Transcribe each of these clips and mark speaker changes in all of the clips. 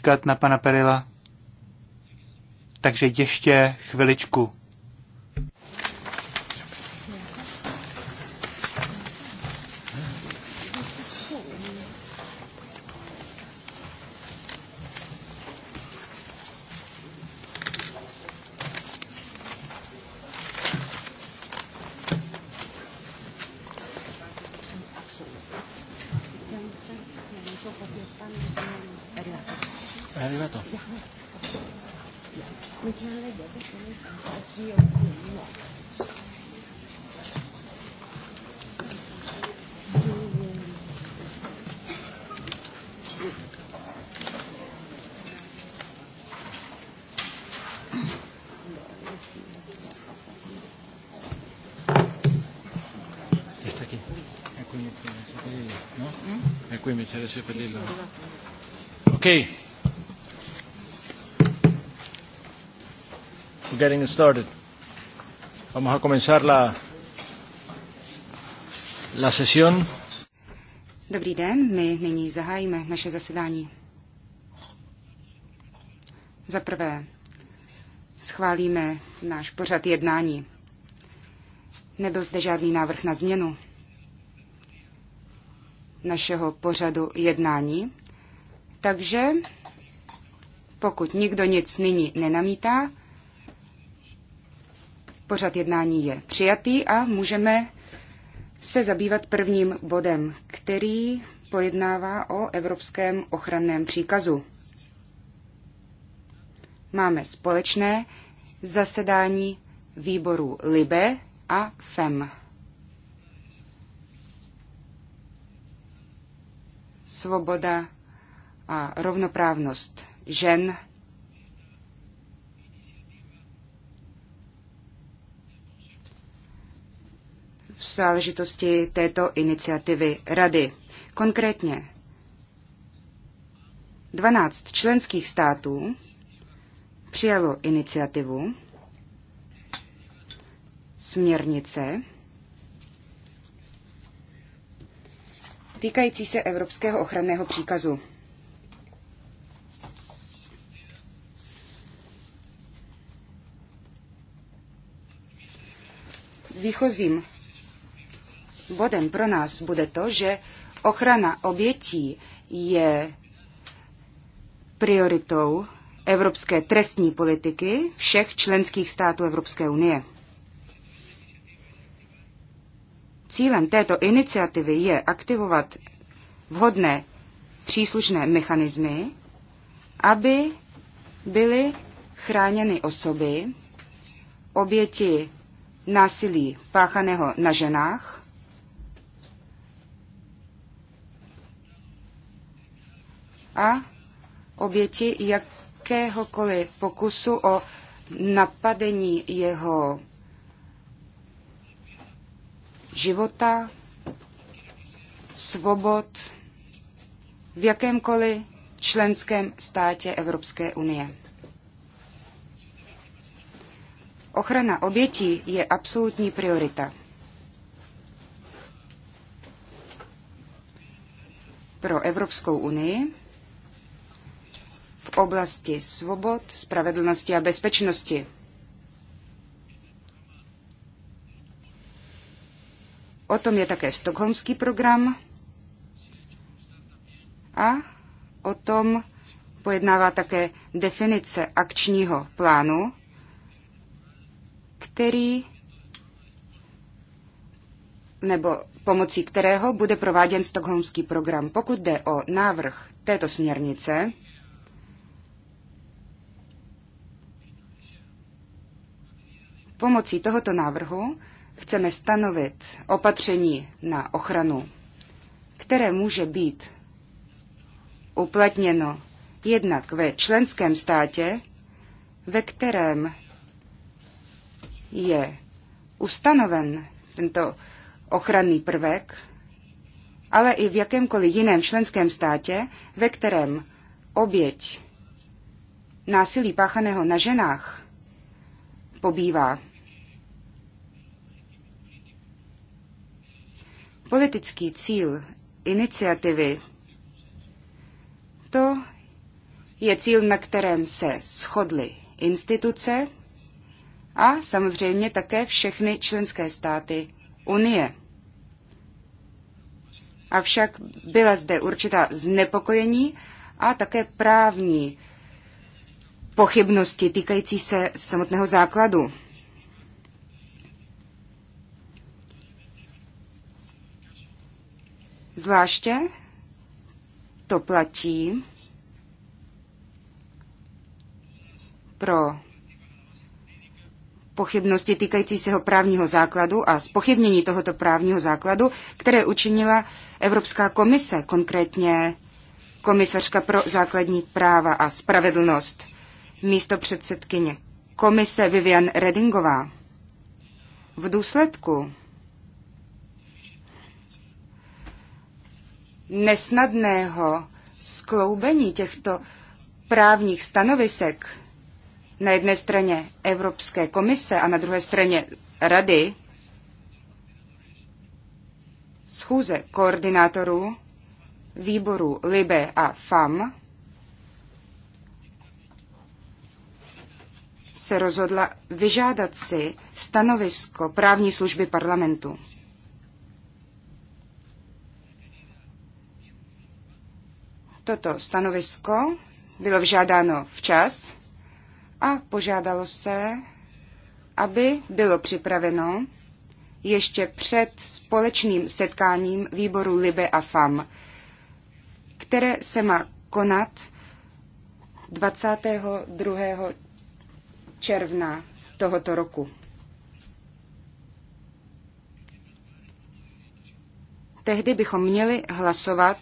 Speaker 1: počkat na pana Perila? Takže ještě chviličku.
Speaker 2: started. Vamos a comenzar la, la sesión. Dobrý den, my nyní zahájíme naše zasedání. Za prvé schválíme náš pořad jednání. Nebyl zde žádný návrh na změnu našeho pořadu jednání, takže pokud nikdo nic nyní nenamítá, Pořad jednání je přijatý a můžeme se zabývat prvním bodem, který pojednává o evropském ochranném příkazu. Máme společné zasedání výborů LIBE a FEM. Svoboda a rovnoprávnost žen v záležitosti této iniciativy Rady. Konkrétně 12 členských států přijalo iniciativu směrnice týkající se Evropského ochranného příkazu. Výchozím bodem pro nás bude to, že ochrana obětí je prioritou evropské trestní politiky všech členských států Evropské unie. Cílem této iniciativy je aktivovat vhodné příslušné mechanismy, aby byly chráněny osoby, oběti násilí páchaného na ženách, a oběti jakéhokoliv pokusu o napadení jeho života, svobod v jakémkoliv členském státě Evropské unie. Ochrana obětí je absolutní priorita. Pro Evropskou unii oblasti svobod, spravedlnosti a bezpečnosti. O tom je také stokholmský program a o tom pojednává také definice akčního plánu, který nebo pomocí kterého bude prováděn stokholmský program. Pokud jde o návrh této směrnice, Pomocí tohoto návrhu chceme stanovit opatření na ochranu, které může být uplatněno jednak ve členském státě, ve kterém je ustanoven tento ochranný prvek, ale i v jakémkoliv jiném členském státě, ve kterém oběť násilí páchaného na ženách pobývá. Politický cíl iniciativy to je cíl, na kterém se shodly instituce a samozřejmě také všechny členské státy Unie. Avšak byla zde určitá znepokojení a také právní pochybnosti týkající se samotného základu. Zvláště to platí pro pochybnosti týkající se jeho právního základu a zpochybnění tohoto právního základu, které učinila Evropská komise, konkrétně komisařka pro základní práva a spravedlnost, místo předsedkyně komise Vivian Redingová. V důsledku nesnadného skloubení těchto právních stanovisek na jedné straně Evropské komise a na druhé straně Rady, schůze koordinátorů výboru LIBE a FAM se rozhodla vyžádat si stanovisko právní služby parlamentu. Toto stanovisko bylo vžádáno včas a požádalo se, aby bylo připraveno ještě před společným setkáním výboru Libe a FAM, které se má konat 22. června tohoto roku. Tehdy bychom měli hlasovat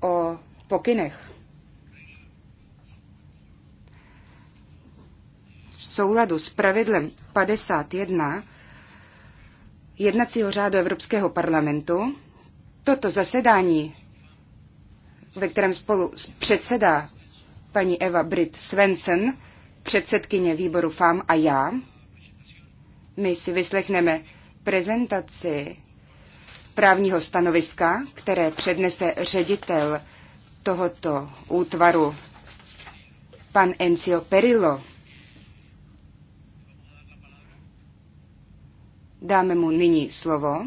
Speaker 2: o pokynech. V souladu s pravidlem 51 jednacího řádu Evropského parlamentu toto zasedání, ve kterém spolu předsedá paní Eva Britt Svensson, předsedkyně výboru FAM a já, my si vyslechneme prezentaci právního stanoviska, které přednese ředitel tohoto útvaru, pan Encio Perillo. Dáme mu nyní slovo,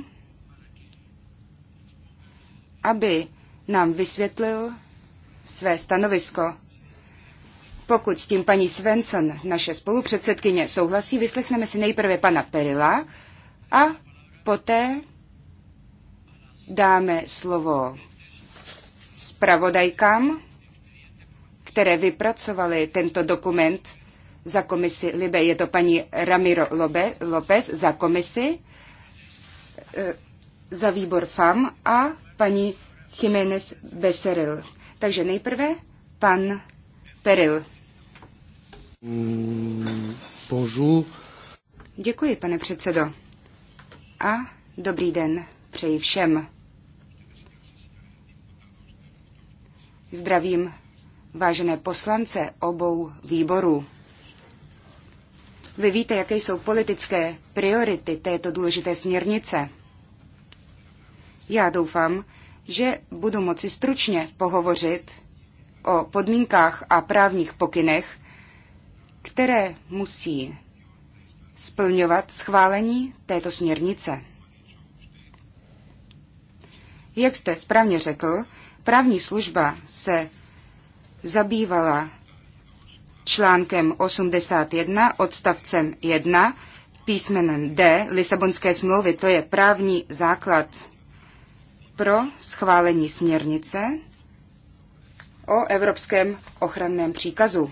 Speaker 2: aby nám vysvětlil své stanovisko. Pokud s tím paní Svensson, naše spolupředsedkyně, souhlasí, vyslechneme si nejprve pana Perila a poté dáme slovo zpravodajkám, které vypracovaly tento dokument za komisi Libe. Je to paní Ramiro Lobe, López za komisi, eh, za výbor FAM a paní Jiménez Beseril. Takže nejprve pan Peril.
Speaker 1: Mm,
Speaker 2: Děkuji, pane předsedo. A dobrý den přeji všem. Zdravím vážené poslance obou výborů. Vy víte, jaké jsou politické priority této důležité směrnice. Já doufám, že budu moci stručně pohovořit o podmínkách a právních pokynech, které musí splňovat schválení této směrnice. Jak jste správně řekl, Právní služba se zabývala článkem 81 odstavcem 1 písmenem D Lisabonské smlouvy, to je právní základ pro schválení směrnice o evropském ochranném příkazu,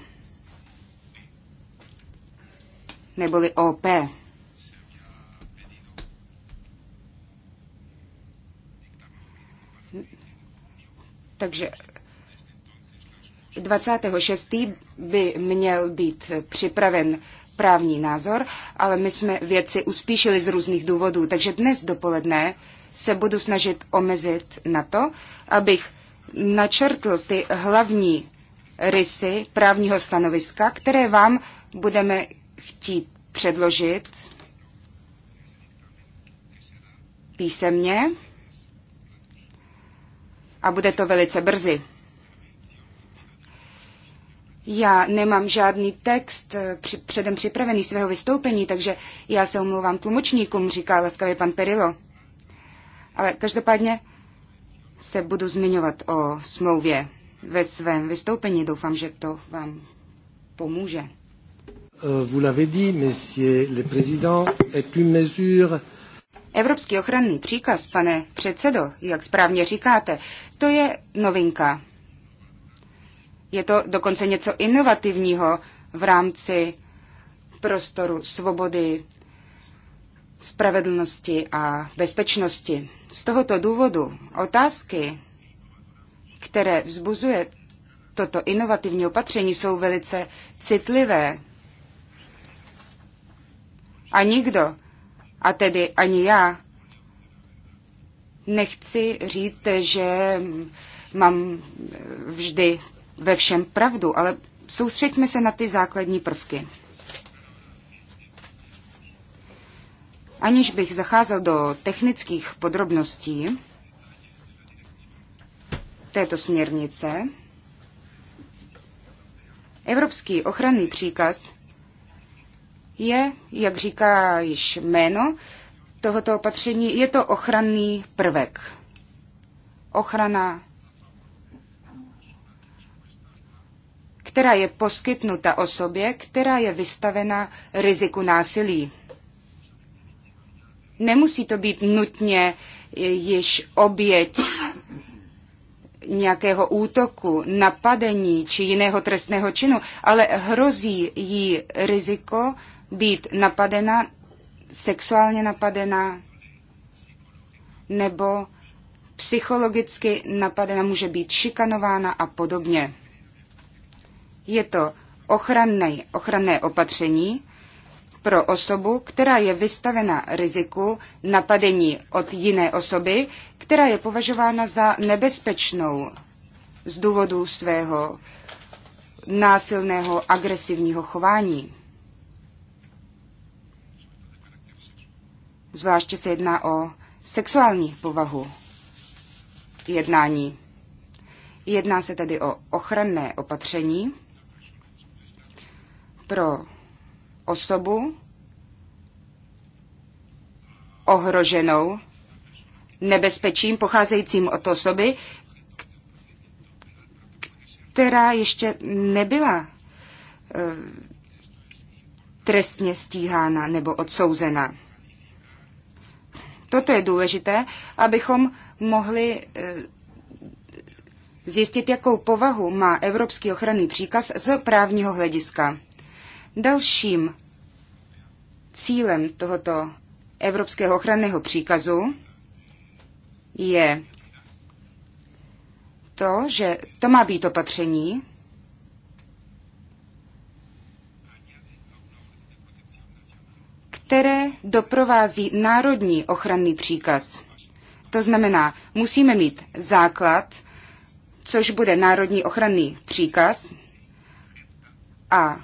Speaker 2: neboli OP. Takže 26. by měl být připraven právní názor, ale my jsme věci uspíšili z různých důvodů. Takže dnes dopoledne se budu snažit omezit na to, abych načrtl ty hlavní rysy právního stanoviska, které vám budeme chtít předložit písemně a bude to velice brzy. Já nemám žádný text eh, při, předem připravený svého vystoupení, takže já se omlouvám tlumočníkům, říká laskavě pan Perilo. Ale každopádně se budu zmiňovat o smlouvě ve svém vystoupení. Doufám, že to vám pomůže.
Speaker 1: Euh, vous l'avez dit, monsieur le président, est une mesure
Speaker 2: Evropský ochranný příkaz, pane předsedo, jak správně říkáte, to je novinka. Je to dokonce něco inovativního v rámci prostoru svobody, spravedlnosti a bezpečnosti. Z tohoto důvodu otázky, které vzbuzuje toto inovativní opatření, jsou velice citlivé. A nikdo a tedy ani já nechci říct, že mám vždy ve všem pravdu, ale soustřeďme se na ty základní prvky. Aniž bych zacházel do technických podrobností této směrnice, Evropský ochranný příkaz je, jak říká již jméno tohoto opatření, je to ochranný prvek. Ochrana, která je poskytnuta osobě, která je vystavena riziku násilí. Nemusí to být nutně již oběť nějakého útoku, napadení či jiného trestného činu, ale hrozí jí riziko být napadena, sexuálně napadena nebo psychologicky napadena, může být šikanována a podobně. Je to ochranné, ochranné opatření pro osobu, která je vystavena riziku napadení od jiné osoby, která je považována za nebezpečnou z důvodu svého násilného agresivního chování. Zvláště se jedná o sexuální povahu jednání. Jedná se tedy o ochranné opatření pro osobu ohroženou nebezpečím pocházejícím od osoby, která ještě nebyla eh, trestně stíhána nebo odsouzena. Toto je důležité, abychom mohli e, zjistit, jakou povahu má Evropský ochranný příkaz z právního hlediska. Dalším cílem tohoto Evropského ochranného příkazu je to, že to má být opatření, které doprovází národní ochranný příkaz. To znamená, musíme mít základ, což bude národní ochranný příkaz, a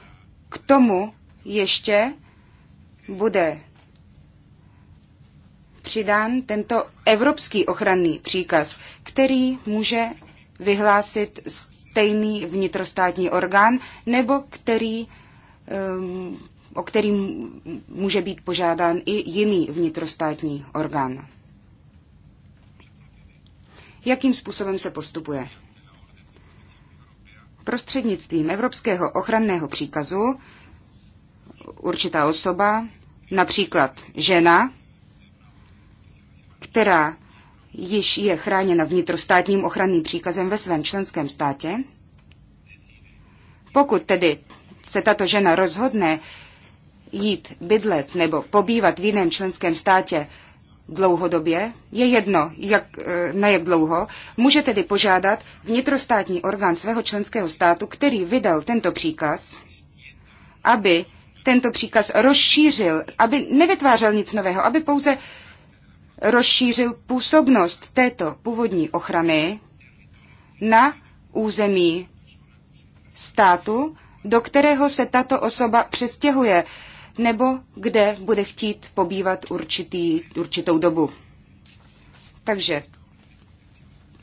Speaker 2: k tomu ještě bude přidán tento evropský ochranný příkaz, který může vyhlásit stejný vnitrostátní orgán nebo který um, o kterým může být požádán i jiný vnitrostátní orgán. Jakým způsobem se postupuje? Prostřednictvím Evropského ochranného příkazu určitá osoba, například žena, která již je chráněna vnitrostátním ochranným příkazem ve svém členském státě, pokud tedy se tato žena rozhodne jít bydlet nebo pobývat v jiném členském státě dlouhodobě, je jedno, jak, e, na jak dlouho, může tedy požádat vnitrostátní orgán svého členského státu, který vydal tento příkaz, aby tento příkaz rozšířil, aby nevytvářel nic nového, aby pouze rozšířil působnost této původní ochrany na území státu, do kterého se tato osoba přestěhuje nebo kde bude chtít pobývat určitý, určitou dobu. Takže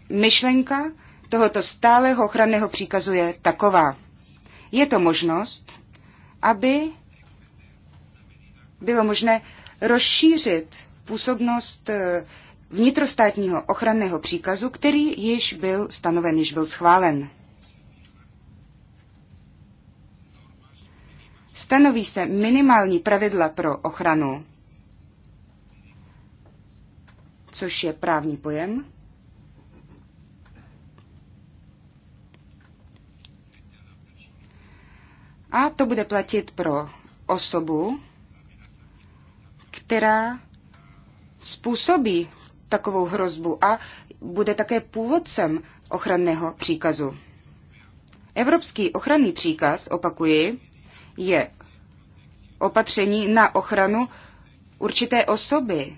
Speaker 2: myšlenka tohoto stáleho ochranného příkazu je taková. Je to možnost, aby bylo možné rozšířit působnost eh, vnitrostátního ochranného příkazu, který již byl stanoven, již byl schválen. Stanoví se minimální pravidla pro ochranu, což je právní pojem. A to bude platit pro osobu, která způsobí takovou hrozbu a bude také původcem ochranného příkazu. Evropský ochranný příkaz, opakuji, je opatření na ochranu určité osoby.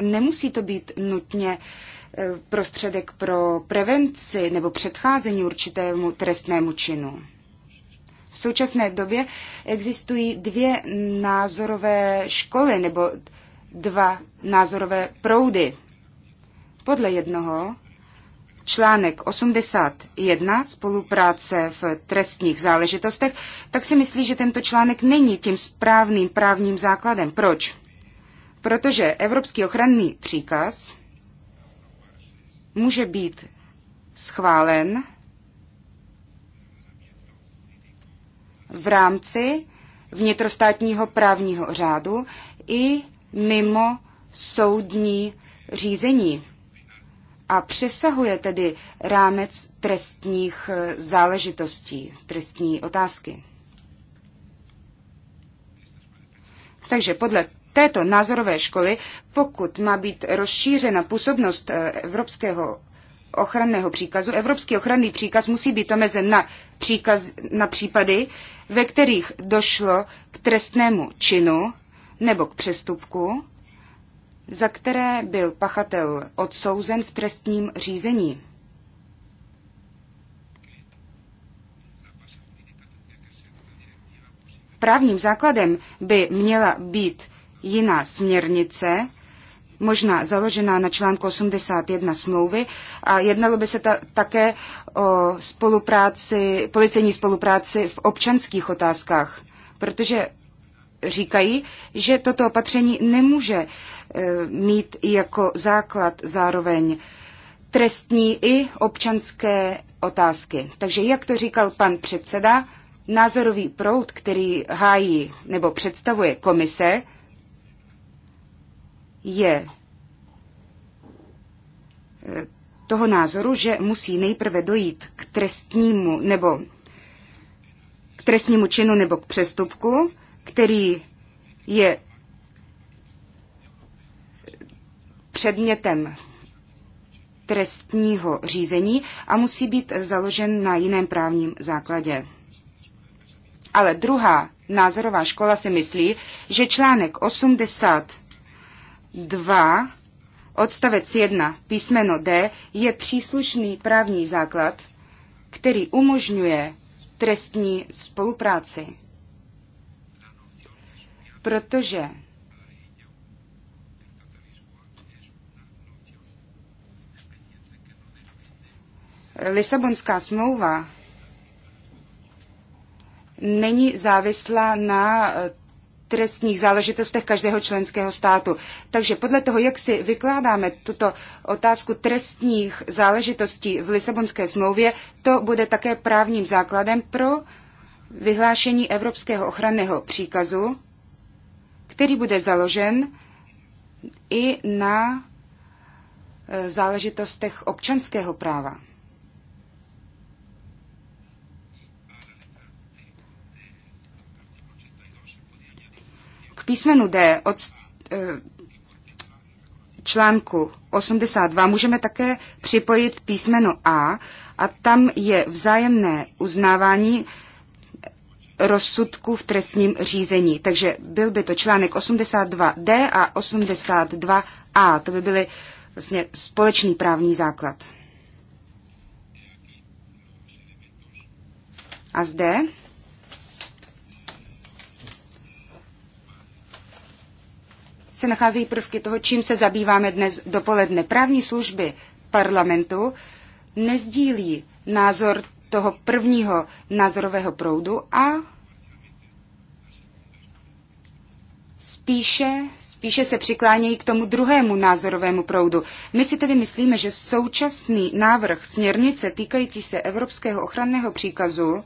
Speaker 2: Nemusí to být nutně e, prostředek pro prevenci nebo předcházení určitému trestnému činu. V současné době existují dvě názorové školy nebo dva názorové proudy. Podle jednoho článek 81 spolupráce v trestních záležitostech, tak si myslí, že tento článek není tím správným právním základem. Proč? Protože Evropský ochranný příkaz může být schválen v rámci vnitrostátního právního řádu i mimo soudní řízení a přesahuje tedy rámec trestních eh, záležitostí, trestní otázky. Takže podle této názorové školy, pokud má být rozšířena působnost eh, Evropského ochranného příkazu, Evropský ochranný příkaz musí být omezen na, příkaz, na případy, ve kterých došlo k trestnému činu nebo k přestupku, za které byl pachatel odsouzen v trestním řízení. Právním základem by měla být jiná směrnice, možná založená na článku 81 smlouvy a jednalo by se ta, také o spolupráci, policejní spolupráci v občanských otázkách, protože říkají, že toto opatření nemůže Eh, mít jako základ zároveň trestní i občanské otázky. Takže jak to říkal pan předseda, názorový proud, který hájí nebo představuje komise, je eh, toho názoru, že musí nejprve dojít k trestnímu nebo k trestnímu činu nebo k přestupku, který je předmětem trestního řízení a musí být založen na jiném právním základě. Ale druhá názorová škola si myslí, že článek 82 odstavec 1 písmeno D je příslušný právní základ, který umožňuje trestní spolupráci. Protože Lisabonská smlouva není závislá na eh, trestních záležitostech každého členského státu. Takže podle toho, jak si vykládáme tuto otázku trestních záležitostí v Lisabonské smlouvě, to bude také právním základem pro vyhlášení Evropského ochranného příkazu, který bude založen i na eh, záležitostech občanského práva. písmenu D od eh, článku 82 můžeme také připojit písmeno A a tam je vzájemné uznávání rozsudku v trestním řízení. Takže byl by to článek 82D a 82A. To by byly vlastně společný právní základ. A zde se nacházejí prvky toho, čím se zabýváme dnes dopoledne. Právní služby parlamentu nezdílí názor toho prvního názorového proudu a spíše, spíše se přiklánějí k tomu druhému názorovému proudu. My si tedy myslíme, že současný návrh směrnice týkající se Evropského ochranného příkazu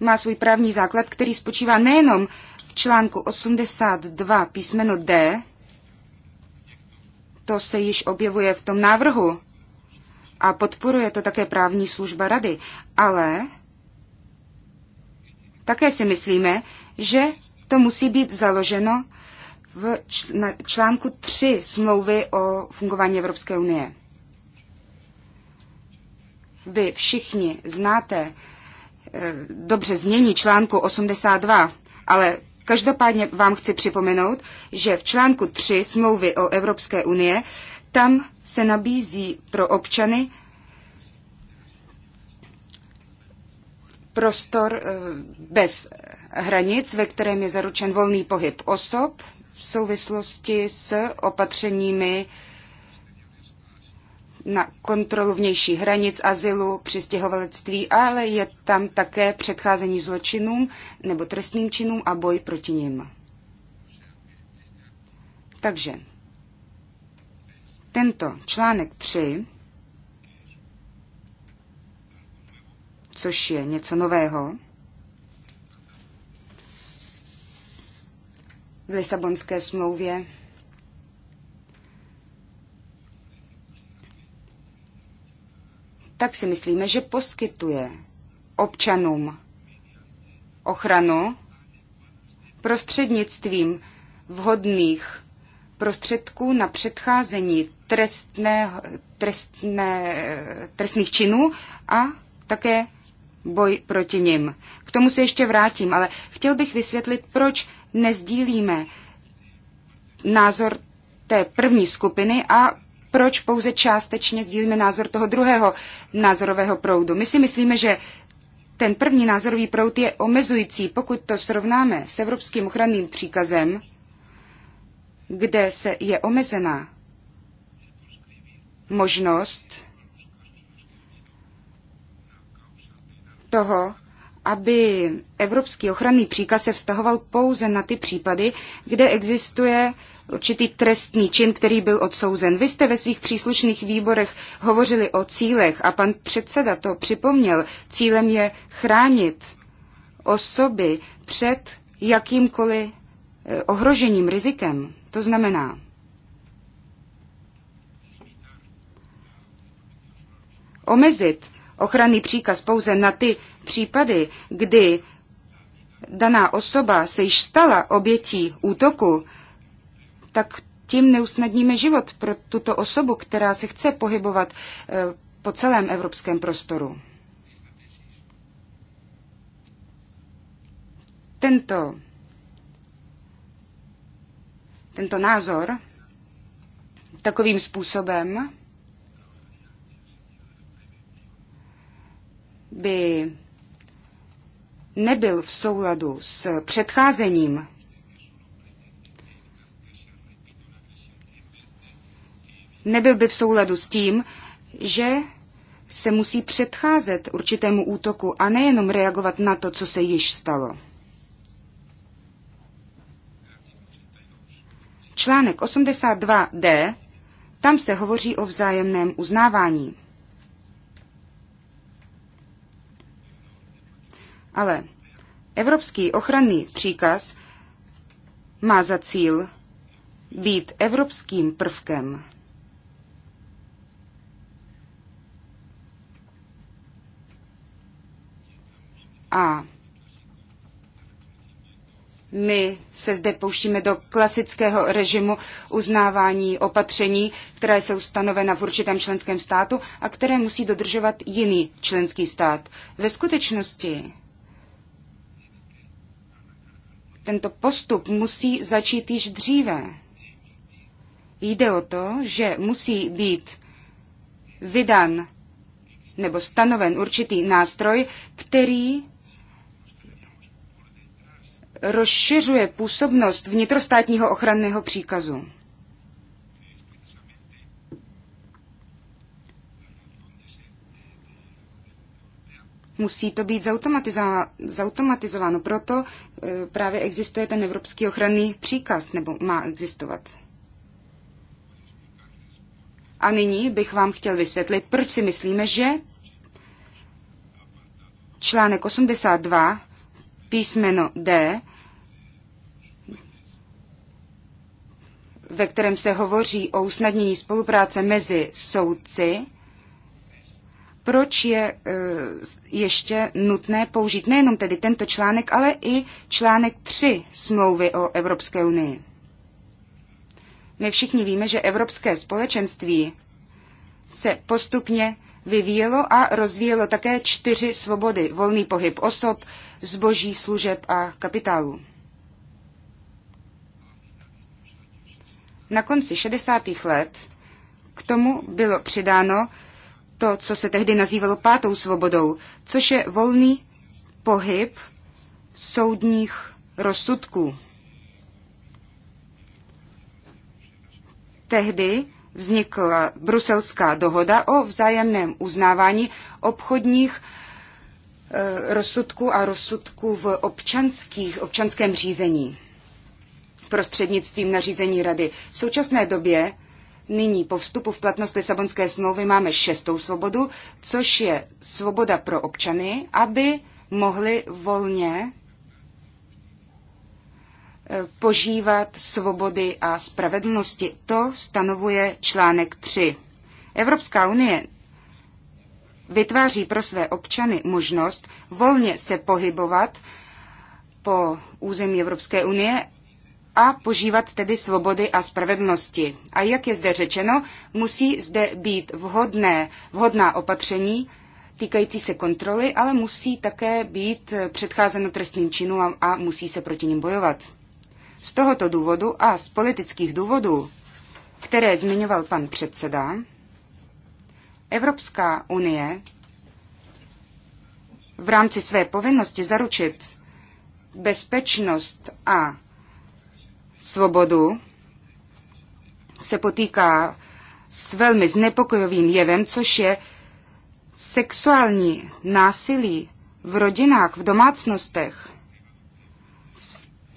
Speaker 2: má svůj právní základ, který spočívá nejenom článku 82 písmeno D, to se již objevuje v tom návrhu a podporuje to také právní služba rady, ale také si myslíme, že to musí být založeno v článku 3 smlouvy o fungování Evropské unie. Vy všichni znáte eh, dobře znění článku 82, ale Každopádně vám chci připomenout, že v článku 3 smlouvy o Evropské unie tam se nabízí pro občany prostor eh, bez hranic, ve kterém je zaručen volný pohyb osob v souvislosti s opatřeními na kontrolu vnějších hranic, azylu, přistěhovalectví, ale je tam také předcházení zločinům nebo trestným činům a boj proti nim. Takže tento článek 3, což je něco nového, v Lisabonské smlouvě tak si myslíme, že poskytuje občanům ochranu prostřednictvím vhodných prostředků na předcházení trestné, trestné, trestných činů a také boj proti nim. K tomu se ještě vrátím, ale chtěl bych vysvětlit, proč nezdílíme názor té první skupiny a proč pouze částečně sdílíme názor toho druhého názorového proudu. My si myslíme, že ten první názorový proud je omezující, pokud to srovnáme s evropským ochranným příkazem, kde se je omezená možnost toho, aby evropský ochranný příkaz se vztahoval pouze na ty případy, kde existuje určitý trestný čin, který byl odsouzen. Vy jste ve svých příslušných výborech hovořili o cílech a pan předseda to připomněl. Cílem je chránit osoby před jakýmkoliv eh, ohrožením, rizikem. To znamená, omezit ochranný příkaz pouze na ty případy, kdy daná osoba se již stala obětí útoku, tak tím neusnadníme život pro tuto osobu, která se chce pohybovat eh, po celém evropském prostoru. Tento, tento názor takovým způsobem by nebyl v souladu s předcházením nebyl by v souladu s tím, že se musí předcházet určitému útoku a nejenom reagovat na to, co se již stalo. Článek 82d, tam se hovoří o vzájemném uznávání. Ale Evropský ochranný příkaz má za cíl být evropským prvkem A my se zde pouštíme do klasického režimu uznávání opatření, která jsou stanovena v určitém členském státu a které musí dodržovat jiný členský stát. Ve skutečnosti tento postup musí začít již dříve. Jde o to, že musí být vydan nebo stanoven určitý nástroj, který rozšiřuje působnost vnitrostátního ochranného příkazu. Musí to být zautomatizováno, zautomatizováno. proto e, právě existuje ten evropský ochranný příkaz, nebo má existovat. A nyní bych vám chtěl vysvětlit, proč si myslíme, že článek 82 písmeno D, ve kterém se hovoří o usnadnění spolupráce mezi soudci, proč je e, ještě nutné použít nejenom tedy tento článek, ale i článek 3 smlouvy o Evropské unii. My všichni víme, že Evropské společenství se postupně vyvíjelo a rozvíjelo také čtyři svobody. Volný pohyb osob, zboží, služeb a kapitálu. Na konci 60. let k tomu bylo přidáno to, co se tehdy nazývalo pátou svobodou, což je volný pohyb soudních rozsudků. Tehdy vznikla bruselská dohoda o vzájemném uznávání obchodních eh, rozsudků a rozsudků v občanských, občanském řízení prostřednictvím nařízení rady. V současné době nyní po vstupu v platnost Lisabonské smlouvy máme šestou svobodu, což je svoboda pro občany, aby mohli volně požívat svobody a spravedlnosti. To stanovuje článek 3. Evropská unie vytváří pro své občany možnost volně se pohybovat po území Evropské unie a požívat tedy svobody a spravedlnosti. A jak je zde řečeno, musí zde být vhodné, vhodná opatření týkající se kontroly, ale musí také být předcházeno trestným činům a, a musí se proti ním bojovat. Z tohoto důvodu a z politických důvodů, které zmiňoval pan předseda, Evropská unie v rámci své povinnosti zaručit bezpečnost a svobodu se potýká s velmi znepokojovým jevem, což je sexuální násilí v rodinách, v domácnostech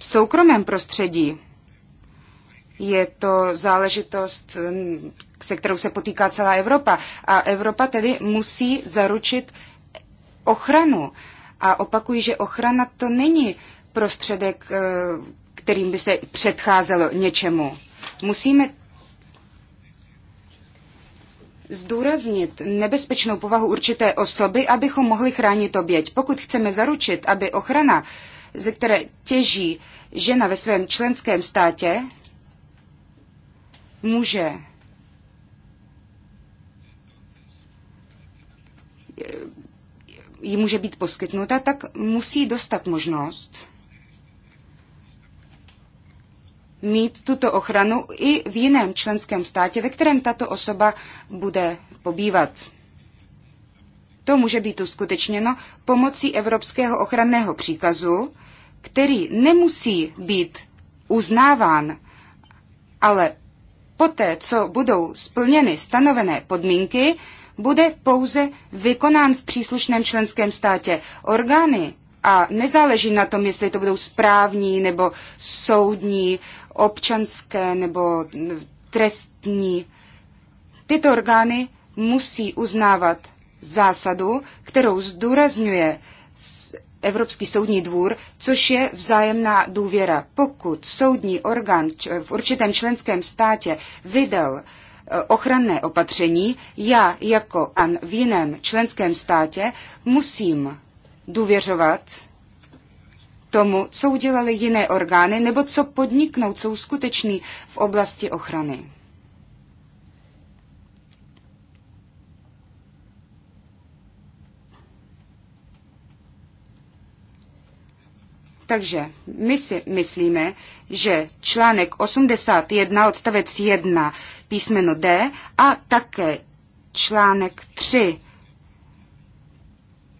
Speaker 2: soukromém prostředí. Je to záležitost, se kterou se potýká celá Evropa. A Evropa tedy musí zaručit ochranu. A opakuji, že ochrana to není prostředek, eh, kterým by se předcházelo něčemu. Musíme zdůraznit nebezpečnou povahu určité osoby, abychom mohli chránit oběť. Pokud chceme zaručit, aby ochrana uh, ze které těží žena ve svém členském státě, může jí může být poskytnuta, tak musí dostat možnost mít tuto ochranu i v jiném členském státě, ve kterém tato osoba bude pobývat. To může být uskutečněno pomocí Evropského ochranného příkazu, který nemusí být uznáván, ale poté, co budou splněny stanovené podmínky, bude pouze vykonán v příslušném členském státě. Orgány a nezáleží na tom, jestli to budou správní nebo soudní, občanské nebo trestní. Tyto orgány musí uznávat zásadu, kterou zdůrazňuje Evropský soudní dvůr, což je vzájemná důvěra. Pokud soudní orgán v určitém členském státě vydal e, ochranné opatření, já jako an v jiném členském státě musím důvěřovat tomu, co udělali jiné orgány nebo co podniknou, co uskuteční v oblasti ochrany. Takže my si myslíme, že článek 81 odstavec 1 písmeno D a také článek 3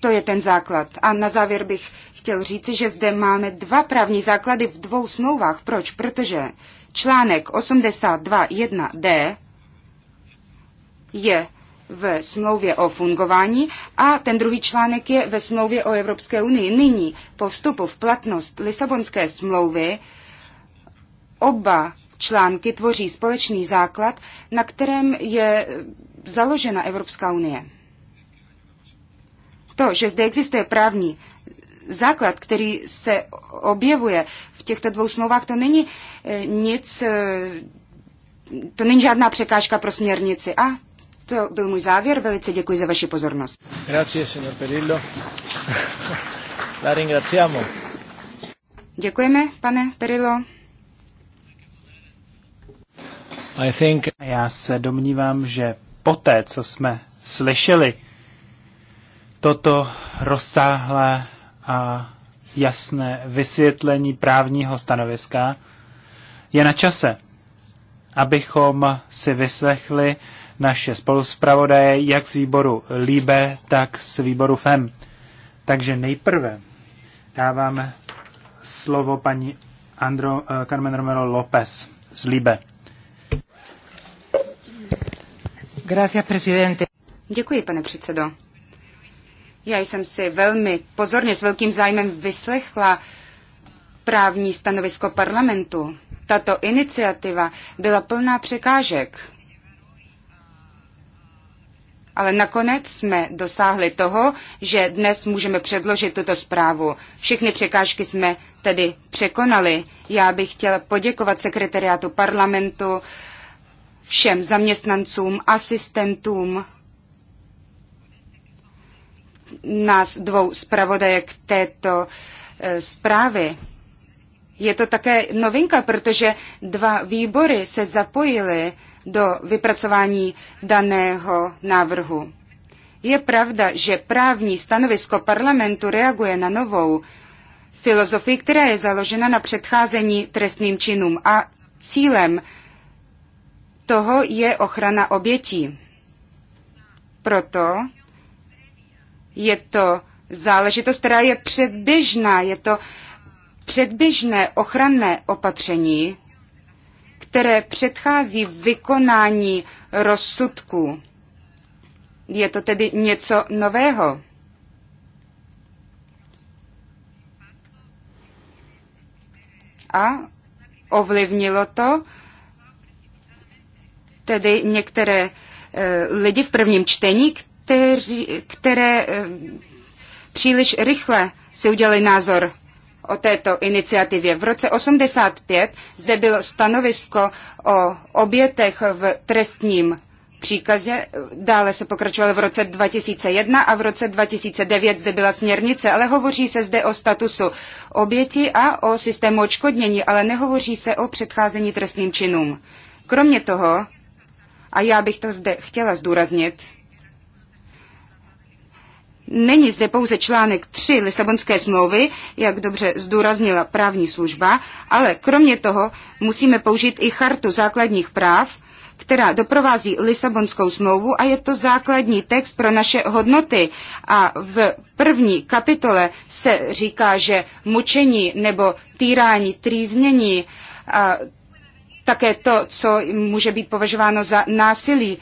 Speaker 2: to je ten základ. A na závěr bych chtěl říci, že zde máme dva právní základy v dvou smlouvách. Proč? Protože článek 82.1d je v smlouvě o fungování a ten druhý článek je ve smlouvě o Evropské unii. Nyní po vstupu v platnost Lisabonské smlouvy oba články tvoří společný základ, na kterém je založena Evropská unie. To, že zde existuje právní základ, který se objevuje v těchto dvou smlouvách, to není eh, nic, eh, to není žádná překážka pro směrnici. A to byl můj závěr. Velice děkuji za vaši pozornost.
Speaker 1: Grazie, signor Perillo. La ringraziamo.
Speaker 2: Děkujeme, pane Perillo.
Speaker 1: I think... Já se domnívám, že poté, co jsme slyšeli toto rozsáhlé a jasné vysvětlení právního stanoviska, je na čase, abychom si vyslechli naše spoluspravodaje, jak z výboru Líbe, tak z výboru FEM. Takže nejprve dávám slovo paní Andro, eh, Carmen Romero López z Líbe.
Speaker 2: Děkuji, pane předsedo. Já jsem si velmi pozorně s velkým zájmem vyslechla právní stanovisko parlamentu. Tato iniciativa byla plná překážek ale nakonec jsme dosáhli toho, že dnes můžeme předložit tuto zprávu. Všechny překážky jsme tedy překonali. Já bych chtěl poděkovat sekretariátu parlamentu, všem zaměstnancům, asistentům, nás dvou zpravodajek této eh, zprávy. Je to také novinka, protože dva výbory se zapojily do vypracování daného návrhu. Je pravda, že právní stanovisko parlamentu reaguje na novou filozofii, která je založena na předcházení trestným činům a cílem toho je ochrana obětí. Proto je to záležitost, která je předběžná, je to předběžné ochranné opatření, které předchází vykonání rozsudků. Je to tedy něco nového. A ovlivnilo to tedy některé e, lidi v prvním čtení, kteří, které e, příliš rychle si udělali názor o této iniciativě. V roce 85 zde bylo stanovisko o obětech v trestním příkaze. Dále se pokračovalo v roce 2001 a v roce 2009 zde byla směrnice, ale hovoří se zde o statusu oběti a o systému odškodnění, ale nehovoří se o předcházení trestným činům. Kromě toho, a já bych to zde chtěla zdůraznit, Není zde pouze článek 3 Lisabonské smlouvy, jak dobře zdůraznila právní služba, ale kromě toho musíme použít i chartu základních práv, která doprovází Lisabonskou smlouvu a je to základní text pro naše hodnoty. A v první kapitole se říká, že mučení nebo týrání, trýznění, a také to, co může být považováno za násilí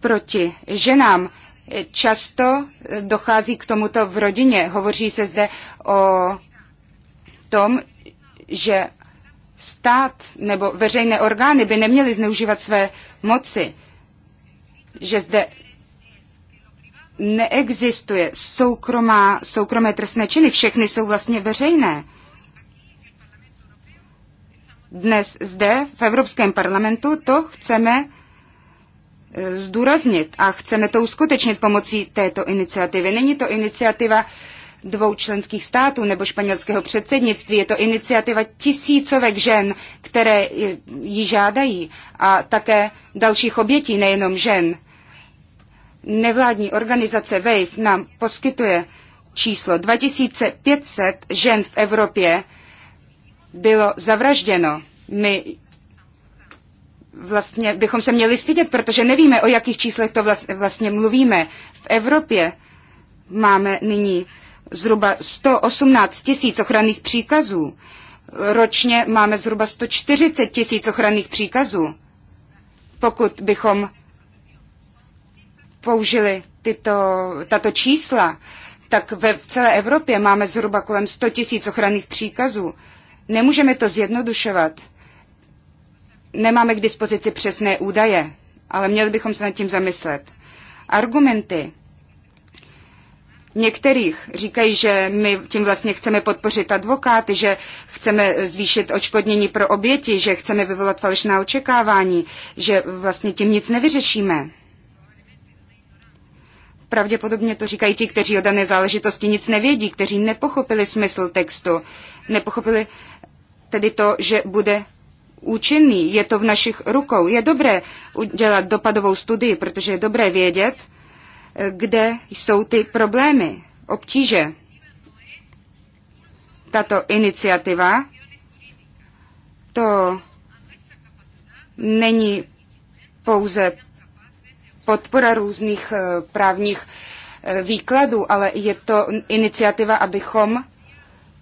Speaker 2: proti ženám, Často dochází k tomuto v rodině. Hovoří se zde o tom, že stát nebo veřejné orgány by neměly zneužívat své moci, že zde neexistuje soukromá, soukromé trestné činy, všechny jsou vlastně veřejné. Dnes zde v Evropském parlamentu to chceme zdůraznit a chceme to uskutečnit pomocí této iniciativy. Není to iniciativa dvou členských států nebo španělského předsednictví. Je to iniciativa tisícovek žen, které ji žádají a také dalších obětí, nejenom žen. Nevládní organizace WAVE nám poskytuje číslo 2500 žen v Evropě bylo zavražděno. My vlastně bychom se měli stydět, protože nevíme, o jakých číslech to vlastně mluvíme. V Evropě máme nyní zhruba 118 tisíc ochranných příkazů. Ročně máme zhruba 140 tisíc ochranných příkazů. Pokud bychom použili tyto, tato čísla, tak ve, v celé Evropě máme zhruba kolem 100 tisíc ochranných příkazů. Nemůžeme to zjednodušovat nemáme k dispozici přesné údaje, ale měli bychom se nad tím zamyslet. Argumenty některých říkají, že my tím vlastně chceme podpořit advokáty, že chceme zvýšit očkodnění pro oběti, že chceme vyvolat falešná očekávání, že vlastně tím nic nevyřešíme. Pravděpodobně to říkají ti, kteří o dané záležitosti nic nevědí, kteří nepochopili smysl textu, nepochopili tedy to, že bude účinný, je to v našich rukou. Je dobré udělat dopadovou studii, protože je dobré vědět, eh, kde jsou ty problémy, obtíže. Tato iniciativa to není pouze podpora různých eh, právních eh, výkladů, ale je to iniciativa, abychom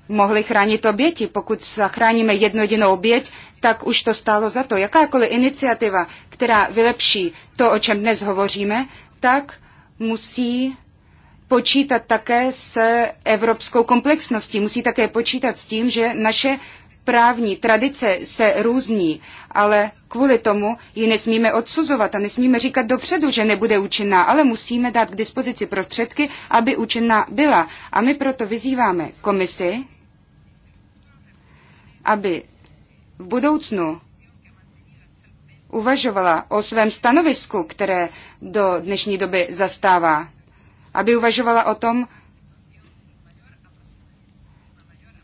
Speaker 2: mohli chránit oběti. Pokud zachráníme jednu jedinou oběť, tak už to stálo za to. Jakákoliv iniciativa, která vylepší to, o čem dnes hovoříme, tak musí počítat také s evropskou komplexností. Musí také počítat s tím, že naše právní tradice se různí, ale kvůli tomu ji nesmíme odsuzovat a nesmíme říkat dopředu, že nebude účinná, ale musíme dát k dispozici prostředky, aby účinná byla. A my proto vyzýváme komisi, aby v budoucnu uvažovala o svém stanovisku, které do dnešní doby zastává, aby uvažovala o tom,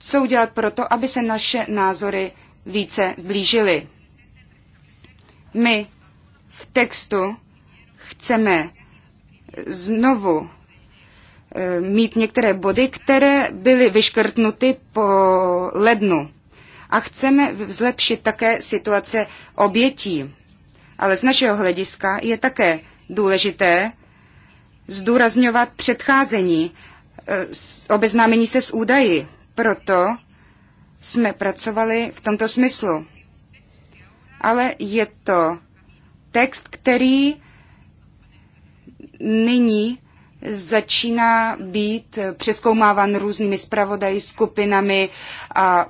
Speaker 2: co udělat pro to, aby se naše názory více blížily. My v textu chceme znovu eh, mít některé body, které byly vyškrtnuty po lednu. A chceme zlepšit také situace obětí. Ale z našeho hlediska je také důležité zdůrazňovat předcházení, eh, obeznámení se s údaji proto jsme pracovali v tomto smyslu. Ale je to text, který nyní začíná být přeskoumáván různými zpravodaji, skupinami a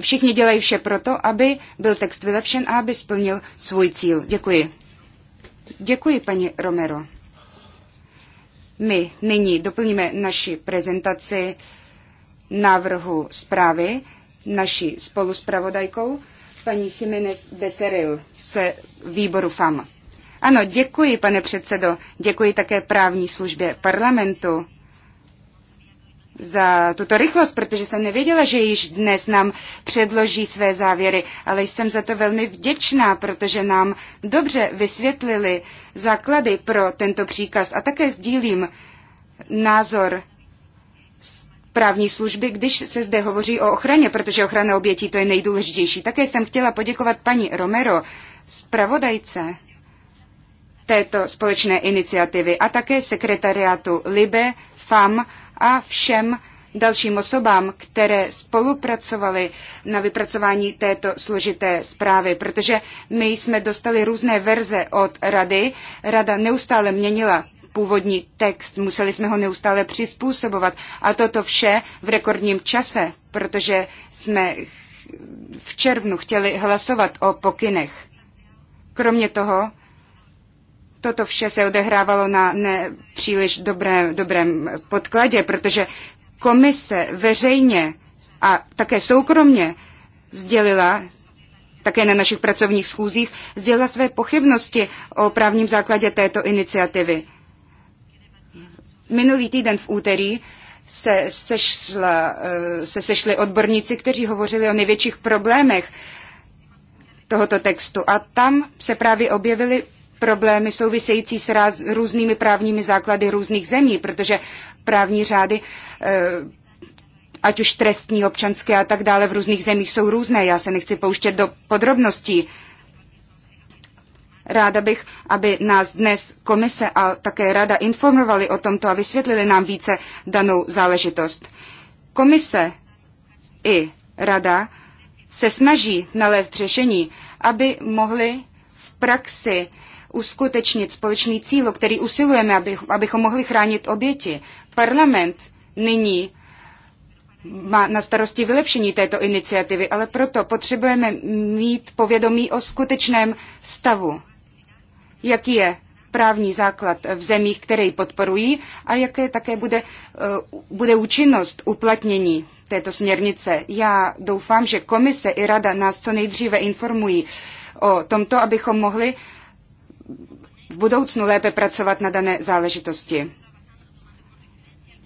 Speaker 2: všichni dělají vše proto, aby byl text vylepšen a aby splnil svůj cíl. Děkuji. Děkuji, paní Romero. My nyní doplníme naši prezentaci návrhu zprávy naší spoluspravodajkou, paní Jiménez Beseril z výboru FAM. Ano, děkuji, pane předsedo. Děkuji také právní službě parlamentu za tuto rychlost, protože jsem nevěděla, že již dnes nám předloží své závěry, ale jsem za to velmi vděčná, protože nám dobře vysvětlili základy pro tento příkaz a také sdílím názor právní služby, když se zde hovoří o ochraně, protože ochrana obětí to je nejdůležitější. Také jsem chtěla poděkovat paní Romero, zpravodajce této společné iniciativy a také sekretariátu LIBE, FAM a všem dalším osobám, které spolupracovali na vypracování této složité zprávy, protože my jsme dostali různé verze od rady. Rada neustále měnila původní text, museli jsme ho neustále přizpůsobovat. A toto vše v rekordním čase, protože jsme v červnu chtěli hlasovat o pokynech. Kromě toho, toto vše se odehrávalo na nepříliš dobré, dobrém podkladě, protože komise veřejně a také soukromně sdělila, také na našich pracovních schůzích, sdělila své pochybnosti o právním základě této iniciativy. Minulý týden v úterý se, sešla, eh, se sešli odborníci, kteří hovořili o největších problémech tohoto textu. A tam se právě objevily problémy související s ráz, různými právními základy různých zemí, protože právní řády, eh, ať už trestní, občanské a tak dále, v různých zemích jsou různé. Já se nechci pouštět do podrobností. Ráda bych, aby nás dnes komise a také rada informovali o tomto a vysvětlili nám více danou záležitost. Komise i rada se snaží nalézt řešení, aby mohli v praxi uskutečnit společný cíl, o který usilujeme, aby, abychom mohli chránit oběti. Parlament nyní má na starosti vylepšení této iniciativy, ale proto potřebujeme mít povědomí o skutečném stavu jaký je právní základ v zemích, které ji podporují a jaké také bude, eh, bude účinnost uplatnění této směrnice. Já doufám, že komise i rada nás co nejdříve informují o tomto, abychom mohli v budoucnu lépe pracovat na dané záležitosti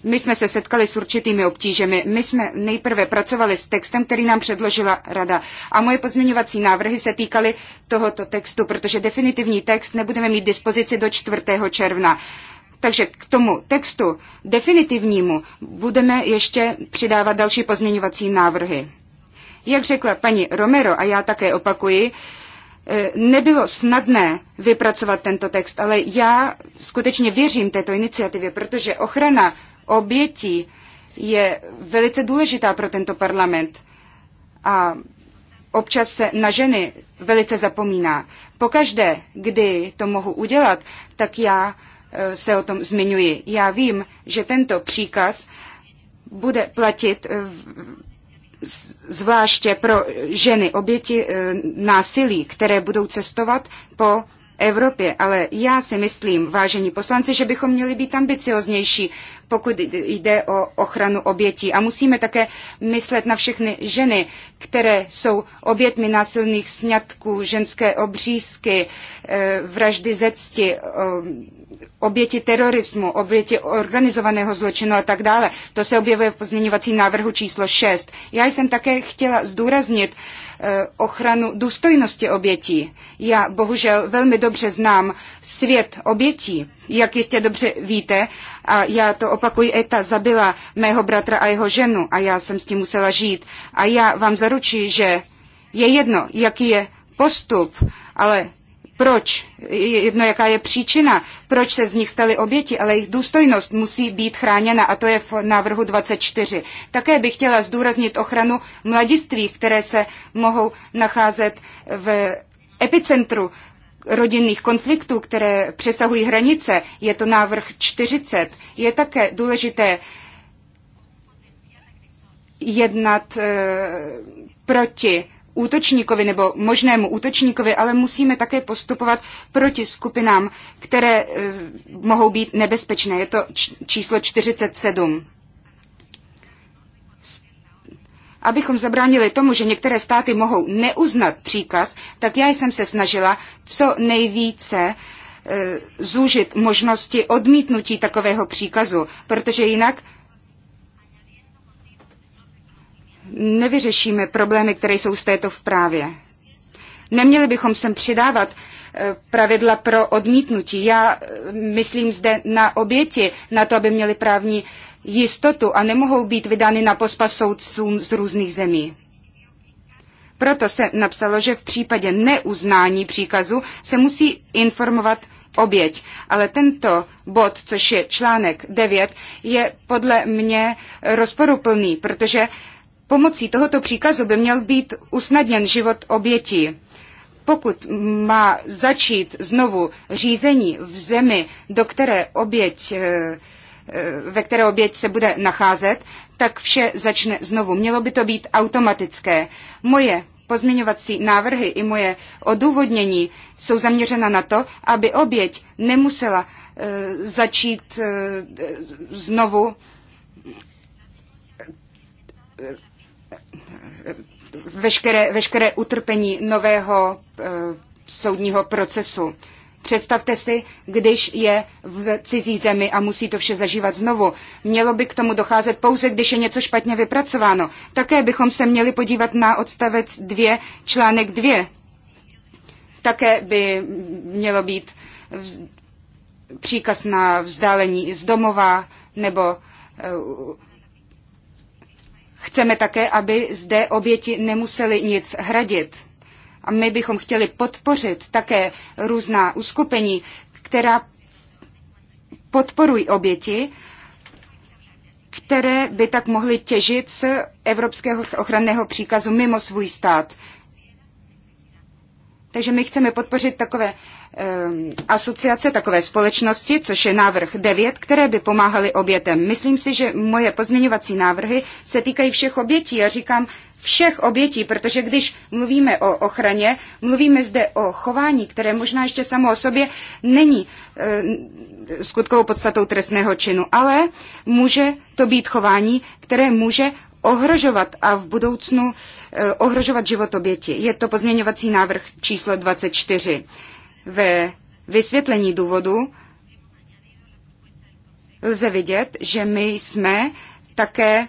Speaker 2: my jsme se setkali s určitými obtížemi. My jsme nejprve pracovali s textem, který nám předložila rada. A moje pozměňovací návrhy se týkaly tohoto textu, protože definitivní text nebudeme mít dispozici do 4. června. Takže k tomu textu definitivnímu budeme ještě přidávat další pozměňovací návrhy. Jak řekla paní Romero, a já také opakuji, eh, nebylo snadné vypracovat tento text, ale já skutečně věřím této iniciativě, protože ochrana obětí je velice důležitá pro tento parlament a občas se na ženy velice zapomíná. Pokaždé, kdy to mohu udělat, tak já e, se o tom zmiňuji. Já vím, že tento příkaz bude platit zvláště pro ženy oběti e, násilí, které budou cestovat po Evropě, ale já si myslím, vážení poslanci, že bychom měli být ambicioznější pokud jde o ochranu obětí. A musíme také myslet na všechny ženy, které jsou obětmi násilných sňatků, ženské obřízky, eh, vraždy ze cti, eh, oběti terorismu, oběti organizovaného zločinu a tak dále. To se objevuje v pozměňovacím návrhu číslo 6. Já jsem také chtěla zdůraznit, Eh, ochranu důstojnosti obětí. Já bohužel velmi dobře znám svět obětí, jak jistě dobře víte, a já to opakuji, ETA zabila mého bratra a jeho ženu a já jsem s tím musela žít. A já vám zaručuji, že je jedno, jaký je postup, ale proč? Jedno, jaká je příčina, proč se z nich staly oběti, ale jejich důstojnost musí být chráněna a to je v návrhu 24. Také bych chtěla zdůraznit ochranu mladiství, které se mohou nacházet v epicentru rodinných konfliktů, které přesahují hranice. Je to návrh 40. Je také důležité jednat e, proti útočníkovi nebo možnému útočníkovi, ale musíme také postupovat proti skupinám, které e, mohou být nebezpečné. Je to číslo 47. Abychom zabránili tomu, že některé státy mohou neuznat příkaz, tak já jsem se snažila co nejvíce e, zúžit možnosti odmítnutí takového příkazu, protože jinak nevyřešíme problémy, které jsou z této vprávě. Neměli bychom sem přidávat eh, pravidla pro odmítnutí. Já eh, myslím zde na oběti, na to, aby měli právní jistotu a nemohou být vydány na pospa soudcům z různých zemí. Proto se napsalo, že v případě neuznání příkazu se musí informovat oběť. Ale tento bod, což je článek 9, je podle mě eh, rozporuplný, protože Pomocí tohoto příkazu by měl být usnadněn život obětí. Pokud má začít znovu řízení v zemi, do které oběť, eh, eh, ve které oběť se bude nacházet, tak vše začne znovu. Mělo by to být automatické. Moje pozměňovací návrhy i moje odůvodnění jsou zaměřena na to, aby oběť nemusela eh, začít znovu veškeré, veškeré utrpení nového eh, soudního procesu. Představte si, když je v cizí zemi a musí to vše zažívat znovu. Mělo by k tomu docházet pouze, když je něco špatně vypracováno. Také bychom se měli podívat na odstavec 2, článek 2. Také by mělo být vz... příkaz na vzdálení z domova nebo eh, Chceme také, aby zde oběti nemuseli nic hradit. A my bychom chtěli podpořit také různá uskupení, která podporují oběti, které by tak mohly těžit z evropského ochranného příkazu mimo svůj stát. Takže my chceme podpořit takové um, asociace, takové společnosti, což je návrh 9, které by pomáhaly obětem. Myslím si, že moje pozměňovací návrhy se týkají všech obětí. Já říkám všech obětí, protože když mluvíme o ochraně, mluvíme zde o chování, které možná ještě samo o sobě není uh, skutkovou podstatou trestného činu, ale může to být chování, které může ohrožovat a v budoucnu eh, ohrožovat život oběti. Je to pozměňovací návrh číslo 24. Ve vysvětlení důvodu lze vidět, že my jsme také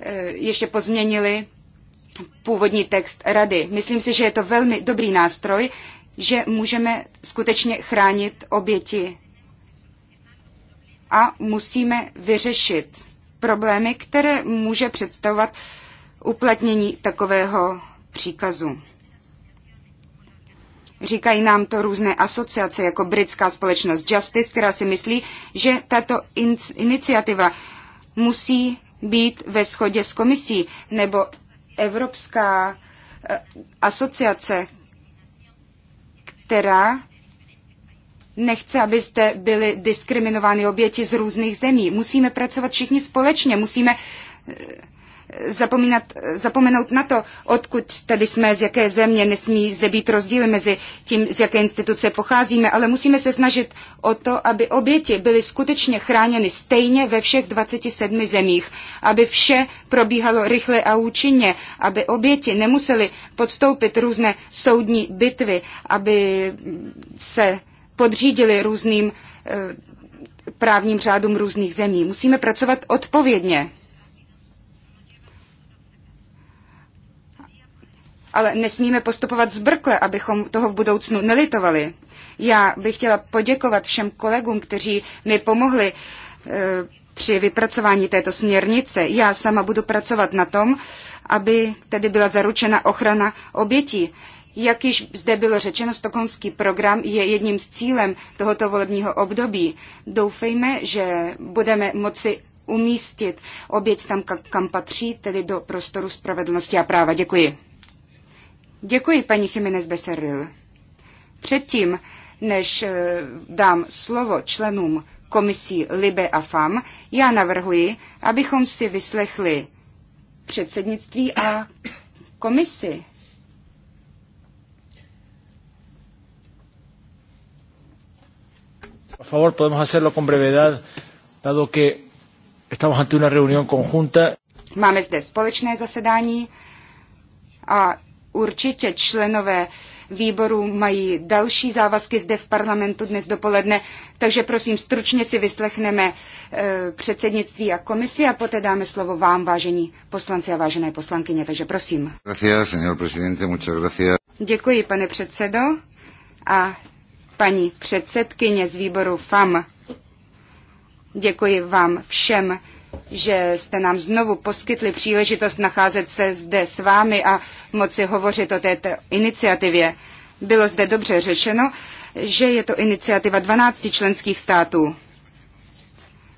Speaker 2: eh, ještě pozměnili původní text rady. Myslím si, že je to velmi dobrý nástroj, že můžeme skutečně chránit oběti a musíme vyřešit problémy, které může představovat uplatnění takového příkazu. Říkají nám to různé asociace, jako britská společnost Justice, která si myslí, že tato in- iniciativa musí být ve shodě s komisí, nebo Evropská eh, asociace, která nechce, abyste byli diskriminovány oběti z různých zemí. Musíme pracovat všichni společně, musíme eh, zapomínat, zapomenout na to, odkud tady jsme, z jaké země, nesmí zde být rozdíly mezi tím, z jaké instituce pocházíme, ale musíme se snažit o to, aby oběti byly skutečně chráněny stejně ve všech 27 zemích, aby vše probíhalo rychle a účinně, aby oběti nemuseli podstoupit různé soudní bitvy, aby se podřídili různým eh, právním řádům různých zemí. Musíme pracovat odpovědně. Ale nesmíme postupovat zbrkle, abychom toho v budoucnu nelitovali. Já bych chtěla poděkovat všem kolegům, kteří mi pomohli eh, při vypracování této směrnice. Já sama budu pracovat na tom, aby tedy byla zaručena ochrana obětí. Jak již zde bylo řečeno, stokholmský program je jedním z cílem tohoto volebního období. Doufejme, že budeme moci umístit oběť tam, kam patří, tedy do prostoru spravedlnosti a práva. Děkuji. Děkuji, paní Jiménez Beseril. Předtím, než eh, dám slovo členům komisí Libe a FAM, já navrhuji, abychom si vyslechli předsednictví a komisi.
Speaker 1: por favor, podemos hacerlo con brevedad, dado que estamos ante una reunión conjunta.
Speaker 2: Máme zde společné zasedání a určitě členové výboru mají další závazky zde v parlamentu dnes dopoledne, takže prosím stručně si vyslechneme e, předsednictví a komisi a poté dáme slovo vám, vážení poslanci a vážené poslankyně, takže prosím.
Speaker 3: Gracias, señor presidente, muchas gracias.
Speaker 2: Děkuji, pane předsedo, a paní předsedkyně z výboru FAM. Děkuji vám všem, že jste nám znovu poskytli příležitost nacházet se zde s vámi a moci hovořit o této iniciativě. Bylo zde dobře řešeno, že je to iniciativa 12 členských států.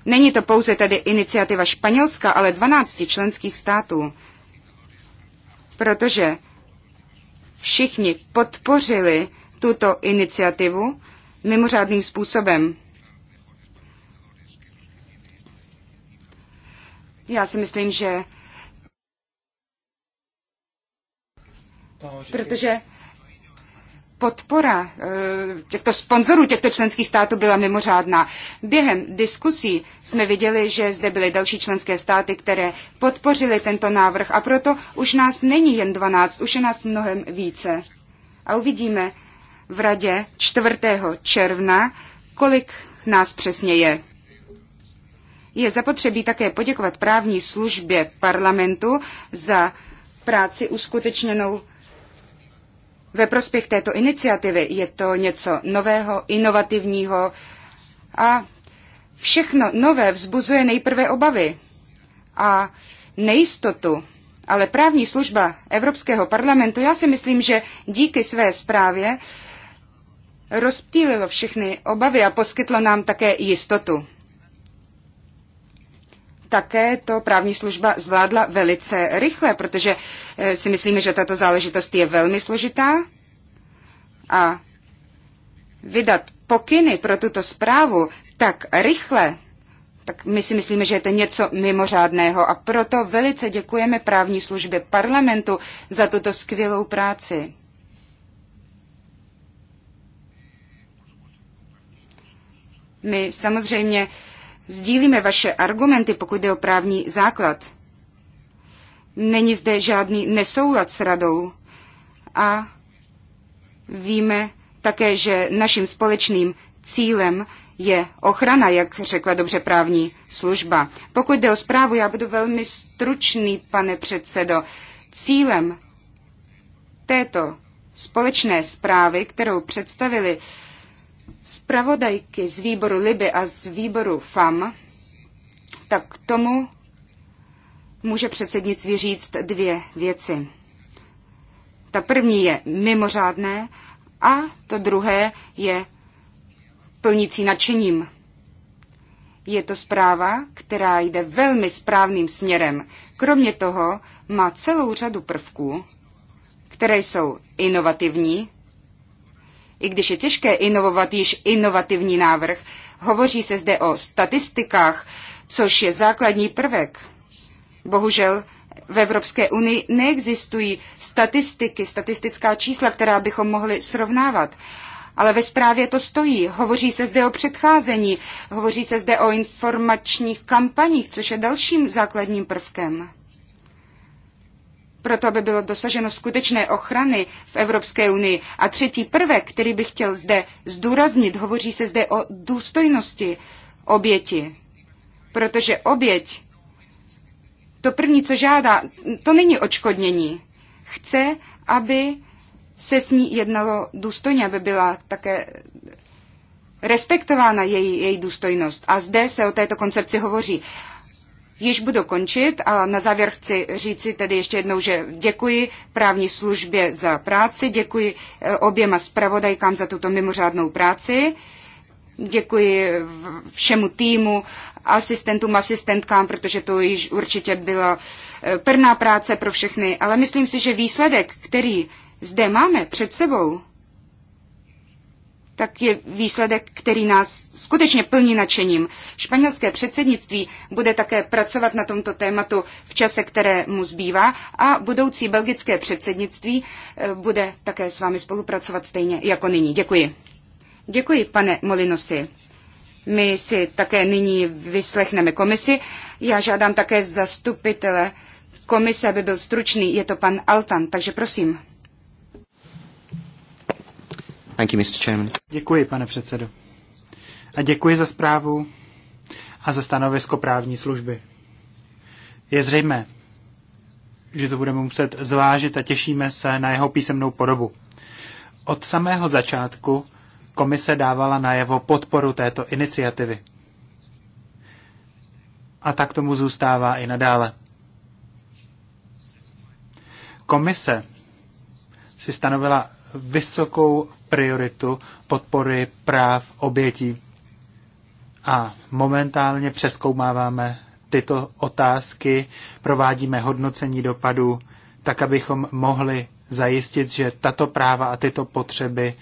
Speaker 2: Není to pouze tedy iniciativa španělská, ale 12 členských států. Protože všichni podpořili tuto iniciativu mimořádným způsobem. Já si myslím, že protože podpora eh, těchto sponzorů těchto členských států byla mimořádná. Během diskusí jsme viděli, že zde byly další členské státy, které podpořily tento návrh a proto už nás není jen 12, už je nás mnohem více. A uvidíme, v radě 4. června, kolik nás přesně je. Je zapotřebí také poděkovat právní službě parlamentu za práci uskutečněnou ve prospěch této iniciativy. Je to něco nového, inovativního a všechno nové vzbuzuje nejprve obavy a nejistotu. Ale právní služba Evropského parlamentu, já si myslím, že díky své zprávě rozptýlilo všechny obavy a poskytlo nám také jistotu. Také to právní služba zvládla velice rychle, protože eh, si myslíme, že tato záležitost je velmi složitá a vydat pokyny pro tuto zprávu tak rychle, tak my si myslíme, že je to něco mimořádného a proto velice děkujeme právní službě parlamentu za tuto skvělou práci. My samozřejmě sdílíme vaše argumenty, pokud jde o právní základ. Není zde žádný nesoulad s radou a víme také, že naším společným cílem je ochrana, jak řekla dobře právní služba. Pokud jde o zprávu, já budu velmi stručný, pane předsedo. Cílem této společné zprávy, kterou představili zpravodajky z výboru Liby a z výboru FAM, tak k tomu může předsednictví říct dvě věci. Ta první je mimořádné a to druhé je plnící nadšením. Je to zpráva, která jde velmi správným směrem. Kromě toho má celou řadu prvků, které jsou inovativní, i když je těžké inovovat již inovativní návrh, hovoří se zde o statistikách, což je základní prvek. Bohužel v Evropské unii neexistují statistiky, statistická čísla, která bychom mohli srovnávat. Ale ve zprávě to stojí. Hovoří se zde o předcházení, hovoří se zde o informačních kampaních, což je dalším základním prvkem proto aby bylo dosaženo skutečné ochrany v Evropské unii. A třetí prvek, který bych chtěl zde zdůraznit, hovoří se zde o důstojnosti oběti. Protože oběť, to první, co žádá, to není očkodnění. Chce, aby se s ní jednalo důstojně, aby byla také respektována její, její důstojnost. A zde se o této koncepci hovoří. Již budu končit a na závěr chci říci tedy ještě jednou, že děkuji právní službě za práci, děkuji eh, oběma zpravodajkám za tuto mimořádnou práci, děkuji všemu týmu, asistentům, asistentkám, protože to již určitě byla eh, prná práce pro všechny, ale myslím si, že výsledek, který zde máme před sebou, tak je výsledek, který nás skutečně plní nadšením. Španělské předsednictví bude také pracovat na tomto tématu v čase, které mu zbývá a budoucí belgické předsednictví eh, bude také s vámi spolupracovat stejně jako nyní. Děkuji. Děkuji, pane Molinosi. My si také nyní vyslechneme komisi. Já žádám také zastupitele komise, aby byl stručný. Je to pan Altan, takže prosím.
Speaker 1: Thank you, Mr. Chairman. Děkuji, pane předsedo. A děkuji za zprávu a za stanovisko právní služby. Je zřejmé, že to budeme muset zvážit a těšíme se na jeho písemnou podobu. Od samého začátku komise dávala najevo podporu této iniciativy. A tak tomu zůstává i nadále. Komise si stanovila vysokou prioritu podpory práv obětí. A momentálně přeskoumáváme tyto otázky, provádíme hodnocení dopadů, tak abychom mohli zajistit, že tato práva a tyto potřeby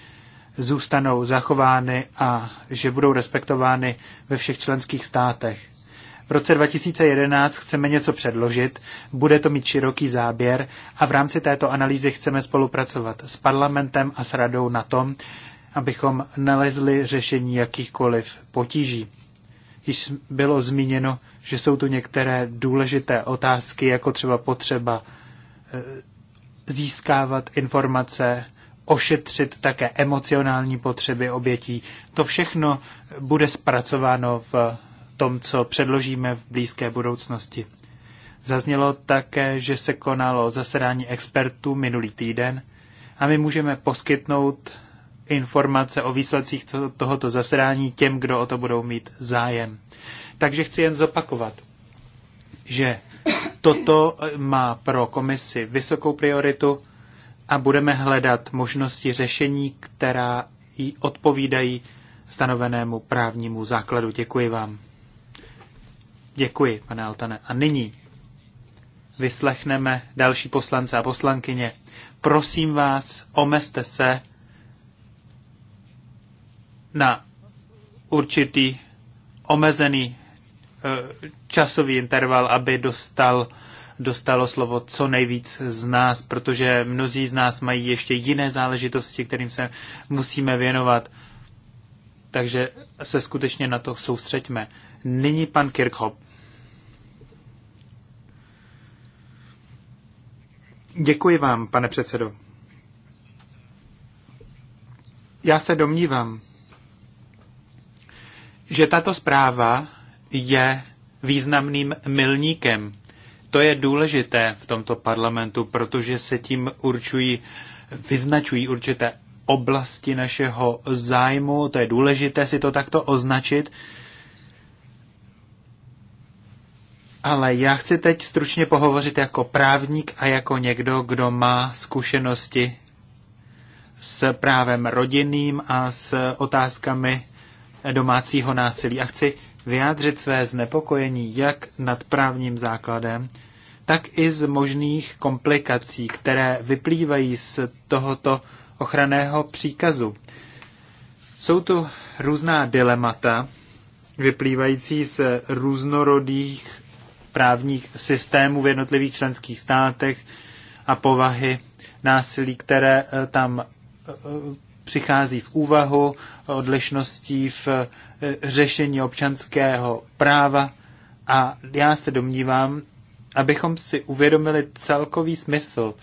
Speaker 1: zůstanou zachovány a že budou respektovány ve všech členských státech. V roce 2011 chceme něco předložit, bude to mít široký záběr a v rámci této analýzy chceme spolupracovat s parlamentem a s radou na tom, abychom nalezli řešení jakýchkoliv potíží. Již bylo zmíněno, že jsou tu některé důležité otázky, jako třeba potřeba eh, získávat informace, ošetřit také emocionální potřeby obětí. To všechno bude zpracováno v tom, co předložíme v blízké budoucnosti. Zaznělo také, že se konalo zasedání expertů minulý týden a my můžeme poskytnout informace o výsledcích tohoto zasedání těm, kdo o to budou mít zájem. Takže chci jen zopakovat, že toto má pro komisi vysokou prioritu a budeme hledat možnosti řešení, která jí odpovídají stanovenému právnímu základu. Děkuji vám. Děkuji, pane Altane. A nyní vyslechneme další poslance a poslankyně. Prosím vás, omezte se na určitý omezený eh, časový interval, aby dostal, dostalo slovo co nejvíc z nás, protože mnozí z nás mají ještě jiné záležitosti, kterým se musíme věnovat. Takže se skutečně na to soustřeďme. Nyní pan Kirchhoff. Děkuji vám, pane předsedo. Já se domnívám, že tato zpráva je významným milníkem. To je důležité v tomto parlamentu, protože se tím určují, vyznačují určité oblasti našeho zájmu. To je důležité si to takto označit, ale já chci teď stručně pohovořit jako právník a jako někdo, kdo má zkušenosti s právem rodinným a s otázkami domácího násilí. A chci vyjádřit své znepokojení jak nad právním základem, tak i z možných komplikací, které vyplývají z tohoto ochranného příkazu. Jsou tu různá dilemata, vyplývající z různorodých právních systémů v jednotlivých členských státech a povahy násilí, které eh, tam eh, přichází v úvahu, odlišností v eh, řešení občanského práva. A já se domnívám, abychom si uvědomili celkový smysl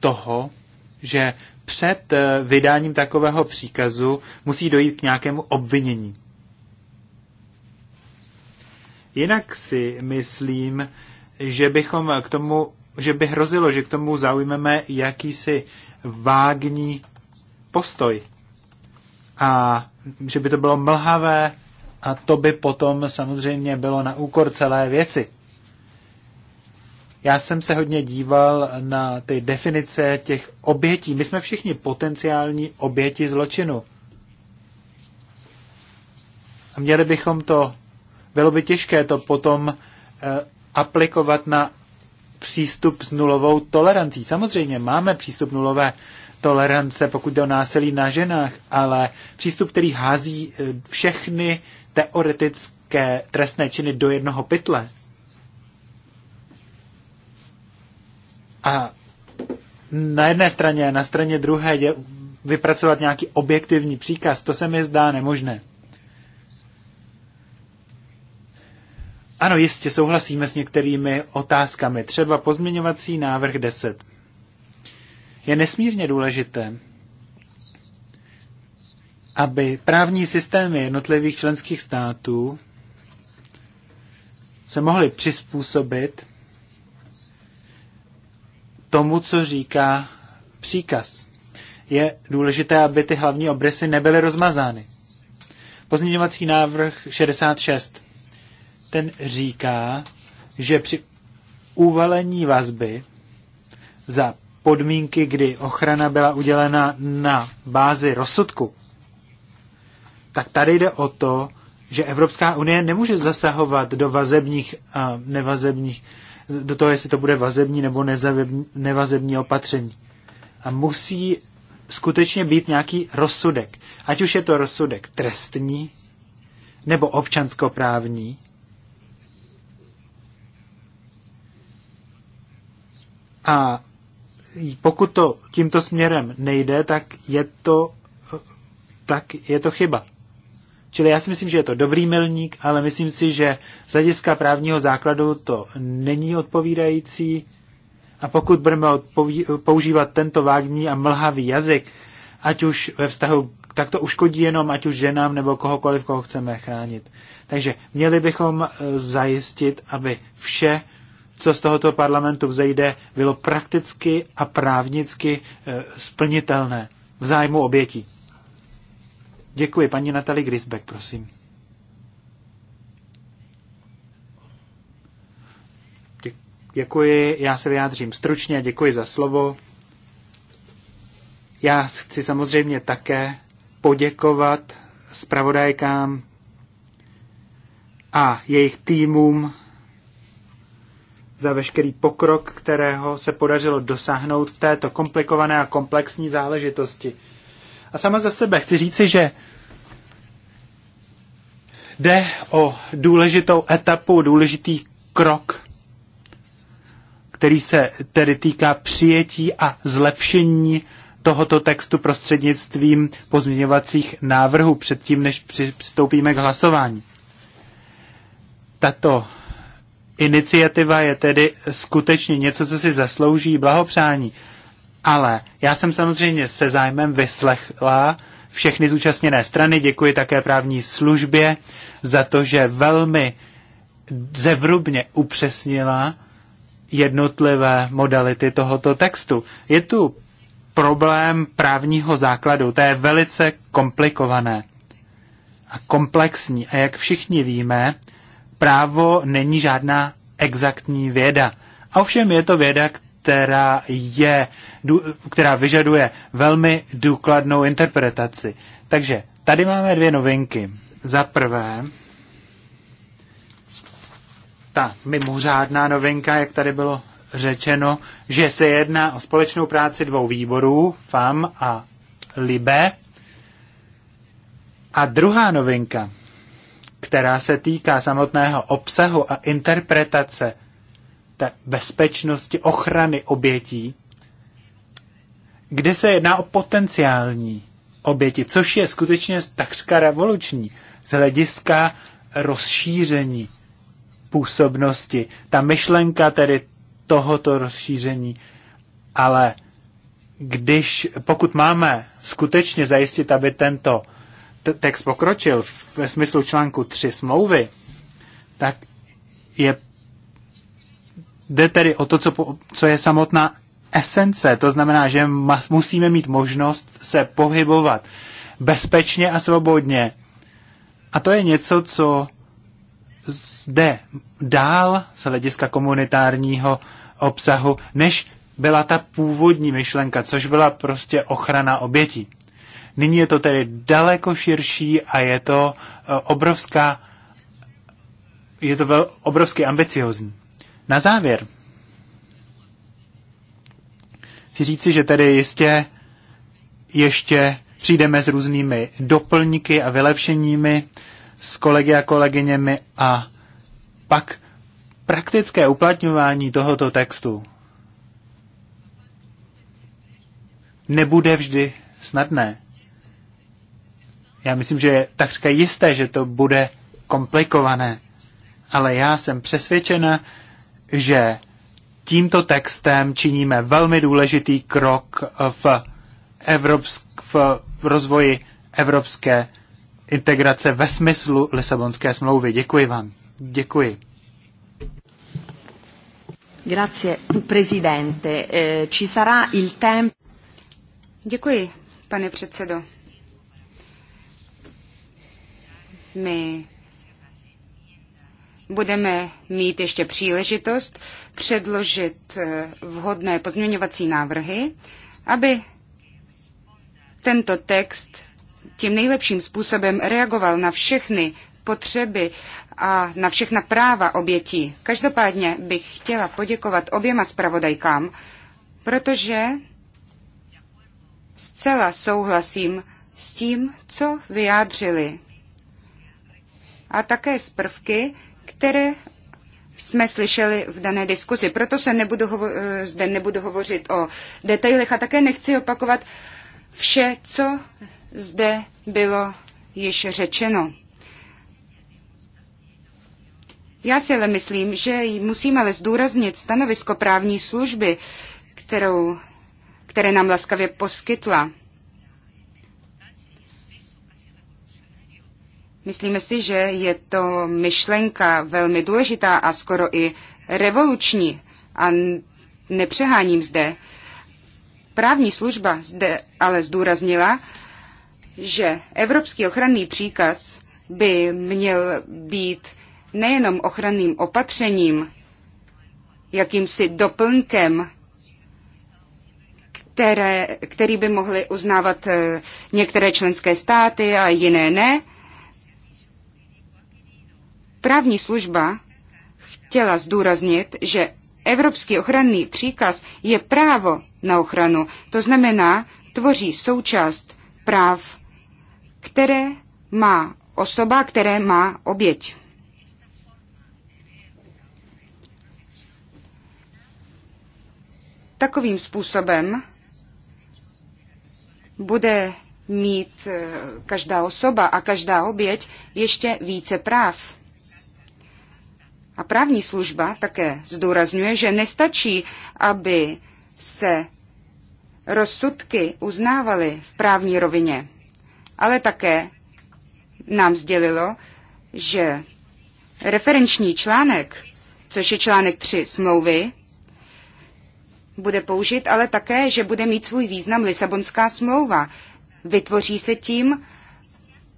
Speaker 1: toho, že před vydáním takového příkazu musí dojít k nějakému obvinění. Jinak si myslím, že bychom k tomu, že by hrozilo, že k tomu zaujmeme jakýsi vágní postoj. A že by to bylo mlhavé a to by potom samozřejmě bylo na úkor celé věci. Já jsem se hodně díval na ty definice těch obětí. My jsme všichni potenciální oběti zločinu. A měli bychom to bylo by těžké to potom eh, aplikovat na přístup s nulovou tolerancí. Samozřejmě máme přístup nulové tolerance, pokud jde o násilí na ženách, ale přístup, který hází eh, všechny teoretické trestné činy do jednoho pytle. A na jedné straně, na straně druhé je vypracovat nějaký objektivní příkaz, to se mi zdá nemožné. Ano, jistě souhlasíme s některými otázkami, třeba pozměňovací návrh 10. Je nesmírně důležité, aby právní systémy jednotlivých členských států se mohly přizpůsobit tomu, co říká příkaz. Je důležité, aby ty hlavní obrysy nebyly rozmazány. Pozměňovací návrh 66 ten říká, že při uvalení vazby za podmínky, kdy ochrana byla udělena na bázi rozsudku, tak tady jde o to, že Evropská unie nemůže zasahovat do vazebních a nevazebních, do toho, jestli to bude vazební nebo nezavební, nevazební opatření. A musí skutečně být nějaký rozsudek. Ať už je to rozsudek trestní nebo občanskoprávní, A pokud to tímto směrem nejde, tak je to, tak je to chyba. Čili já si myslím, že je to dobrý milník, ale myslím si, že z hlediska právního základu to není odpovídající. A pokud budeme používat tento vágní a mlhavý jazyk, ať už ve vztahu, tak to uškodí jenom ať už ženám nebo kohokoliv, koho chceme chránit. Takže měli bychom eh, zajistit, aby vše co z tohoto parlamentu vzejde, bylo prakticky a právnicky eh, splnitelné v zájmu obětí. Děkuji. Paní Natalie Grisbeck, prosím. Děkuji, já se vyjádřím stručně, děkuji za slovo. Já chci samozřejmě také poděkovat zpravodajkám a jejich týmům za veškerý pokrok, kterého se podařilo dosáhnout v této komplikované a komplexní záležitosti. A sama za sebe chci říci, že jde o důležitou etapu, důležitý krok, který se tedy týká přijetí a zlepšení tohoto textu prostřednictvím pozměňovacích návrhů předtím, než přistoupíme k hlasování. Tato iniciativa je tedy skutečně něco, co si zaslouží blahopřání. Ale já jsem samozřejmě se zájmem vyslechla všechny zúčastněné strany, děkuji také právní službě za to, že velmi zevrubně upřesnila jednotlivé modality tohoto textu. Je tu problém právního základu, to je velice komplikované a komplexní. A jak všichni víme, právo není žádná exaktní věda. A ovšem je to věda, která, je, která vyžaduje velmi důkladnou interpretaci. Takže tady máme dvě novinky. Za prvé, ta mimořádná novinka, jak tady bylo řečeno, že se jedná o společnou práci dvou výborů, FAM a LIBE. A druhá novinka která se týká samotného obsahu a interpretace té bezpečnosti, ochrany obětí, kde se jedná o potenciální oběti, což je skutečně takřka revoluční z hlediska rozšíření působnosti. Ta myšlenka tedy tohoto rozšíření, ale když, pokud máme skutečně zajistit, aby tento text pokročil ve smyslu článku 3 smlouvy, tak je, jde tedy o to, co, co je samotná esence. To znamená, že ma, musíme mít možnost se pohybovat bezpečně a svobodně. A to je něco, co zde dál z hlediska komunitárního obsahu, než byla ta původní myšlenka, což byla prostě ochrana obětí. Nyní je to tedy daleko širší a je to eh, obrovská, je to vel, obrovsky ambiciozní. Na závěr chci říci, že tedy jistě ještě přijdeme s různými doplňky a vylepšeními s kolegy a kolegyněmi a pak praktické uplatňování tohoto textu nebude vždy snadné. Já myslím, že je takřka jisté, že to bude komplikované, ale já jsem přesvědčena, že tímto textem činíme velmi důležitý krok v, evropsk, v rozvoji evropské integrace ve smyslu Lisabonské smlouvy. Děkuji vám. Děkuji.
Speaker 2: Grazie, presidente. Eh, ci sarà il tempo. Děkuji, pane předsedo. My budeme mít ještě příležitost předložit eh, vhodné pozměňovací návrhy, aby tento text tím nejlepším způsobem reagoval na všechny potřeby a na všechna práva obětí. Každopádně bych chtěla poděkovat oběma zpravodajkám, protože zcela souhlasím s tím, co vyjádřili a také z prvky, které jsme slyšeli v dané diskuzi. Proto se nebudu hovo- eh, zde nebudu hovořit o detailech a také nechci opakovat vše, co zde bylo již řečeno. Já si ale myslím, že musím ale zdůraznit stanovisko právní služby, kterou, které nám laskavě poskytla. Myslíme si, že je to myšlenka velmi důležitá a skoro i revoluční a nepřeháním zde. Právní služba zde ale zdůraznila, že evropský ochranný příkaz by měl být nejenom ochranným opatřením, jakýmsi doplnkem, které, který by mohly uznávat eh, některé členské státy a jiné ne, Právní služba chtěla zdůraznit, že Evropský ochranný příkaz je právo na ochranu, to znamená, tvoří součást práv, které má osoba, které má oběť. Takovým způsobem bude mít eh, každá osoba a každá oběť ještě více práv. A právní služba také zdůrazňuje, že nestačí, aby se rozsudky uznávaly v právní rovině, ale také nám sdělilo, že referenční článek, což je článek 3 smlouvy, bude použit, ale také, že bude mít svůj význam Lisabonská smlouva. Vytvoří se tím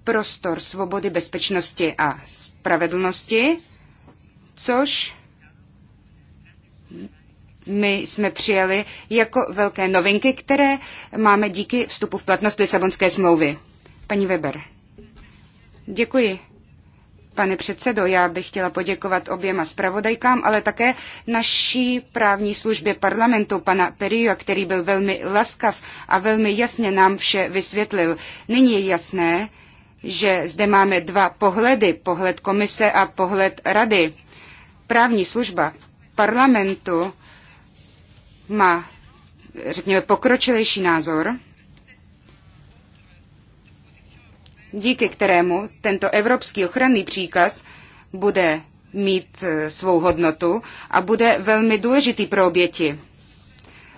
Speaker 2: prostor svobody, bezpečnosti a spravedlnosti, což my jsme přijali jako velké novinky, které máme díky vstupu v platnost Lisabonské smlouvy. Paní Weber. Děkuji. Pane předsedo, já bych chtěla poděkovat oběma zpravodajkám, ale také naší právní službě parlamentu, pana Perio, který byl velmi laskav a velmi jasně nám vše vysvětlil. Nyní je jasné, že zde máme dva pohledy, pohled komise a pohled rady právní služba parlamentu má, řekněme, pokročilejší názor, díky kterému tento evropský ochranný příkaz bude mít e, svou hodnotu a bude velmi důležitý pro oběti.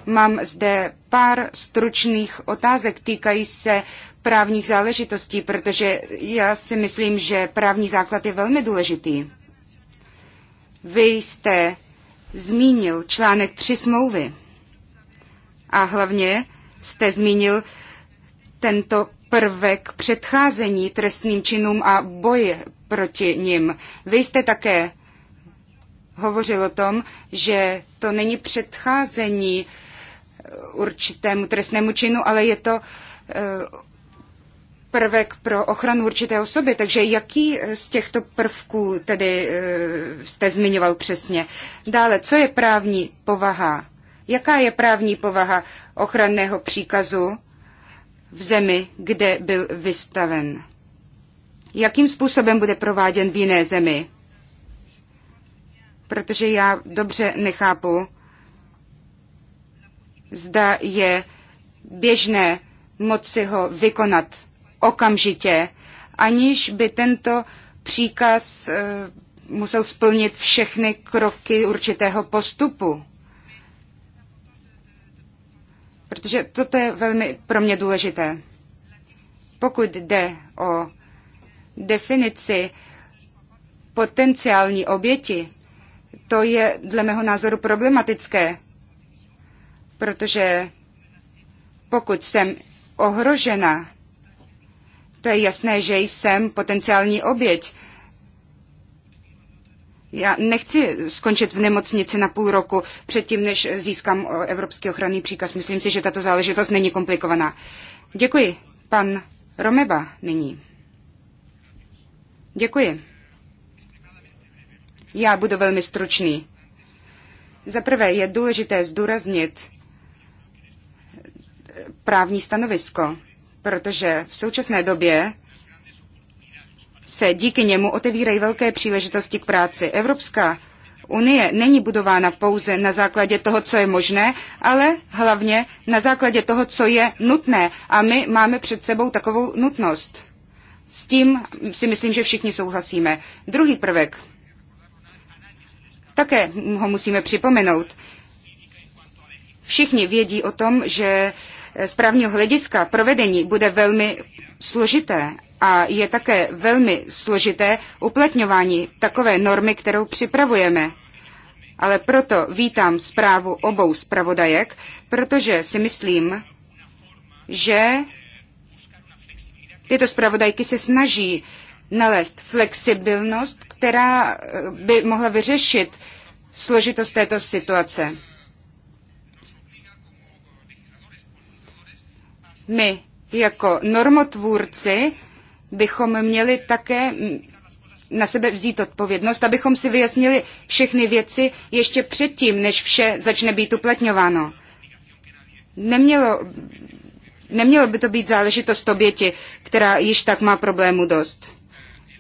Speaker 2: Mám zde pár stručných otázek týkají se právních záležitostí, protože já si myslím, že právní základ je velmi důležitý. Vy jste zmínil článek tři smlouvy a hlavně jste zmínil tento prvek předcházení trestným činům a boje proti nim. Vy jste také hovořil o tom, že to není předcházení eh, určitému trestnému činu, ale je to eh, prvek pro ochranu určité osoby, takže jaký z těchto prvků tedy eh, jste zmiňoval přesně? Dále, co je právní povaha? Jaká je právní povaha ochranného příkazu v zemi, kde byl vystaven? Jakým způsobem bude prováděn v jiné zemi? Protože já dobře nechápu, zda je běžné moci ho vykonat okamžitě, aniž by tento příkaz eh, musel splnit všechny kroky určitého postupu. Protože toto je velmi pro mě důležité. Pokud jde o definici potenciální oběti, to je dle mého názoru problematické, protože pokud jsem ohrožena, to je jasné, že jsem potenciální oběť. Já nechci skončit v nemocnici na půl roku předtím, než získám evropský ochranný příkaz. Myslím si, že tato záležitost není komplikovaná. Děkuji. Pan Romeba nyní. Děkuji. Já budu velmi stručný. Za prvé je důležité zdůraznit právní stanovisko protože v současné době se díky němu otevírají velké příležitosti k práci. Evropská unie není budována pouze na základě toho, co je možné, ale hlavně na základě toho, co je nutné. A my máme před sebou takovou nutnost. S tím si myslím, že všichni souhlasíme. Druhý prvek. Také ho musíme připomenout. Všichni vědí o tom, že z právního hlediska provedení bude velmi složité a je také velmi složité uplatňování takové normy, kterou připravujeme. Ale proto vítám zprávu obou zpravodajek, protože si myslím, že tyto zpravodajky se snaží nalézt flexibilnost, která eh, by mohla vyřešit složitost této situace. My jako normotvůrci bychom měli také na sebe vzít odpovědnost, abychom si vyjasnili všechny věci ještě předtím, než vše začne být uplatňováno. Nemělo, nemělo by to být záležitost oběti, která již tak má problému dost.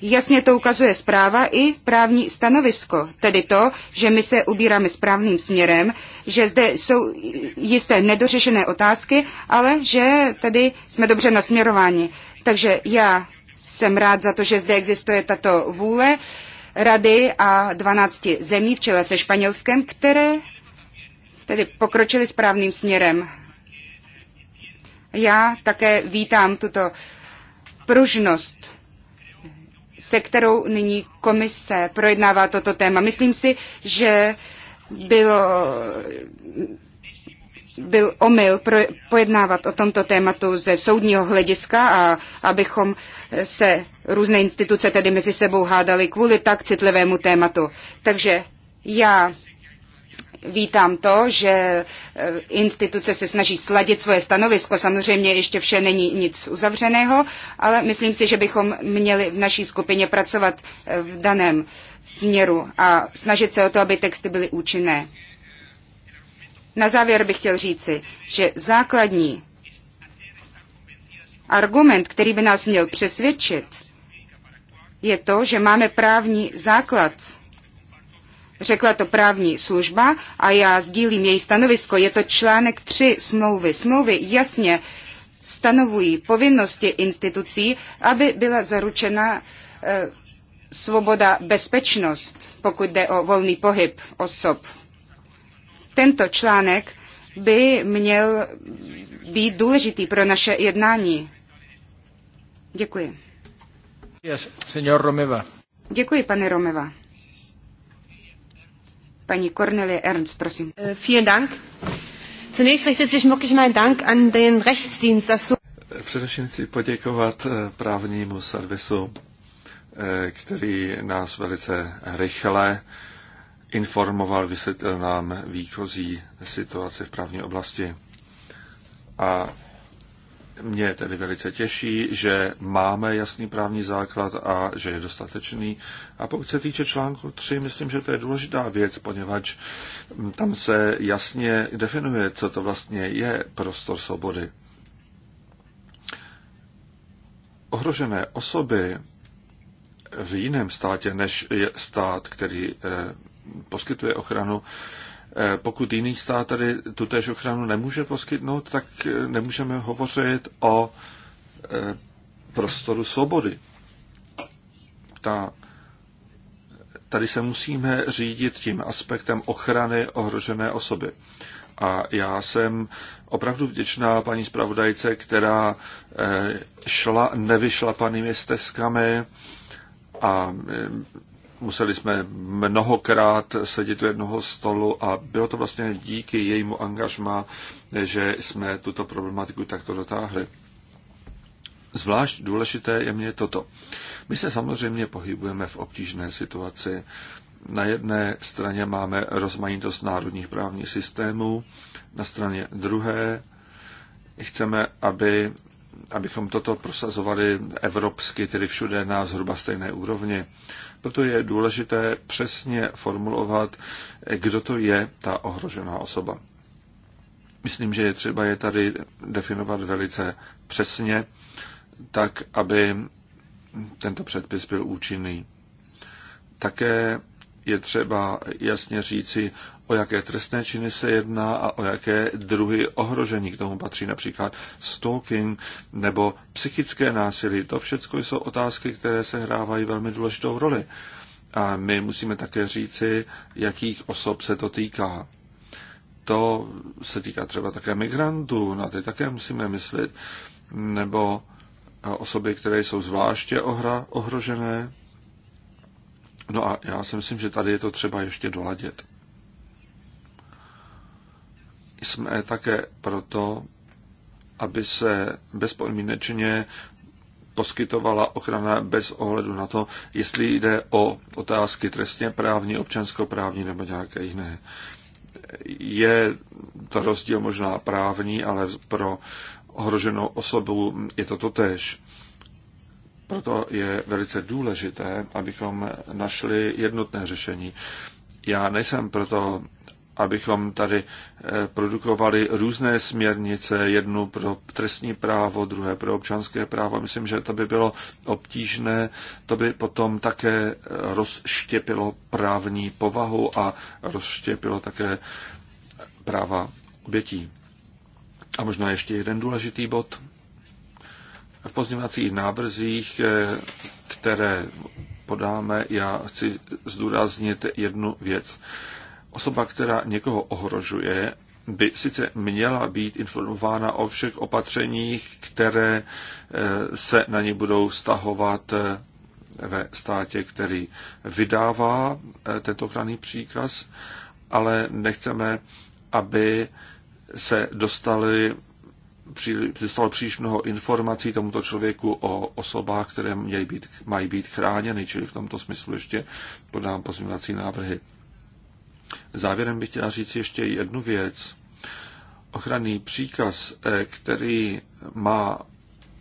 Speaker 2: Jasně to ukazuje zpráva i právní stanovisko, tedy to, že my se ubíráme správným směrem, že zde jsou jisté nedořešené otázky, ale že tedy jsme dobře nasměrováni. Takže já jsem rád za to, že zde existuje tato vůle rady a 12 zemí v čele se Španělskem, které tedy pokročili správným směrem. Já také vítám tuto pružnost, se kterou nyní komise projednává toto téma. Myslím si, že bylo, byl omyl pro, pojednávat o tomto tématu ze soudního hlediska a abychom se různé instituce tedy mezi sebou hádali kvůli tak citlivému tématu. Takže já vítám to, že eh, instituce se snaží sladit svoje stanovisko. Samozřejmě ještě vše není nic uzavřeného, ale myslím si, že bychom měli v naší skupině pracovat eh, v daném uh, směru a snažit se o to, aby texty byly účinné. Na závěr bych chtěl říci, že základní argument, který by nás měl přesvědčit, je to, že máme právní základ. Řekla to právní služba a já sdílím její stanovisko. Je to článek 3 smlouvy. Smlouvy jasně stanovují povinnosti institucí, aby byla zaručena eh, svoboda, bezpečnost, pokud jde o volný pohyb osob. Tento článek by měl být důležitý pro naše jednání. Děkuji. Romeva. Děkuji, pane Romeva. Paní Cornelie Ernst, prosím. Eh, vielen Dank. Zunächst richtet sich wirklich mein Dank an den Rechtsdienst, dass du...
Speaker 3: Především chci poděkovat eh, právnímu servisu Eh, který nás velice rychle informoval, vysvětlil nám výchozí situaci v právní oblasti. A mě tedy velice těší, že máme jasný právní základ a že je dostatečný. A pokud se týče článku 3, myslím, že to je důležitá věc, poněvadž hm, tam se jasně definuje, co to vlastně je prostor svobody. Ohrožené osoby v jiném státě, než je stát, který eh, poskytuje ochranu, eh, pokud jiný stát tady tutéž ochranu nemůže poskytnout, tak eh, nemůžeme hovořit o prostoru svobody. Ta, tady se musíme řídit tím aspektem ochrany ohrožené osoby. A já jsem opravdu vděčná paní zpravodajce, která šla nevyšlapanými stezkami, a e, museli jsme mnohokrát sedět u jednoho stolu a bylo to vlastně díky jejímu angažma, že jsme tuto problematiku takto dotáhli. Zvlášť důležité je mě toto. My se samozřejmě pohybujeme v obtížné situaci. Na jedné straně máme rozmanitost národních právních systémů, na straně druhé chceme, aby abychom toto prosazovali evropsky, tedy všude na zhruba stejné úrovni. Proto je důležité přesně formulovat, kdo to je ta ohrožená osoba. Myslím, že je třeba je tady definovat velice přesně, tak aby tento předpis byl účinný. Také je třeba jasně říci, o jaké trestné činy se jedná a o jaké druhy ohrožení k tomu patří, například stalking nebo psychické násilí. To všechno jsou otázky, které se hrávají velmi důležitou roli. A my musíme také říci, jakých osob se to týká. To se týká třeba také migrantů, na ty také musíme myslet, nebo osoby, které jsou zvláště ohra, ohrožené. No a já si myslím, že tady je to třeba ještě doladit jsme také proto, aby se bezpodmínečně poskytovala ochrana bez ohledu na to, jestli jde o otázky trestně právní, občanskoprávní nebo nějaké jiné. Je to rozdíl možná právní, ale pro ohroženou osobu je to totéž. Proto je velice důležité, abychom našli jednotné řešení. Já nejsem proto, abychom tady eh, produkovali různé směrnice, jednu pro trestní právo, druhé pro občanské právo. Myslím, že to by bylo obtížné, to by potom také eh, rozštěpilo právní povahu a rozštěpilo také eh, práva obětí. A možná ještě jeden důležitý bod. V pozměňovacích návrzích, které podáme, já chci zdůraznit jednu věc. Osoba, která někoho ohrožuje, by sice měla být informována o všech opatřeních, které eh, se na ní budou stahovat eh, ve státě, který vydává eh, tento ochranný příkaz, ale nechceme, aby se dostali dostalo příliš mnoho informací tomuto člověku o osobách, které mějí být, mají být chráněny, čili v tomto smyslu ještě podám pozměňovací návrhy. Závěrem bych chtěla říct ještě jednu věc. Ochranný příkaz, eh, který má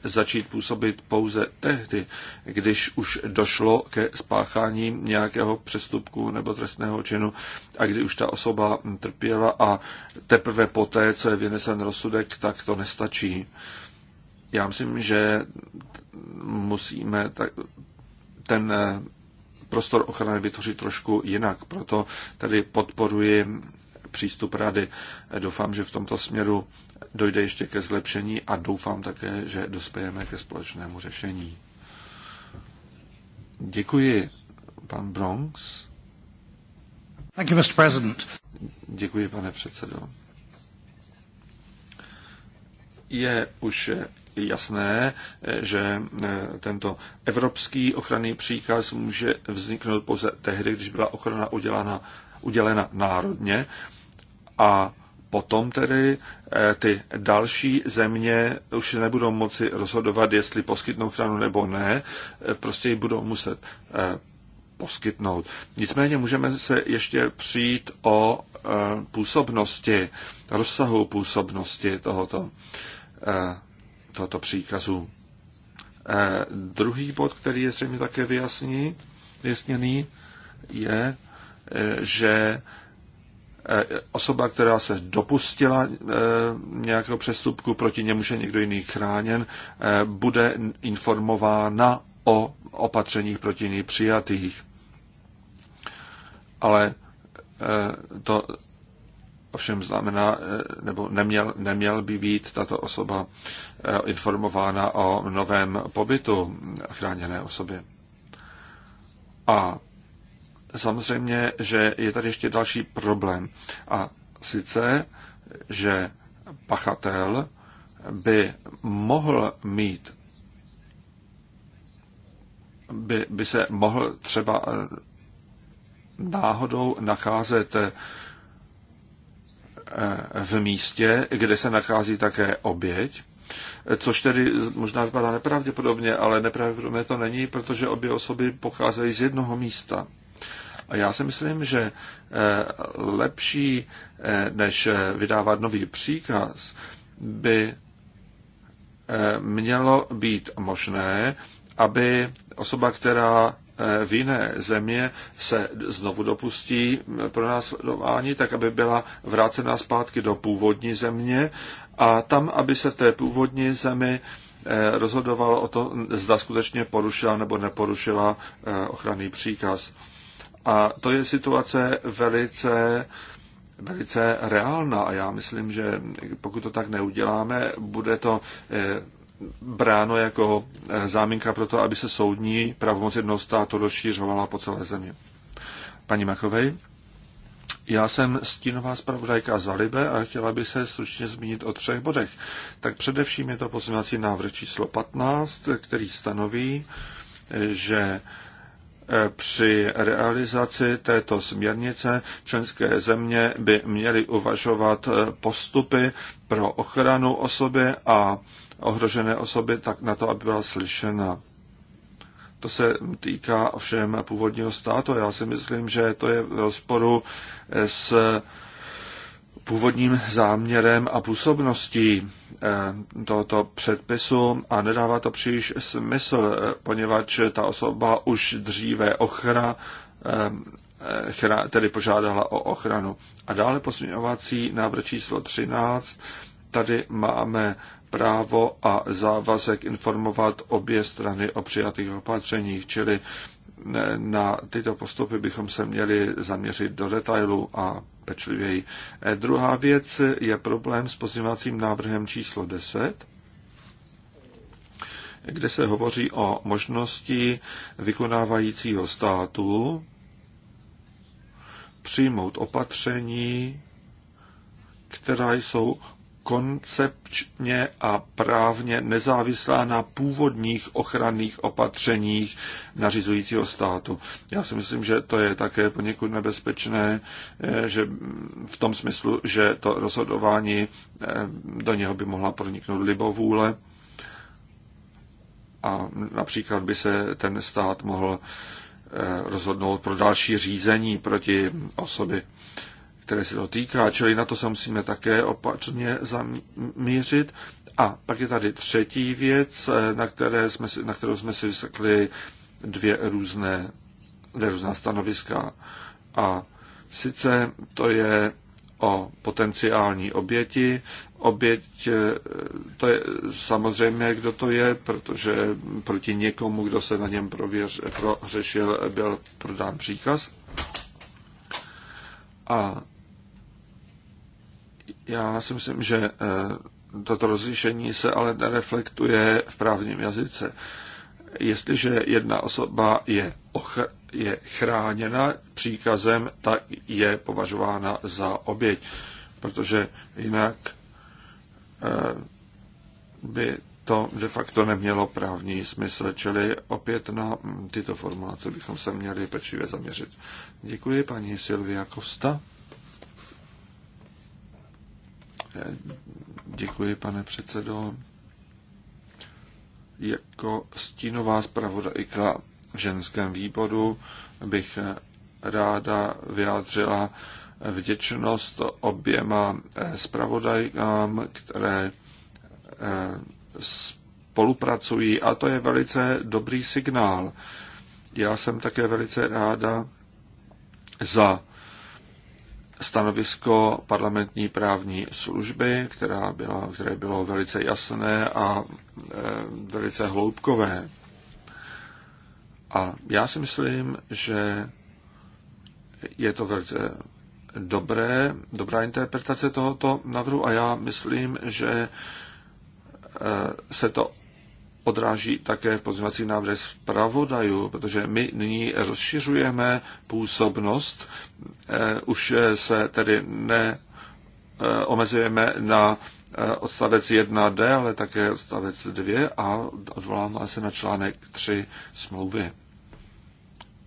Speaker 3: začít působit pouze tehdy, když už došlo ke spáchání nějakého přestupku nebo trestného činu a kdy už ta osoba trpěla a teprve poté, co je vynesen rozsudek, tak to nestačí. Já myslím, že musíme tak ten eh, prostor ochrany vytvořit trošku jinak. Proto tady podporuji přístup rady. Doufám, že v tomto směru dojde ještě ke zlepšení a doufám také, že dospějeme ke společnému řešení. Děkuji, pan Bronx. Thank you, Mr. President. Děkuji, pane předsedo. Je už jasné, že e, tento evropský ochranný příkaz může vzniknout pouze tehdy, když byla ochrana udělána, udělena národně a potom tedy e, ty další země už nebudou moci rozhodovat, jestli poskytnou ochranu nebo ne, e, prostě ji budou muset poskytnout. Nicméně můžeme se ještě přijít o působnosti, rozsahu působnosti tohoto tohoto příkazu. Eh, druhý bod, který je zřejmě také vyjasněný, vyjasněný, je, eh, že eh, osoba, která se dopustila eh, nějakého přestupku, proti němu je někdo jiný chráněn, eh, bude informována o opatřeních proti ní přijatých. Ale eh, to ovšem znamená, eh, nebo neměl, neměl by být tato osoba eh, informována o novém pobytu chráněné osoby. A samozřejmě, že je tady ještě další problém. A sice, že pachatel by mohl mít, by, by se mohl třeba eh, náhodou nacházet v místě, kde se nachází také oběť, což tedy možná vypadá nepravděpodobně, ale nepravděpodobně to není, protože obě osoby pocházejí z jednoho místa. A já si myslím, že eh, lepší, eh, než eh, vydávat nový příkaz, by mělo být možné, aby osoba, která Eh, v jiné země se znovu dopustí pronásledování, tak aby byla vrácena zpátky do původní země a tam, aby se v té původní zemi eh, rozhodovalo o tom, zda skutečně porušila nebo neporušila eh, ochranný příkaz. A to je situace velice velice reálná a já myslím, že pokud to tak neuděláme, bude to bráno jako záminka pro to, aby se soudní pravomoc jednoho státu rozšířovala po celé zemi. Paní Makovej, já jsem stínová zpravodajka za Libe a chtěla by se stručně zmínit o třech bodech. Tak především je to pozměňovací návrh číslo 15, který stanoví, že e, při realizaci této směrnice členské země by měly uvažovat e, postupy pro ochranu osoby a ohrožené osoby, tak na to, aby byla slyšena. To se týká ovšem původního státu. Já si myslím, že to je v rozporu s původním záměrem a působností eh, tohoto předpisu a nedává to příliš smysl, eh, poněvadž ta osoba už dříve ochra, eh, tedy požádala o ochranu. A dále posměňovací návrh číslo 13. Tady máme právo a závazek informovat obě strany o přijatých opatřeních, čili eh, na tyto postupy bychom se měli zaměřit do detailu a pečlivěji. Eh, druhá věc je problém s pozměňovacím návrhem číslo 10, kde se hovoří o možnosti vykonávajícího státu přijmout opatření, která jsou koncepčně a právně nezávislá na původních ochranných opatřeních nařizujícího státu. Já si myslím, že to je také poněkud nebezpečné, eh, že v tom smyslu, že to rozhodování eh, do něho by mohla proniknout libovůle a například by se ten stát mohl eh, rozhodnout pro další řízení proti osoby které se to týká, čili na to se musíme také opačně zamířit. A pak je tady třetí věc, na, které jsme, na kterou jsme si vysekli dvě různé, dvě různá stanoviska. A sice to je o potenciální oběti. Oběť, eh, to je samozřejmě, kdo to je, protože proti někomu, kdo se na něm prověř, prořešil, byl prodán příkaz. A já si myslím, že eh, toto rozlišení se ale nereflektuje v právním jazyce. Jestliže jedna osoba je, ochr- je chráněna příkazem, tak je považována za oběť, protože jinak eh, by to de facto nemělo právní smysl, čili opět na mm, tyto formulace bychom se měli pečlivě zaměřit. Děkuji paní Silvia Kosta. Děkuji, pane předsedo. Jako stínová zpravodajka v ženském výboru bych ráda vyjádřila vděčnost oběma zpravodajkám, které eh, spolupracují a to je velice dobrý signál. Já jsem také velice ráda za stanovisko parlamentní právní služby, která byla, které bylo velice jasné a e, velice hloubkové. A já si myslím, že je to velice dobré, dobrá interpretace tohoto návrhu a já myslím, že e, se to odráží také v pozměňovacích návrhech zpravodajů, protože my nyní rozšiřujeme působnost, eh, už eh, se tedy ne eh, omezujeme na odstavec 1d, ale také odstavec 2 a odvoláme se na článek 3 smlouvy.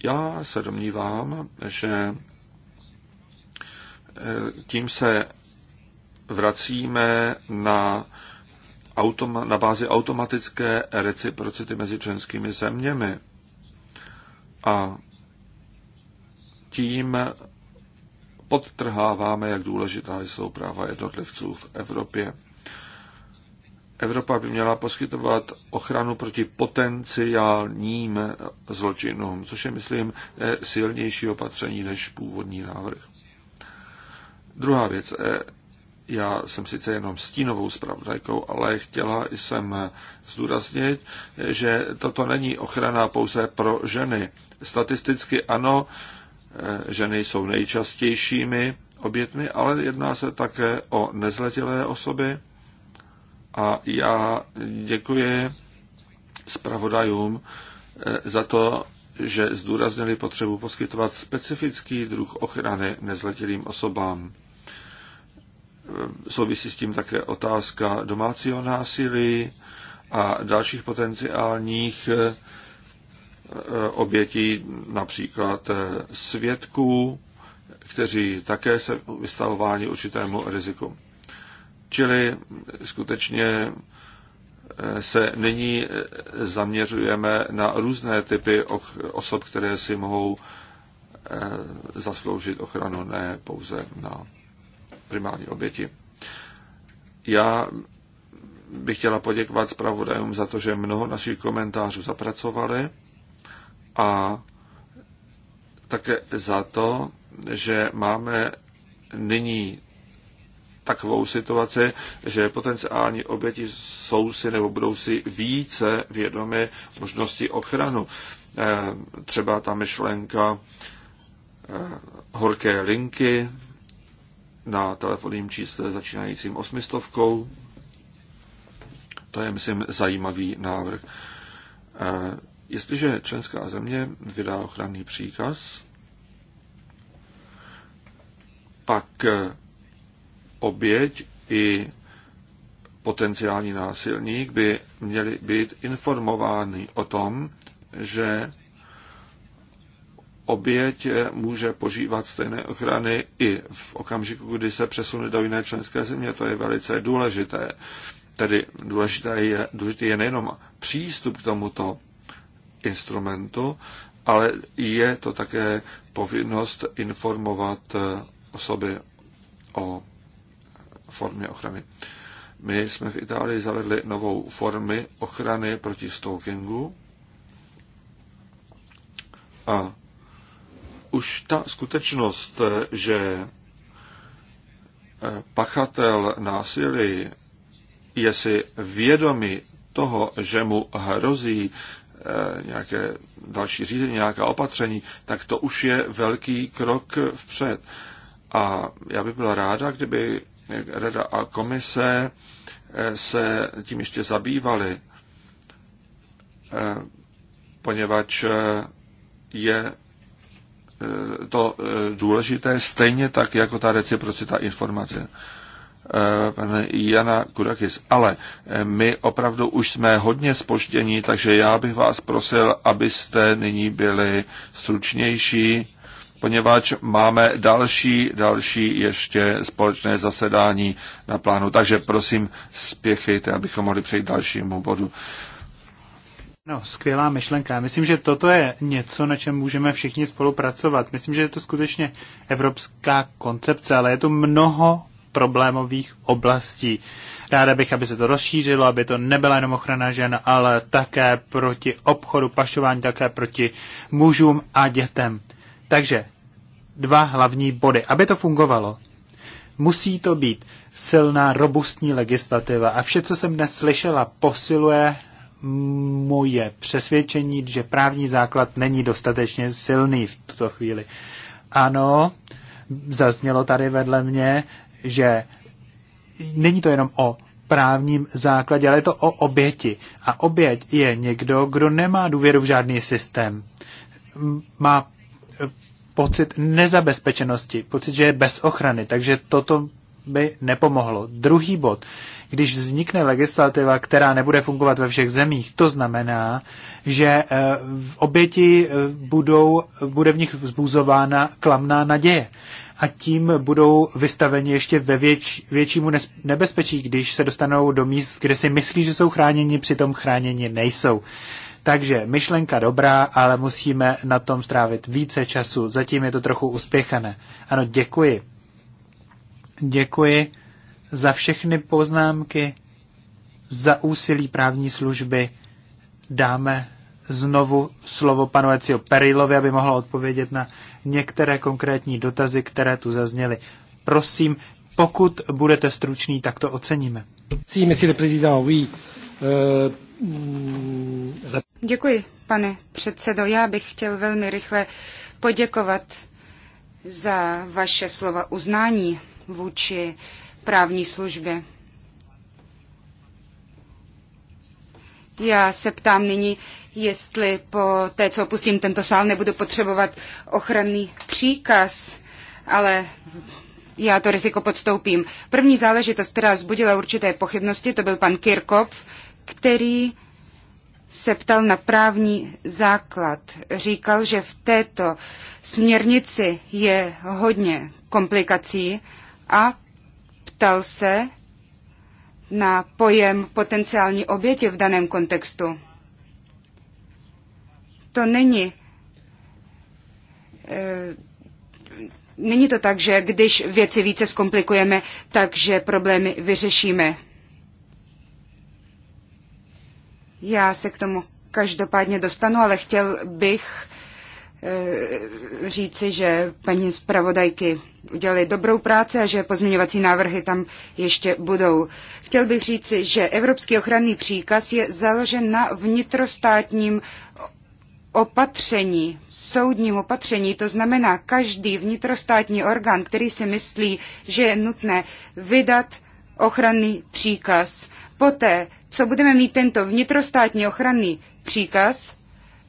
Speaker 3: Já se domnívám, že tím se vracíme na automa- na bázi automatické reciprocity mezi členskými zeměmi. A tím podtrháváme, jak důležitá jsou práva jednotlivců v Evropě. Evropa by měla poskytovat ochranu proti potenciálním zločinům, což je, myslím, eh, silnější opatření než původní návrh. Druhá věc. Eh, já jsem sice jenom stínovou zpravodajkou, ale chtěla jsem zdůraznit, že toto není ochrana pouze pro ženy. Statisticky ano, eh, ženy jsou nejčastějšími obětmi, ale jedná se také o nezletilé osoby. A já děkuji zpravodajům eh, za to, že zdůraznili potřebu poskytovat specifický druh ochrany nezletilým osobám. Eh, souvisí s tím také otázka domácího násilí a dalších potenciálních eh, eh, obětí, například svědků, kteří také se vystavováni určitému riziku. Čili skutečně se nyní zaměřujeme na různé typy osob, které si mohou zasloužit ochranu, ne pouze na primární oběti. Já bych chtěla poděkovat zpravodajům za to, že mnoho našich komentářů zapracovali a také za to, že máme nyní takovou situaci, že potenciální oběti jsou si nebo budou si více vědomi možnosti ochranu. Eh, třeba ta myšlenka eh, horké linky, na telefonním čísle začínajícím osmistovkou. To je, myslím, zajímavý návrh. Eh, jestliže členská země vydá ochranný příkaz, pak eh, oběť i potenciální násilník by měli být informováni o tom, že oběť může požívat stejné ochrany i v okamžiku, kdy se přesune do jiné členské země. To je velice důležité. Tedy důležité je, důležitý je nejenom přístup k tomuto instrumentu, ale je to také povinnost informovat eh, osoby o formě ochrany. My jsme v Itálii zavedli novou formy ochrany proti stalkingu a už ta skutečnost, že eh, pachatel násilí je si vědomý toho, že mu hrozí eh, nějaké další řízení, nějaká opatření, tak to už je velký krok vpřed. A já bych byla ráda, kdyby Rada a komise eh, se tím ještě zabývaly, poněvadž je Eh, to eh, důležité, stejně tak jako ta reciprocita informace. Eh, Jana Kurakis, Ale my opravdu už jsme hodně spoštění, takže já bych vás prosil, abyste nyní byli stručnější, poněvadž máme další, další ještě společné zasedání na plánu. Takže prosím, spěchejte, abychom mohli přejít dalšímu bodu.
Speaker 1: No, skvělá myšlenka. Myslím, že toto je něco, na čem můžeme všichni spolupracovat. Myslím, že je to skutečně evropská koncepce, ale je to mnoho problémových oblastí. Ráda bych, aby se to rozšířilo, aby to nebyla jenom ochrana žen, ale také proti obchodu, pašování, také proti mužům a dětem. Takže dva hlavní body. Aby to fungovalo, musí to být silná, robustní legislativa. A vše, co jsem dnes slyšela, posiluje moje přesvědčení, že právní základ není dostatečně silný v tuto chvíli. Ano, zaznělo tady vedle mě, že není to jenom o právním základě, ale je to o oběti. A oběť je někdo, kdo nemá důvěru v žádný systém. Má pocit nezabezpečenosti, pocit, že je bez ochrany. Takže toto by nepomohlo. Druhý bod. Když vznikne legislativa, která nebude fungovat ve všech zemích, to znamená, že eh, v oběti eh, budou, bude v nich vzbuzována klamná naděje. A tím budou vystaveni ještě ve věč, většímu nebezpečí, když se dostanou do míst, kde si myslí, že jsou chráněni, přitom chráněni nejsou. Takže myšlenka dobrá, ale musíme na tom strávit více času. Zatím je to trochu uspěchané. Ano, děkuji. Děkuji za všechny poznámky, za úsilí právní služby. Dáme znovu slovo panu Ecio Perilovi, aby mohl odpovědět na některé konkrétní dotazy, které tu zazněly. Prosím, pokud budete stručný, tak to oceníme. Euh,
Speaker 2: Děkuji, pane předsedo. Já bych chtěl velmi rychle poděkovat za vaše slova uznání vůči právní službě. Já se ptám nyní, jestli po té, co opustím tento sál, nebudu potřebovat ochranný příkaz, ale já to riziko podstoupím. První záležitost, která vzbudila určité pochybnosti, to byl pan Kirkov, který se ptal na právní základ. Říkal, že v této směrnici je hodně komplikací a ptal se na pojem potenciální oběti v daném kontextu. To není e, Není to tak, že když věci více zkomplikujeme, takže problémy vyřešíme. Já se k tomu každopádně dostanu, ale chtěl bych Eh, říci, že paní zpravodajky udělali dobrou práci a že pozměňovací návrhy tam ještě budou. Chtěl bych říci, že Evropský ochranný příkaz je založen na vnitrostátním opatření, soudním opatření, to znamená každý vnitrostátní orgán, který si myslí, že je nutné vydat ochranný příkaz. Poté, co budeme mít tento vnitrostátní ochranný příkaz,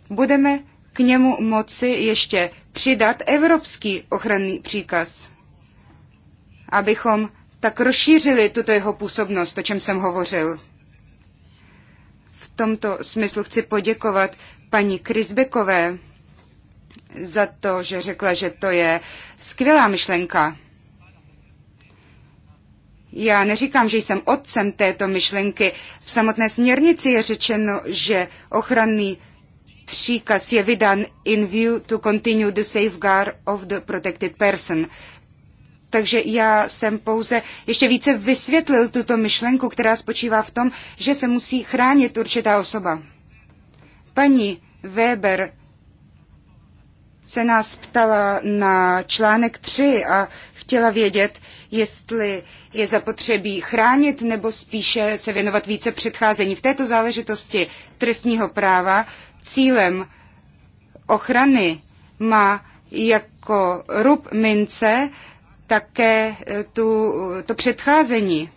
Speaker 2: budeme k němu moci ještě přidat evropský ochranný příkaz, abychom tak rozšířili tuto jeho působnost, o čem jsem hovořil. V tomto smyslu chci poděkovat paní Krisbekové za to, že řekla, že to je skvělá myšlenka. Já neříkám, že jsem otcem této myšlenky. V samotné směrnici je řečeno, že ochranný příkaz je vydán in view to continue the safeguard of the protected person. Takže já jsem pouze ještě více vysvětlil tuto myšlenku, která spočívá v tom, že se musí chránit určitá osoba. Paní Weber se nás ptala na článek 3 a chtěla vědět, jestli je zapotřebí chránit nebo spíše se věnovat více předcházení. V této záležitosti trestního práva cílem ochrany má jako rub mince také eh, tu, to předcházení.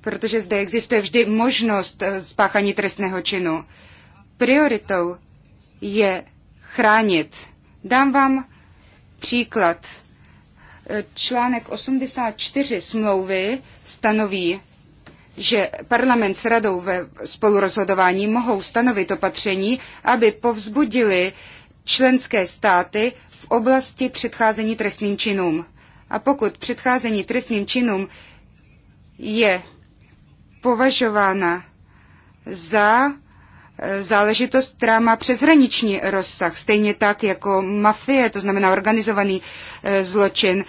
Speaker 2: Protože zde existuje vždy možnost eh, spáchání trestného činu. Prioritou je chránit. Dám vám příklad. Eh, článek 84 smlouvy stanoví, že parlament s radou ve spolurozhodování mohou stanovit opatření, aby povzbudili členské státy v oblasti předcházení trestným činům. A pokud předcházení trestným činům je považována za e, záležitost, která má přeshraniční rozsah, stejně tak jako mafie, to znamená organizovaný e, zločin.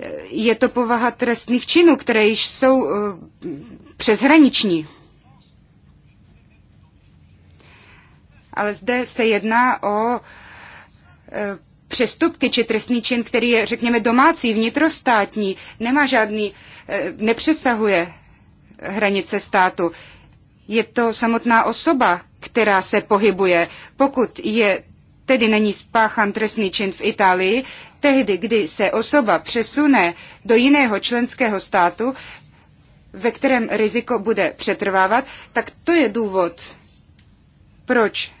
Speaker 2: E, je to povaha trestných činů, které již jsou přeshraniční. Ale zde se jedná o e, přestupky či trestný čin, který je, řekněme, domácí, vnitrostátní, nemá žádný, e, nepřesahuje hranice státu. Je to samotná osoba, která se pohybuje. Pokud je tedy není spáchan trestný čin v Itálii, tehdy, kdy se osoba přesune do jiného členského státu, ve kterém riziko bude přetrvávat, tak to je důvod, proč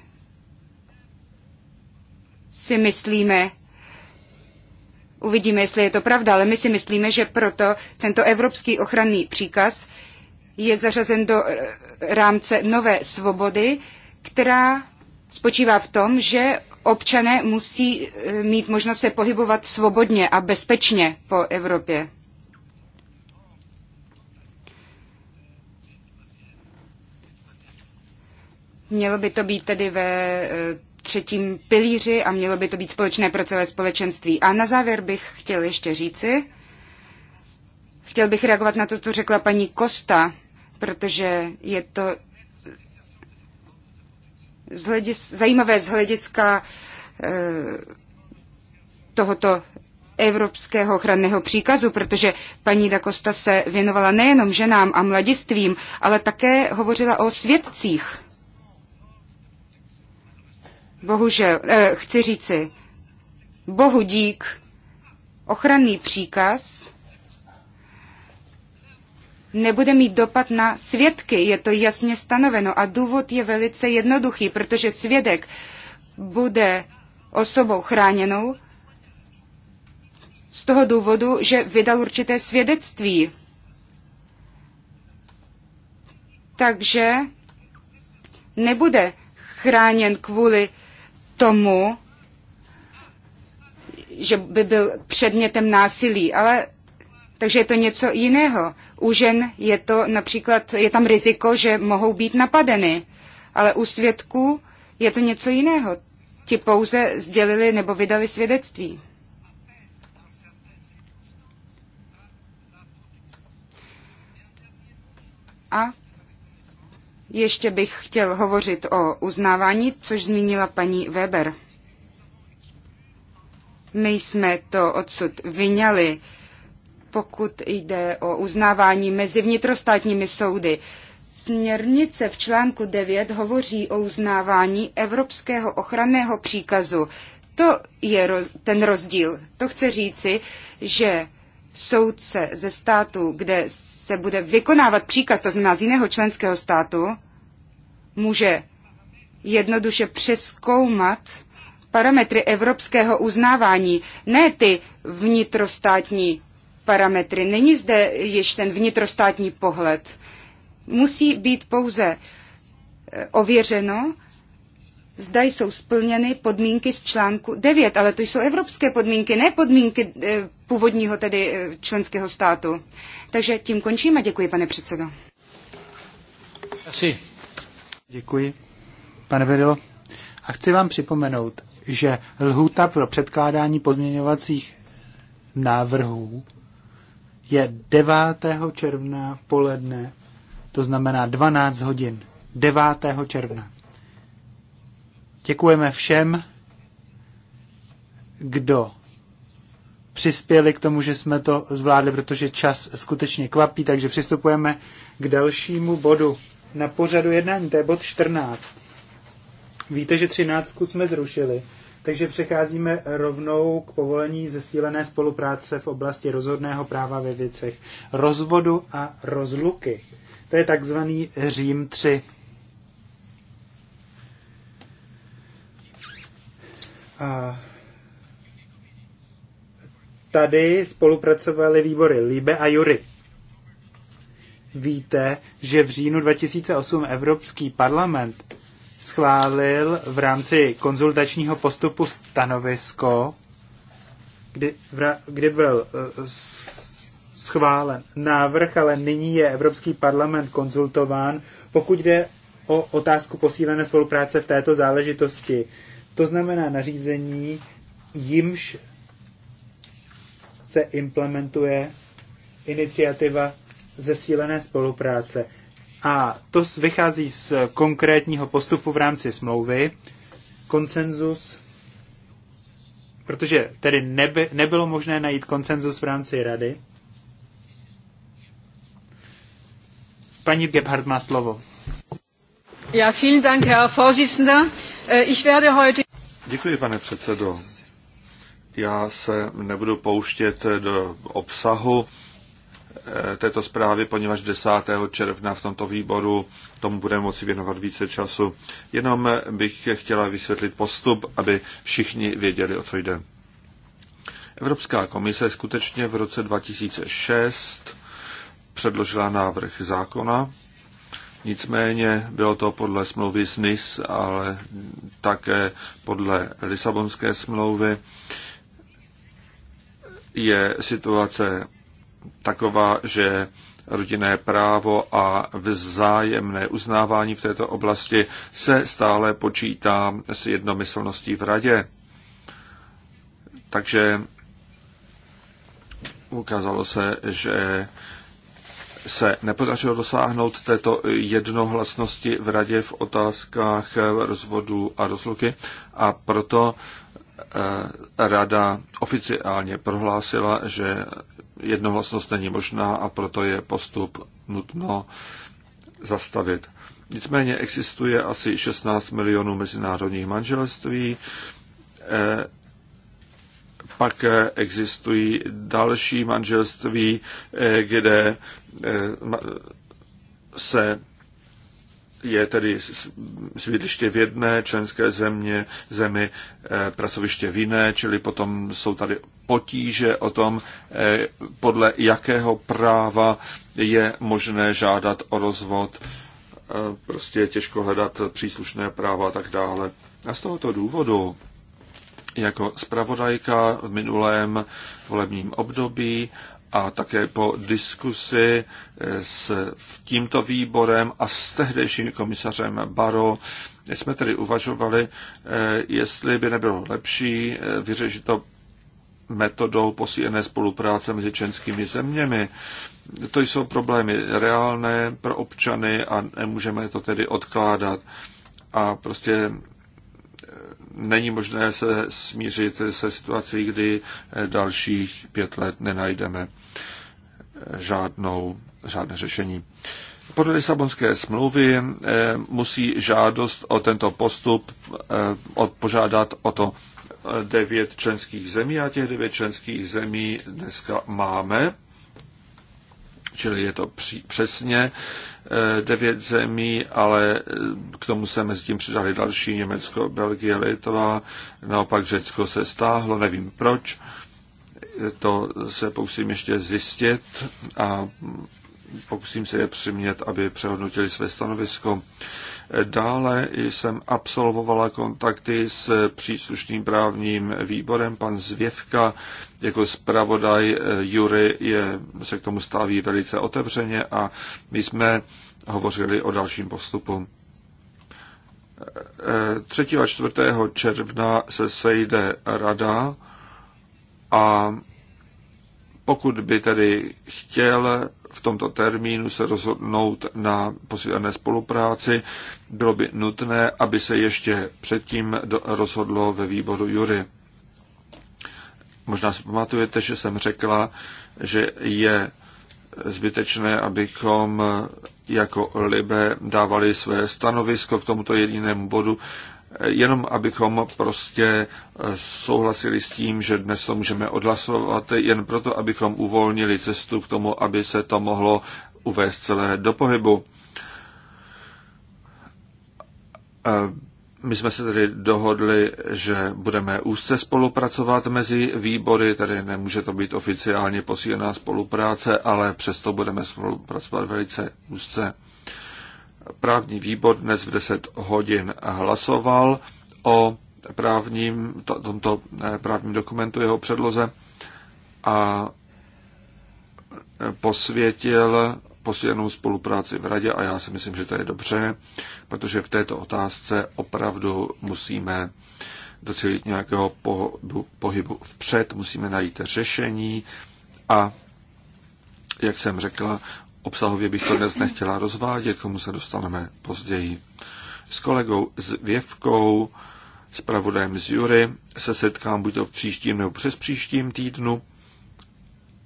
Speaker 2: si myslíme, uvidíme, jestli je to pravda, ale my si myslíme, že proto tento evropský ochranný příkaz je zařazen do eh, rámce nové svobody, která spočívá v tom, že občané musí eh, mít možnost se pohybovat svobodně a bezpečně po Evropě. Mělo by to být tedy ve e, třetím pilíři a mělo by to být společné pro celé společenství. A na závěr bych chtěl ještě říci, chtěl bych reagovat na to, co řekla paní Kosta, protože je to z hledis, zajímavé z hlediska e, tohoto evropského ochranného příkazu, protože paní da Costa se věnovala nejenom ženám a mladistvím, ale také hovořila o svědcích. Bohužel, eh, chci říci, bohu dík, ochranný příkaz nebude mít dopad na svědky, je to jasně stanoveno a důvod je velice jednoduchý, protože svědek bude osobou chráněnou z toho důvodu, že vydal určité svědectví. Takže nebude chráněn kvůli tomu, že by byl předmětem násilí, ale takže je to něco jiného. U žen je to například, je tam riziko, že mohou být napadeny, ale u svědků je to něco jiného. Ti pouze sdělili nebo vydali svědectví. A ještě bych chtěl hovořit o uznávání, což zmínila paní Weber. My jsme to odsud vyňali, pokud jde o uznávání mezi vnitrostátními soudy. Směrnice v článku 9 hovoří o uznávání evropského ochranného příkazu. To je ten rozdíl. To chce říci, že soudce ze státu, kde se bude vykonávat příkaz, to znamená z jiného členského státu, může jednoduše přeskoumat parametry evropského uznávání, ne ty vnitrostátní parametry. Není zde již ten vnitrostátní pohled. Musí být pouze eh, ověřeno, zda jsou splněny podmínky z článku 9, ale to jsou evropské podmínky, ne podmínky eh, původního tedy eh, členského státu. Takže tím končíme. Děkuji, pane předsedo.
Speaker 1: Asi. Děkuji, pane Vedilo. A chci vám připomenout, že lhůta pro předkládání pozměňovacích návrhů je 9. června poledne, to znamená 12 hodin. 9. června. Děkujeme všem, kdo přispěli k tomu, že jsme to zvládli, protože čas skutečně kvapí, takže přistupujeme k dalšímu bodu na pořadu jednání, to je bod 14. Víte, že 13 jsme zrušili, takže přecházíme rovnou k povolení zesílené spolupráce v oblasti rozhodného práva ve věcech rozvodu a rozluky. To je takzvaný Řím 3. A tady spolupracovali výbory Libe a Jury. Víte, že v říjnu 2008 Evropský parlament schválil v rámci konzultačního postupu stanovisko, kdy, kdy byl e, schválen návrh, ale nyní je Evropský parlament konzultován, pokud jde o otázku posílené spolupráce v této záležitosti. To znamená nařízení, jimž se implementuje iniciativa zesílené spolupráce. A to vychází z konkrétního postupu v rámci smlouvy, konsenzus, protože tedy neby, nebylo možné najít konsenzus v rámci rady. Paní Gebhardt má slovo.
Speaker 2: Ja, vielen Dank, Herr Vorsitzender. Äh, ich werde heute
Speaker 1: Děkuji, pane předsedo. Já
Speaker 3: se nebudu pouštět do obsahu eh, této zprávy, poněvadž 10. června v tomto výboru tomu budeme moci věnovat více času. Jenom bych chtěla vysvětlit postup, aby všichni věděli, o co jde. Evropská komise skutečně v roce 2006 předložila návrh zákona, Nicméně bylo to podle smlouvy s NIS, ale také podle Lisabonské smlouvy je situace taková, že rodinné právo a vzájemné uznávání v této oblasti se stále počítá s jednomyslností v radě. Takže ukázalo se, že se nepodařilo dosáhnout této jednohlasnosti v radě v otázkách rozvodu a rozluky a proto eh, rada oficiálně prohlásila, že jednohlasnost není možná a proto je postup nutno zastavit. Nicméně existuje asi 16 milionů mezinárodních manželství, eh, pak existují další manželství, eh, kde Eh, se je tedy svědliště v jedné členské země, zemi eh, pracoviště v jiné, čili potom jsou tady potíže o tom, eh, podle jakého práva je možné žádat o rozvod, prostě je těžko hledat příslušné práva a tak dále. A z tohoto důvodu jako zpravodajka v minulém volebním období a také po diskusi eh, s tímto výborem a s tehdejším komisařem Baro jsme tedy uvažovali, eh, jestli by nebylo lepší eh, vyřešit to metodou posílené spolupráce mezi členskými zeměmi. To jsou problémy reálné pro občany a nemůžeme to tedy odkládat. A prostě není možné se smířit se situací, kdy dalších pět let nenajdeme žádnou, žádné řešení. Podle Lisabonské smlouvy eh, musí žádost o tento postup eh, požádat o to eh, devět členských zemí a těch devět členských zemí dneska máme čili je to při, přesně eh, devět zemí, ale eh, k tomu se mezi tím přidali další, Německo, Belgie, Litva, naopak Řecko se stáhlo, nevím proč, eh, to se pokusím ještě zjistit a mm, pokusím se je přimět, aby přehodnotili své stanovisko. Dále jsem absolvovala kontakty s příslušným právním výborem. Pan Zvěvka jako zpravodaj eh, Jury je, se k tomu staví velice otevřeně a my jsme hovořili o dalším postupu. 3. Eh, eh, a 4. června se sejde rada a pokud by tedy chtěl v tomto termínu se rozhodnout na posílené spolupráci, bylo by nutné, aby se ještě předtím rozhodlo ve výboru Jury. Možná si pamatujete, že jsem řekla, že je zbytečné, abychom jako Libe dávali své stanovisko k tomuto jedinému bodu, jenom abychom prostě eh, souhlasili s tím, že dnes to můžeme odhlasovat, jen proto, abychom uvolnili cestu k tomu, aby se to mohlo uvést celé do pohybu. Eh, my jsme se tedy dohodli, že budeme úzce spolupracovat mezi výbory, tedy nemůže to být oficiálně posílená spolupráce, ale přesto budeme spolupracovat velice úzce právní výbor dnes v 10 hodin hlasoval o právním, tomto eh, právním dokumentu, jeho předloze a eh, posvětil posílenou spolupráci v radě a já si myslím, že to je dobře, protože v této otázce opravdu musíme docílit nějakého pohybu, pohybu vpřed, musíme najít řešení a jak jsem řekla, Obsahově bych to dnes nechtěla rozvádět, k tomu se dostaneme později. S kolegou s Věvkou, s pravodajem z Jury, se setkám buď to v příštím nebo přes příštím týdnu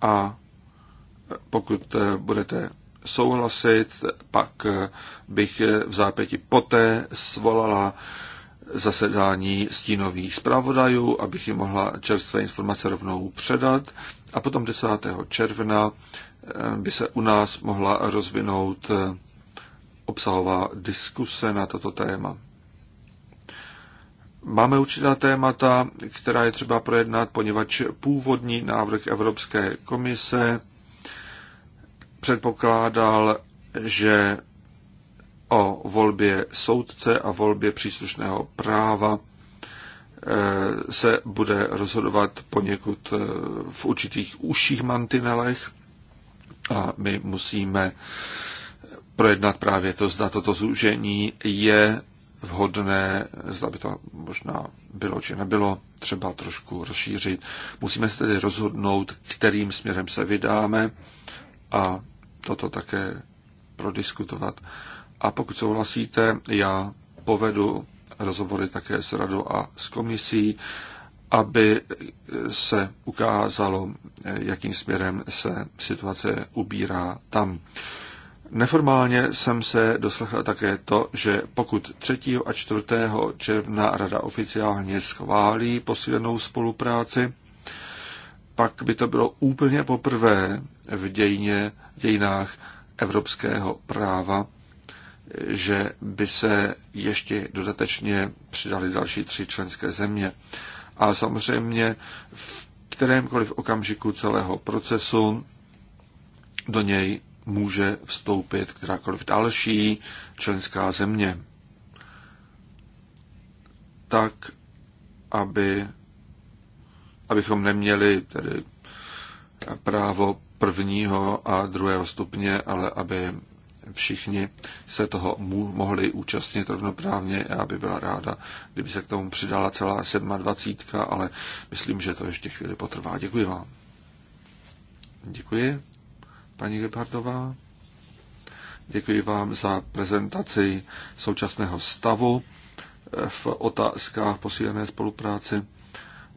Speaker 3: a pokud eh, budete souhlasit, pak eh, bych eh, v zápěti poté svolala zasedání stínových zpravodajů, abych jim mohla čerstvé informace rovnou předat. A potom 10. června Eh, by se u nás mohla rozvinout eh, obsahová diskuse na toto téma. Máme určitá témata, která je třeba projednat, poněvadž původní návrh Evropské komise předpokládal, že o volbě soudce a volbě příslušného práva eh, se bude rozhodovat poněkud v určitých užších mantinelech. A my musíme projednat právě to, zda toto zúžení je vhodné, zda by to možná bylo či nebylo, třeba trošku rozšířit. Musíme se tedy rozhodnout, kterým směrem se vydáme a toto také prodiskutovat. A pokud souhlasíte, já povedu rozhovory také s radou a s komisí aby se ukázalo, jakým směrem se situace ubírá tam. Neformálně jsem se doslechl také to, že pokud 3. a 4. června Rada oficiálně schválí posílenou spolupráci, pak by to bylo úplně poprvé v dějině, dějinách evropského práva, že by se ještě dodatečně přidali další tři členské země a samozřejmě v kterémkoliv okamžiku celého procesu do něj může vstoupit kterákoliv další členská země. Tak, aby, abychom neměli tedy právo prvního a druhého stupně, ale aby všichni se toho mohli účastnit rovnoprávně. Já by byla ráda, kdyby se k tomu přidala celá 27, ale myslím, že to ještě chvíli potrvá. Děkuji vám. Děkuji, paní Gebhardová. Děkuji vám za prezentaci současného stavu eh, v otázkách posílené spolupráce.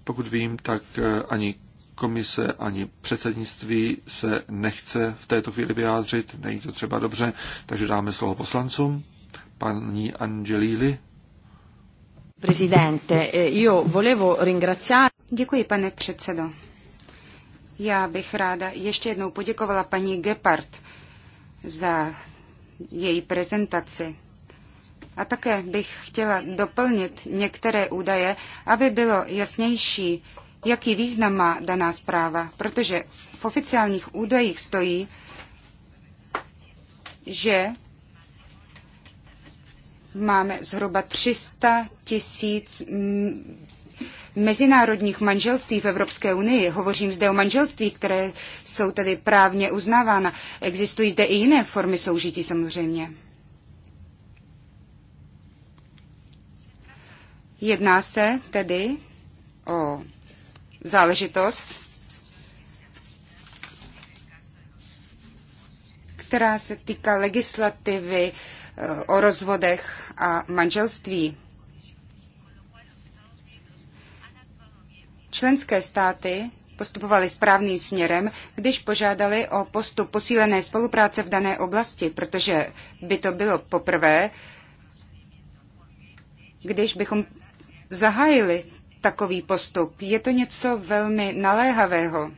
Speaker 3: Pokud vím, tak eh, ani komise ani předsednictví se nechce v této chvíli vyjádřit, není to třeba dobře, takže dáme slovo poslancům. Paní Angelili.
Speaker 2: Prezidente, io volevo ringraziare... Děkuji, pane předsedo. Já bych ráda ještě jednou poděkovala paní Gepard za její prezentaci. A také bych chtěla doplnit některé údaje, aby bylo jasnější, jaký význam má daná zpráva, protože v oficiálních údajích stojí, že máme zhruba 300 tisíc mezinárodních manželství v Evropské unii. Hovořím zde o manželstvích, které jsou tedy právně uznávána. Existují zde i jiné formy soužití samozřejmě. Jedná se tedy o záležitost, která se týká legislativy eh, o rozvodech a manželství. Členské státy postupovali správným směrem, když požádali o postup posílené spolupráce v dané oblasti, protože by to bylo poprvé, když bychom zahájili takový postup. Je to něco velmi naléhavého.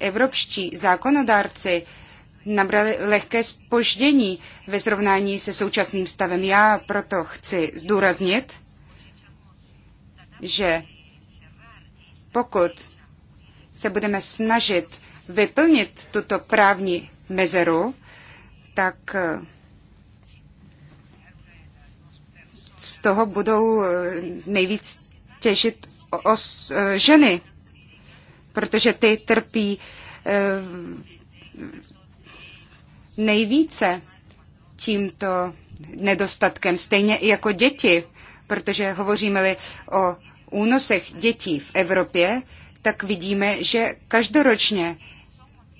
Speaker 2: Evropští zákonodárci nabrali lehké spoždění ve srovnání se současným stavem. Já proto chci zdůraznit, že pokud se budeme snažit vyplnit tuto právní mezeru, tak z toho budou eh, nejvíc těžit os, eh, ženy, protože ty trpí eh, nejvíce tímto nedostatkem, stejně i jako děti, protože hovoříme-li o únosech dětí v Evropě, tak vidíme, že každoročně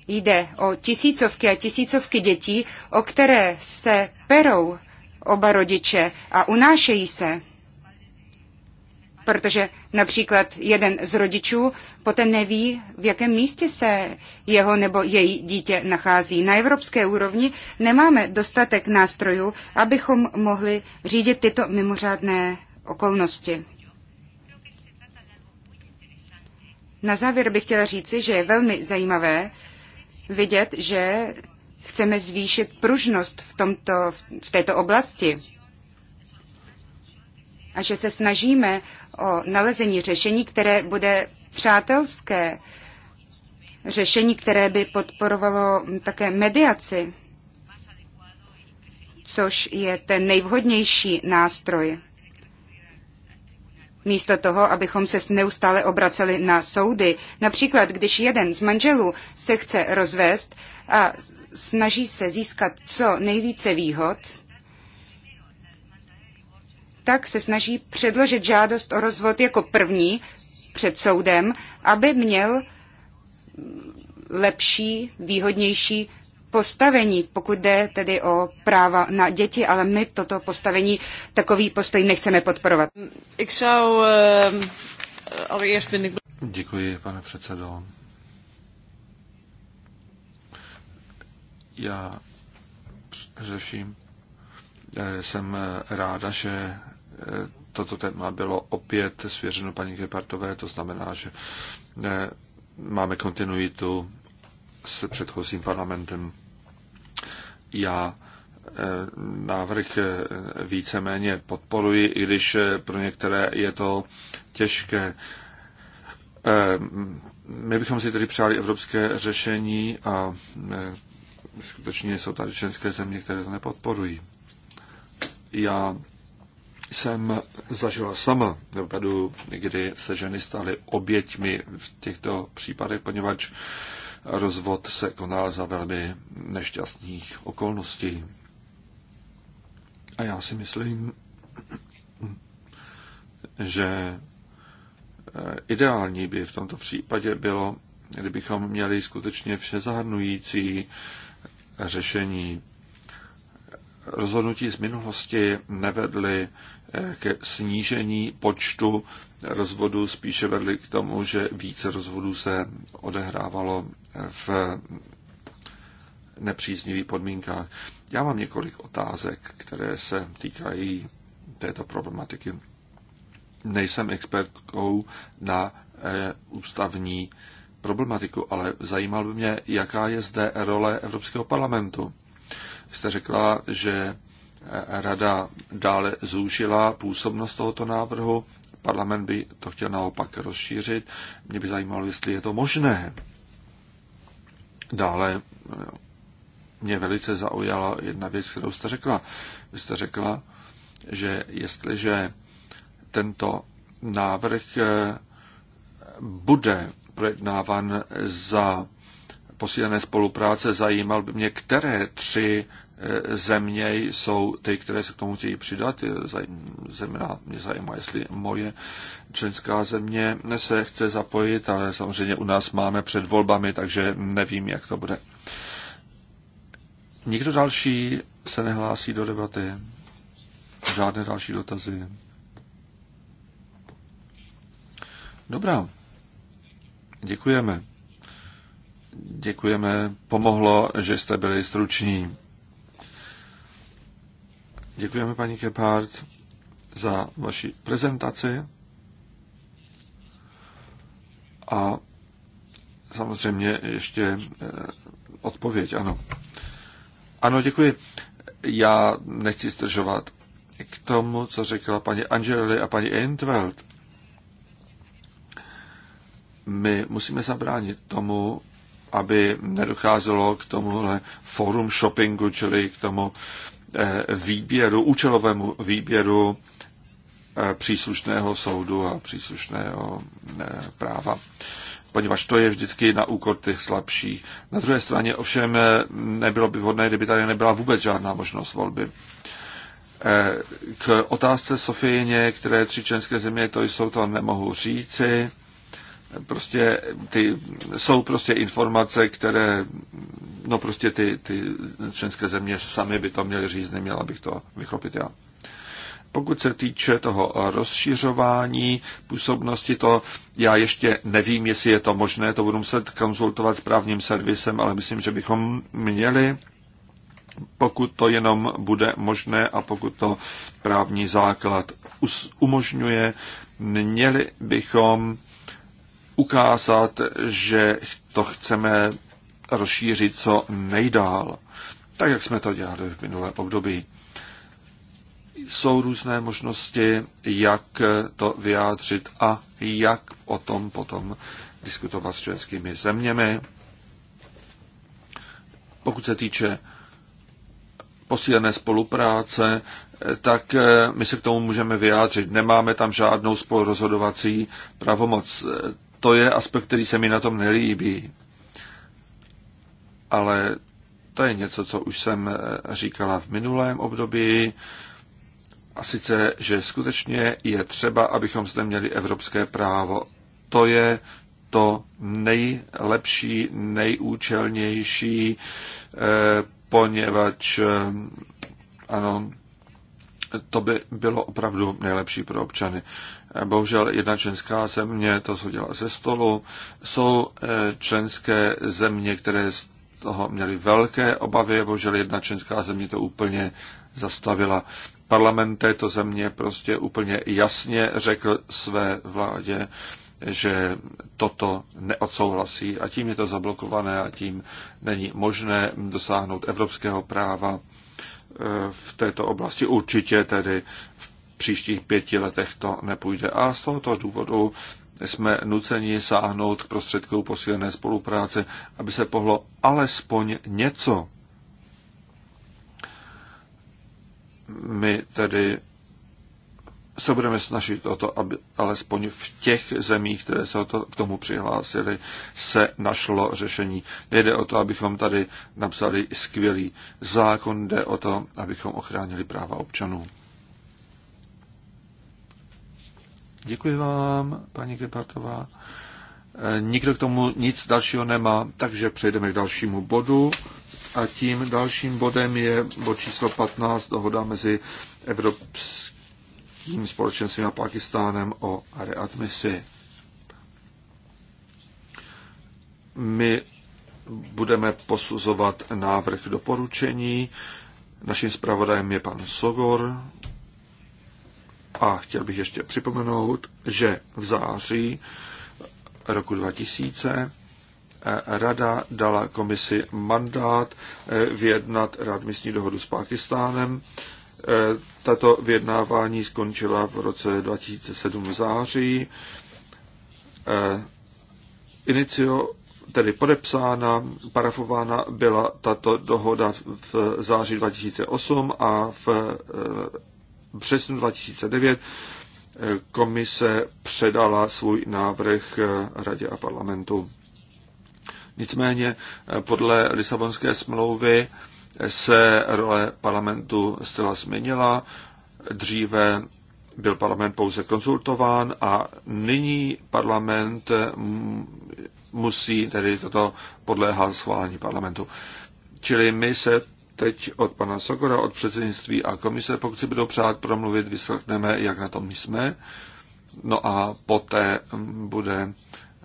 Speaker 2: jde o tisícovky a tisícovky dětí, o které se perou oba rodiče a unášejí se, protože například jeden z rodičů poté neví, v jakém místě se jeho nebo její dítě nachází. Na evropské úrovni nemáme dostatek nástrojů, abychom mohli řídit tyto mimořádné okolnosti. Na závěr bych chtěla říci, že je velmi zajímavé vidět, že Chceme zvýšit pružnost v, tomto, v této oblasti a že se snažíme o nalezení řešení, které bude přátelské, řešení, které by podporovalo také mediaci, což je ten nejvhodnější nástroj. Místo toho, abychom se neustále obraceli na soudy. Například, když jeden z manželů se chce rozvést a snaží se získat co nejvíce výhod, tak se snaží předložit žádost o rozvod jako první před soudem, aby měl lepší, výhodnější postavení, pokud jde tedy o práva na děti, ale my toto postavení, takový postoj nechceme podporovat. Ehm,
Speaker 3: Děkuji, pane předsedo. Já řeším. Eh, jsem eh, ráda, že eh, toto téma bylo opět svěřeno paní Gepardové, to znamená, že máme kontinuitu s předchozím parlamentem. Já návrh víceméně podporuji, i když pro některé je to těžké. My bychom si tedy přáli evropské řešení a skutečně jsou tady členské země, které to nepodporují. Já jsem zažila sama dopadu, kdy se ženy staly oběťmi v těchto případech, poněvadž rozvod se konal za velmi nešťastných okolností. A já si myslím, že eh, ideální by v tomto případě bylo, kdybychom měli skutečně vše zahrnující řešení. Rozhodnutí z minulosti nevedly eh, ke snížení počtu rozvodů, spíše vedly k tomu, že více rozvodů se odehrávalo v nepříznivých podmínkách. Já mám několik otázek, které se týkají této problematiky. Nejsem expertkou na eh, ústavní problematiku, ale zajímalo by mě, jaká je zde role Evropského parlamentu. Jste řekla, že rada dále zúžila působnost tohoto návrhu, parlament by to chtěl naopak rozšířit. Mě by zajímalo, jestli je to možné. Dále eh, mě velice zaujala jedna věc, kterou jste řekla. Vy jste řekla, že jestliže tento návrh eh, bude projednávan za posílené spolupráce, zajímal by mě, které tři e, země jsou ty, které se k tomu chtějí přidat. Zajímá, mě zajímá, jestli moje členská země se chce zapojit, ale samozřejmě u nás máme před volbami, takže nevím, jak to bude. Nikdo další se nehlásí do debaty? Žádné další dotazy? Dobrá. Děkujeme. Děkujeme. Pomohlo, že jste byli struční. Děkujeme, paní Kepard, za vaši prezentaci. A samozřejmě ještě eh, odpověď, ano. Ano, děkuji. Já nechci zdržovat. K tomu, co řekla paní Angeli a paní Eintveld my musíme zabránit tomu, aby nedocházelo k tomuhle forum shoppingu, čili k tomu eh, výběru, účelovému výběru eh, příslušného soudu a příslušného eh, práva, poněvadž to je vždycky na úkor těch slabších. Na druhé straně ovšem nebylo by vhodné, kdyby tady nebyla vůbec žádná možnost volby. K otázce Sofie které tři členské země, to jsou, to nemohu říci prostě ty, jsou prostě informace, které, no prostě ty, ty členské země sami by to měly říct, neměla bych to vychopit já. Pokud se týče toho rozšiřování působnosti, to já ještě nevím, jestli je to možné, to budu muset konzultovat s právním servisem, ale myslím, že bychom měli, pokud to jenom bude možné a pokud to právní základ umožňuje, měli bychom ukázat, že to chceme rozšířit co nejdál, tak jak jsme to dělali v minulém období. Jsou různé možnosti, jak to vyjádřit a jak o tom potom diskutovat s členskými zeměmi. Pokud se týče posílené spolupráce, tak eh, my se k tomu můžeme vyjádřit. Nemáme tam žádnou spolurozhodovací pravomoc to je aspekt, který se mi na tom nelíbí. Ale to je něco, co už jsem eh, říkala v minulém období. A sice, že skutečně je třeba, abychom zde měli evropské právo. To je to nejlepší, nejúčelnější, eh, poněvadž eh, ano, to by bylo opravdu nejlepší pro občany. Bohužel jedna členská země to udělala ze stolu. Jsou eh, členské země, které z toho měly velké obavy, bohužel jedna členská země to úplně zastavila. Parlament této země prostě úplně jasně řekl své vládě, že toto neodsouhlasí a tím je to zablokované a tím není možné dosáhnout evropského práva eh, v této oblasti. Určitě tedy příštích pěti letech to nepůjde. A z tohoto důvodu jsme nuceni sáhnout k prostředkům posílené spolupráce, aby se pohlo alespoň něco. My tedy se budeme snažit o to, aby alespoň v těch zemích, které se to, k tomu přihlásili, se našlo řešení. Nejde o to, abychom tady napsali skvělý zákon, jde o to, abychom ochránili práva občanů. Děkuji vám, paní Gepartová. Eh, nikdo k tomu nic dalšího nemá, takže přejdeme k dalšímu bodu. A tím dalším bodem je bod číslo 15, dohoda mezi Evropským společenstvím a Pakistánem o readmisi. My budeme posuzovat návrh doporučení. Naším zpravodajem je pan Sogor, a chtěl bych ještě připomenout, že v září roku 2000 eh, Rada dala komisi mandát eh, vyjednat readmisní dohodu s Pákistánem. Eh, tato vyjednávání skončila v roce 2007 v září. Inicio, tedy podepsána, parafována byla tato dohoda v září 2008 a v březnu 2009 eh, komise předala svůj návrh eh, radě a parlamentu. Nicméně eh, podle Lisabonské smlouvy se role parlamentu zcela změnila. Dříve byl parlament pouze konzultován a nyní parlament musí, tedy toto podléhá schválení parlamentu. Čili my se teď od pana Sokora, od předsednictví a komise, pokud si budou přát promluvit, vyslechneme, jak na tom my jsme. No a poté bude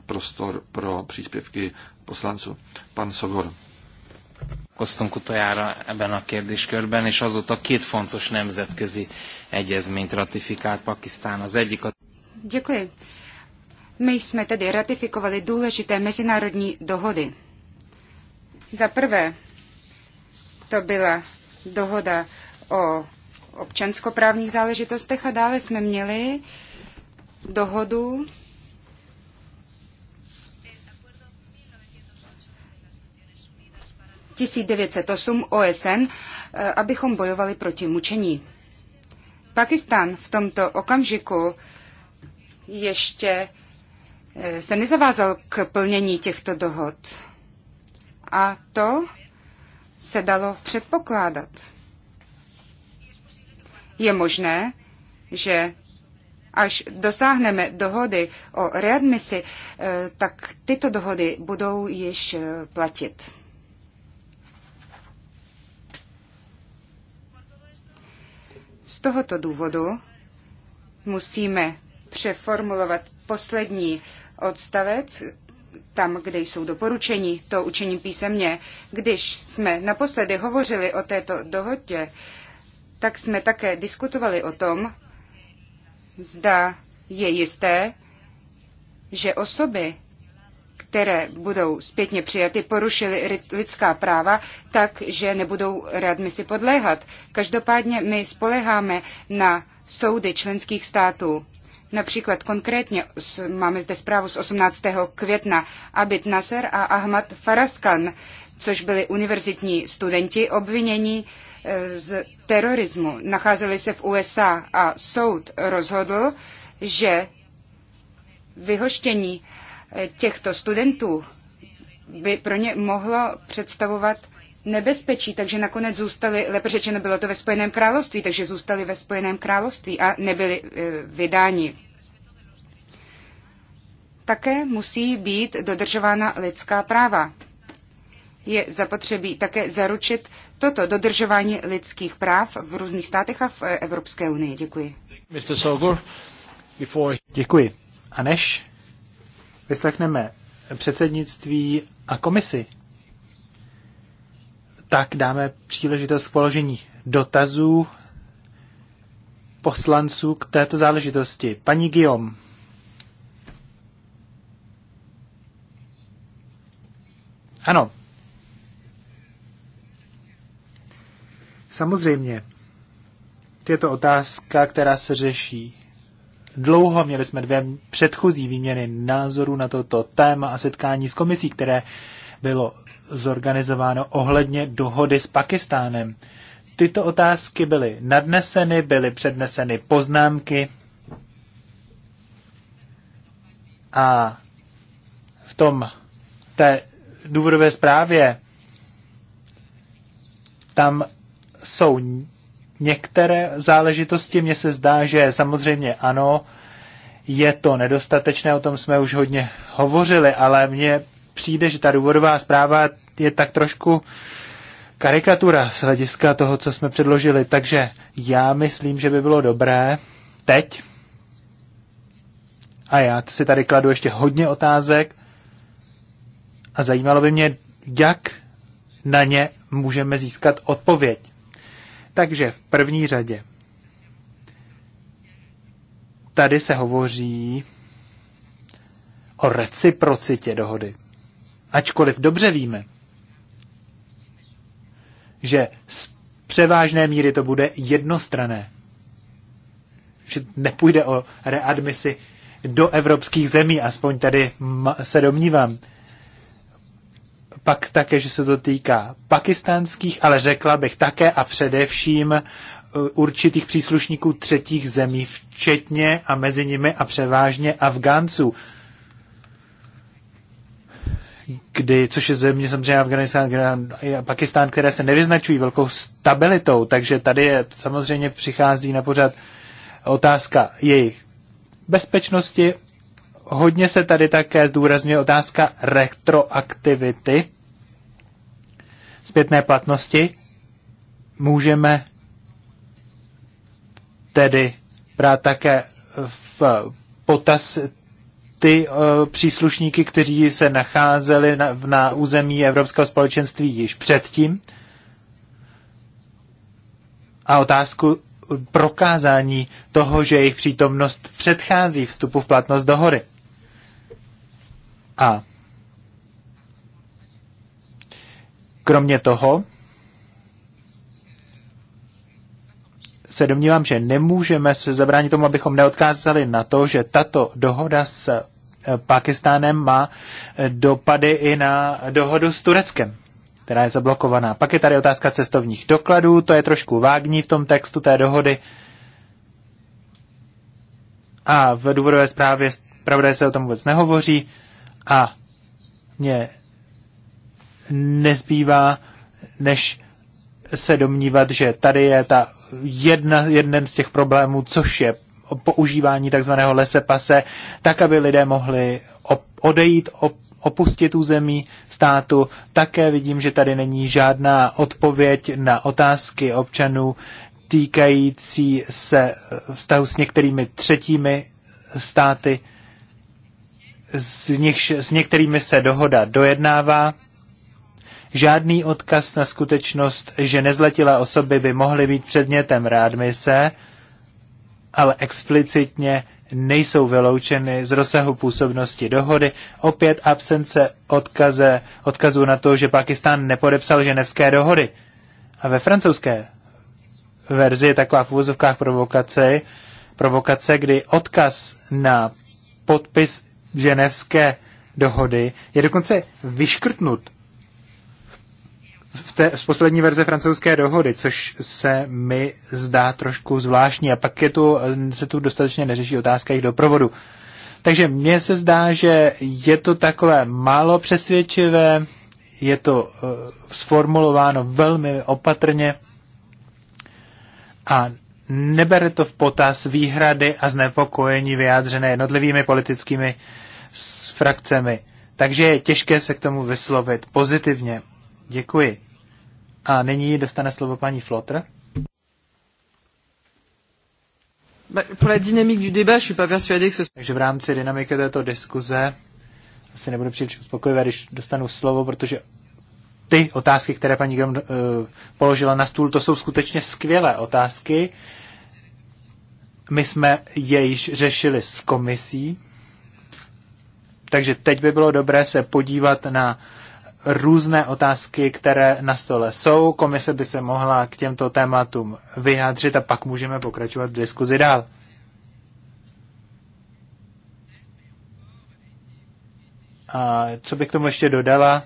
Speaker 3: prostor pro příspěvky poslanců. Pan Sogor.
Speaker 1: Hoztunk utoljára ebben a kérdéskörben, és azóta két fontos nemzetközi egyezményt ratifikált Pakisztán. Az egyik a...
Speaker 2: Děkuji. My jsme tedy ratifikovali důležité mezinárodní dohody. Za prvé, to byla dohoda o občanskoprávních záležitostech a dále jsme měli dohodu ...1908 OSN, eh, abychom bojovali proti mučení. Pakistan v tomto okamžiku ještě eh, se nezavázal k plnění těchto dohod. A to se dalo předpokládat. Je možné, že až dosáhneme dohody o readmisi, eh, tak tyto dohody budou již eh, platit. Z tohoto důvodu musíme přeformulovat poslední odstavec, tam, kde jsou doporučení, to učiním písemně. Když jsme naposledy hovořili o této dohodě, tak jsme také diskutovali o tom, zda je jisté, že osoby, které budou zpětně přijaty, porušily lidská práva, takže nebudou readmisi podléhat. Každopádně my spoleháme na soudy členských států. Například konkrétně máme zde zprávu z 18. května Abid Nasser a Ahmad Faraskan, což byli univerzitní studenti obvinění e, z terorismu. Nacházeli se v USA a soud rozhodl, že vyhoštění e, těchto studentů by pro ně mohlo představovat nebezpečí, takže nakonec zůstali, lépe řečeno bylo to ve Spojeném království, takže zůstali ve Spojeném království a nebyli e, vydáni. Také musí být dodržována lidská práva. Je zapotřebí také zaručit toto dodržování lidských práv v různých státech a v e, Evropské unii. Děkuji.
Speaker 1: Mr. Sogor, before... Děkuji. A než vyslechneme předsednictví a komisi, tak dáme příležitost k položení dotazů poslanců k této záležitosti. Paní Guillaume. Ano. Samozřejmě. Je to otázka, která se řeší dlouho. Měli jsme dvě předchozí výměny názorů na toto téma a setkání s komisí, které bylo zorganizováno ohledně dohody s Pakistánem. Tyto otázky byly nadneseny, byly předneseny poznámky a v tom té důvodové zprávě tam jsou některé záležitosti. Mně se zdá, že samozřejmě ano, je to nedostatečné, o tom jsme už hodně hovořili, ale mně přijde, že ta důvodová zpráva je tak trošku karikatura z hlediska toho, co jsme předložili. Takže já myslím, že by bylo dobré teď, a já si tady kladu ještě hodně otázek, a zajímalo by mě, jak na ně můžeme získat odpověď. Takže v první řadě. Tady se hovoří o reciprocitě dohody. Ačkoliv dobře víme, že z převážné míry to bude jednostrané, že nepůjde o readmisi do evropských zemí, aspoň tady se domnívám. Pak také, že se to týká pakistánských, ale řekla bych také a především e, určitých příslušníků třetích zemí, včetně a mezi nimi a převážně Afgánců kdy, což je země samozřejmě Afganistán a Pakistán, které se nevyznačují velkou stabilitou, takže tady je, samozřejmě přichází na pořad otázka jejich bezpečnosti. Hodně se tady také zdůrazňuje otázka retroaktivity, zpětné platnosti. Můžeme tedy brát také v potaz ty eh, příslušníky, kteří se nacházeli na, na území Evropského společenství již předtím. A otázku prokázání toho, že jejich přítomnost předchází vstupu v platnost do hory. A kromě toho se domnívám, že nemůžeme se zabránit tomu, abychom neodkázali na to, že tato dohoda s Pakistánem má eh, dopady i na dohodu s Tureckem která je zablokovaná. Pak je tady otázka cestovních dokladů, to je trošku vágní v tom textu té dohody. A v důvodové zprávě pravda se o tom vůbec nehovoří a mě nezbývá, než se domnívat, že tady je ta jedna, jeden z těch problémů, což je používání takzvaného lesepase, tak, aby lidé mohli odejít, opustit území státu. Také vidím, že tady není žádná odpověď na otázky občanů týkající se eh, vztahu s některými třetími státy, s, nich, s některými se dohoda dojednává. Žádný odkaz na skutečnost, že nezletilé osoby by mohly být předmětem readmise, ale explicitně nejsou vyloučeny z rozsahu působnosti dohody. Opět absence odkaze, odkazu na to, že Pakistán nepodepsal ženevské dohody. A ve francouzské verzi je taková v úvozovkách provokace, provokace, kdy odkaz na podpis ženevské dohody je dokonce vyškrtnut té, z poslední verze francouzské dohody, což se mi zdá trošku zvláštní. A pak je tu, se tu dostatečně neřeší otázka jejich doprovodu. Takže mně se zdá, že je to takové málo přesvědčivé, je to uh, sformulováno velmi opatrně a nebere to v potaz výhrady a znepokojení vyjádřené jednotlivými politickými frakcemi. Takže je těžké se k tomu vyslovit pozitivně. Děkuji. A nyní dostane slovo paní Flotr. Takže v rámci dynamiky této diskuze asi nebudu příliš uspokojivé, když dostanu slovo, protože ty otázky, které paní Grom uh, položila na stůl, to jsou skutečně skvělé otázky. My jsme je již řešili s komisí, takže teď by bylo dobré se podívat na uh, různé otázky, které na stole jsou. Komise by se mohla k těmto tématům vyjádřit a pak můžeme pokračovat v diskuzi dál. A co bych k tomu ještě dodala?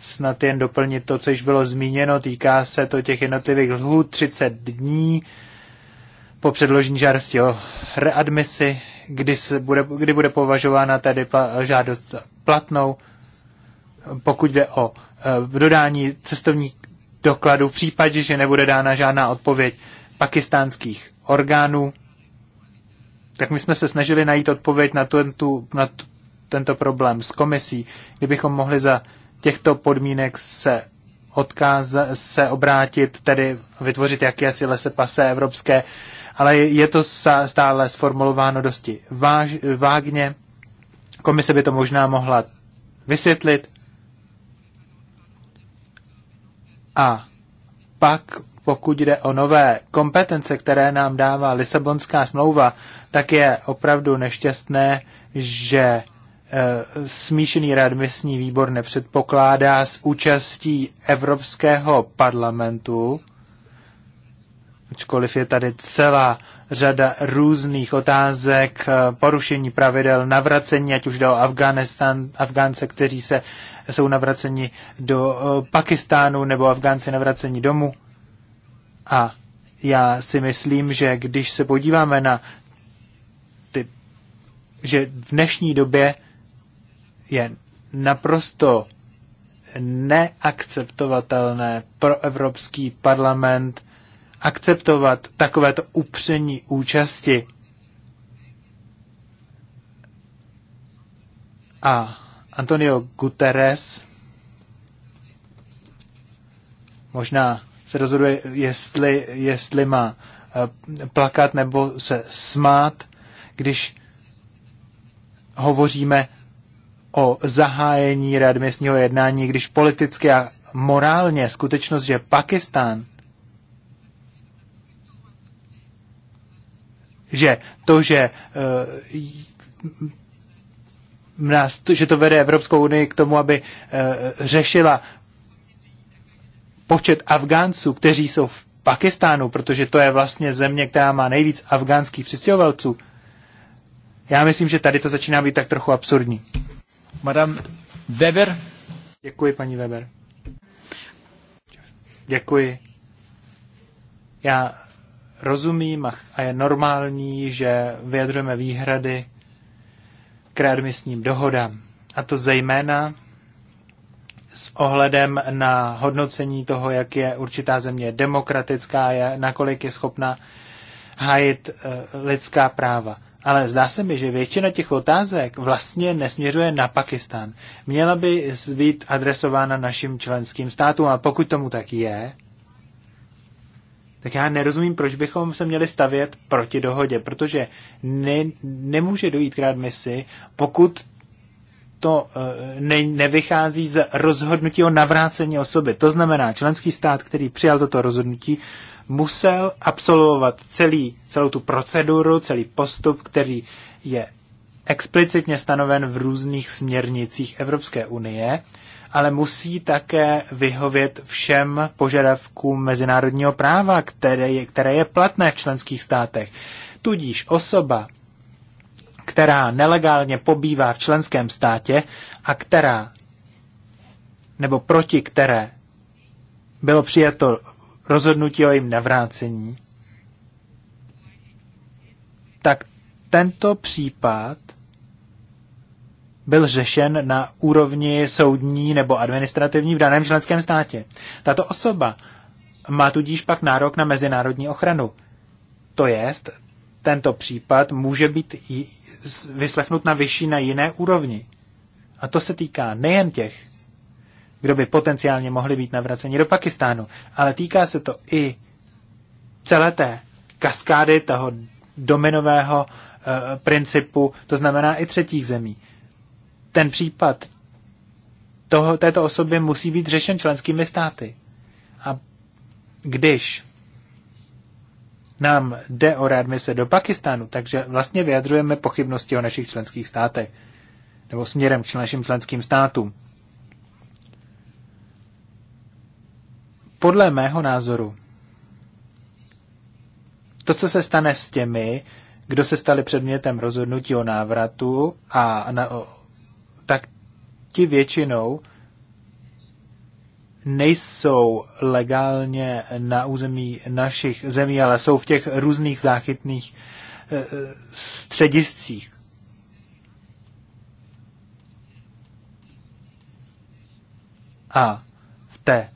Speaker 1: Snad jen doplnit to, co již bylo zmíněno. Týká se to těch jednotlivých lhůt 30 dní po předložení žádosti o readmisi, kdy, se bude, kdy bude považována tedy žádost platnou pokud jde o eh, dodání cestovních dokladů v případě, že nebude dána žádná odpověď pakistánských orgánů. Tak my jsme se snažili najít odpověď na, tu, na tu, tento problém s komisí, kdybychom mohli za těchto podmínek se odkaz se obrátit, tedy vytvořit jakési lese pase evropské, ale je to stále sformulováno dosti váž, vágně. Komise by to možná mohla vysvětlit, A pak, pokud jde o nové kompetence, které nám dává Lisabonská smlouva, tak je opravdu nešťastné, že e, smíšený readmisní výbor nepředpokládá s účastí Evropského parlamentu, ačkoliv je tady celá řada různých otázek, e, porušení pravidel, navracení, ať už jde o Afganistán, Afgánce, kteří se jsou navraceni do eh, Pakistánu nebo Afgánci navraceni domů. A já si myslím, že když se podíváme na ty, že v dnešní době je naprosto neakceptovatelné pro Evropský parlament akceptovat takovéto upření účasti. A Antonio Guterres možná se rozhoduje, jestli, jestli má eh, plakat nebo se smát, když hovoříme o zahájení městního jednání, když politicky a morálně skutečnost, že Pakistán, že to, že eh, nás, že to vede Evropskou unii k tomu, aby eh, řešila počet Afgánců, kteří jsou v Pakistánu, protože to je vlastně země, která má nejvíc afgánských přistěhovalců. Já myslím, že tady to začíná být tak trochu absurdní. Madame Weber. Děkuji, paní Weber. Děkuji. Já rozumím a je normální, že vyjadřujeme výhrady k readmisním dohodám. A to zejména s ohledem na hodnocení toho, jak je určitá země demokratická, je, nakolik je schopna hájit eh, lidská práva. Ale zdá se mi, že většina těch otázek vlastně nesměřuje na Pakistan. Měla by být adresována našim členským státům a pokud tomu tak je, tak já nerozumím, proč bychom se měli stavět proti dohodě, protože ne, nemůže dojít k misi, pokud to eh, ne, nevychází z rozhodnutí o navrácení osoby. To znamená, členský stát, který přijal toto rozhodnutí, musel absolvovat celý, celou tu proceduru, celý postup, který je explicitně stanoven v různých směrnicích Evropské unie, ale musí také vyhovět všem požadavkům mezinárodního práva, které je, které je platné v členských státech. Tudíž osoba, která nelegálně pobývá v členském státě a která nebo proti které bylo přijato rozhodnutí o jim navrácení, tak tento případ byl řešen na úrovni soudní nebo administrativní v daném členském státě. Tato osoba má tudíž pak nárok na mezinárodní ochranu. To jest, tento případ může být vyslechnut na vyšší, na jiné úrovni. A to se týká nejen těch, kdo by potenciálně mohli být navraceni do Pakistánu, ale týká se to i celé té kaskády toho dominového e, principu, to znamená i třetích zemí ten případ toho, této osoby musí být řešen členskými státy. A když nám jde o readmise do Pakistánu, takže vlastně vyjadřujeme pochybnosti o našich členských státech nebo směrem k našim členským státům. Podle mého názoru, to, co se stane s těmi, kdo se stali předmětem rozhodnutí o návratu a na, o, ti většinou nejsou legálně na území našich zemí, ale jsou v těch různých záchytných eh, eh, střediscích. A v té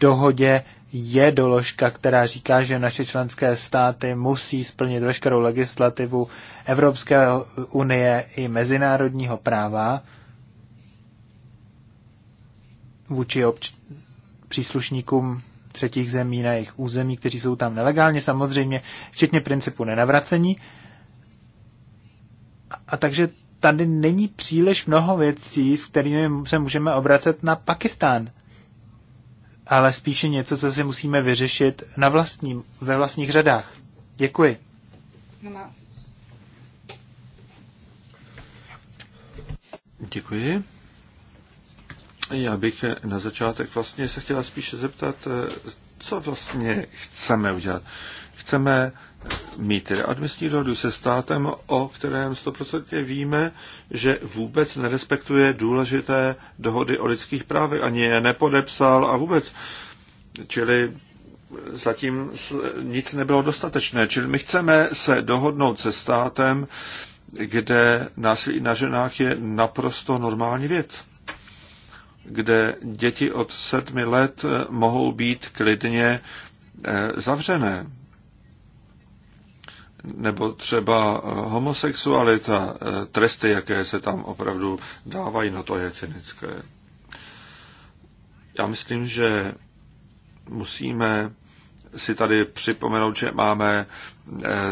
Speaker 1: dohodě je doložka, která říká, že naše členské státy musí splnit veškerou legislativu Evropské unie i mezinárodního práva, vůči obč- příslušníkům třetích zemí na jejich území, kteří jsou tam nelegálně, samozřejmě, včetně principu nenavracení. A, a takže tady není příliš mnoho věcí, s kterými se můžeme obracet na Pakistán. Ale spíše něco, co si musíme vyřešit na vlastním, ve vlastních řadách. Děkuji.
Speaker 2: No
Speaker 3: Děkuji. Vlastně já bych eh, na začátek vlastně se chtěla spíše zeptat, eh, co vlastně chceme udělat. Chceme eh, mít tedy admisní dohodu se státem, o kterém stoprocentně víme, že vůbec nerespektuje důležité dohody o lidských právech, ani je nepodepsal a vůbec. Čili zatím nic nebylo dostatečné. Čili my chceme se dohodnout se státem, kde násilí na ženách je naprosto normální věc kde děti od sedmi let eh, mohou být klidně eh, zavřené. Nebo třeba eh, homosexualita, tresty, jaké se tam opravdu dávají, no to je cynické. Já myslím, že musíme si tady připomenout, že máme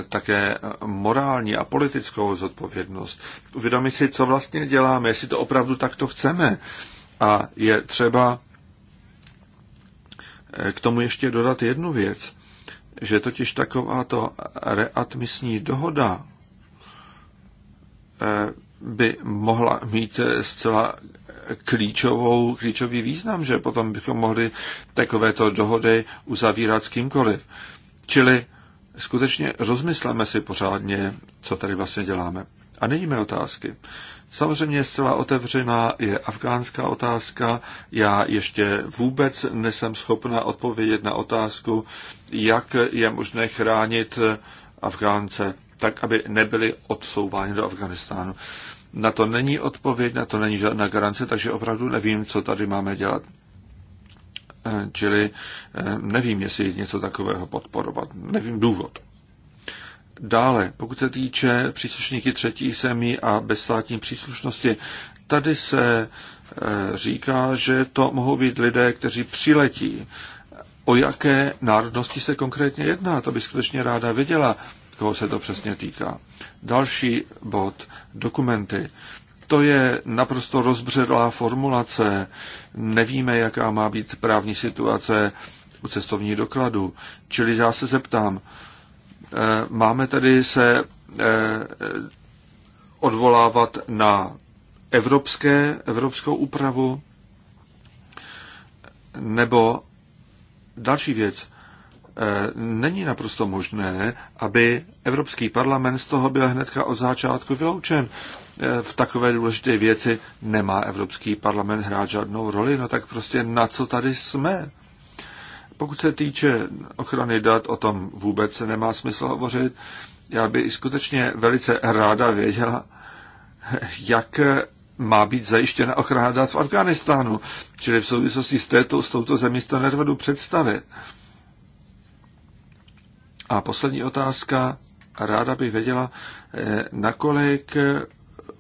Speaker 3: také morální a politickou zodpovědnost. Uvědomit si, co vlastně děláme, jestli to opravdu takto chceme, a je třeba eh, k tomu ještě dodat jednu věc, že totiž takováto readmisní dohoda eh, by mohla mít eh, zcela klíčovou, klíčový význam, že potom bychom mohli takovéto dohody uzavírat s kýmkoliv. Čili skutečně rozmysleme si pořádně, co tady vlastně děláme. A nyní mé otázky. Samozřejmě zcela otevřená je afgánská otázka. Já ještě vůbec nesem schopna odpovědět na otázku, jak je možné chránit Afgánce tak, aby nebyli odsouváni do Afganistánu. Na to není odpověď, na to není žádná garance, takže opravdu nevím, co tady máme dělat. Eh, čili eh, nevím, jestli něco takového podporovat. Nevím důvod. Dále, pokud se týče příslušníky třetí zemí a bezstátní příslušnosti, tady se e, říká, že to mohou být lidé, kteří přiletí. O jaké národnosti se konkrétně jedná, to by skutečně ráda věděla, koho se to přesně týká. Další bod, dokumenty. To je naprosto rozbředlá formulace. Nevíme, jaká má být právní situace u cestovních dokladů. Čili já se zeptám, Eh, máme tedy se eh, odvolávat na evropské, evropskou úpravu nebo další věc. Eh, není naprosto možné, aby Evropský parlament z toho byl hnedka od začátku vyloučen. V takové důležité věci nemá Evropský parlament hrát žádnou roli, no tak prostě na co tady jsme? Pokud se týče ochrany dat, o tom vůbec se nemá smysl hovořit. Já bych skutečně velice ráda věděla, jak má být zajištěna ochrana dat v Afghánistánu. Čili v souvislosti s, této, s touto zemí to nedovedu představit. A poslední otázka. Ráda bych věděla, eh, nakolik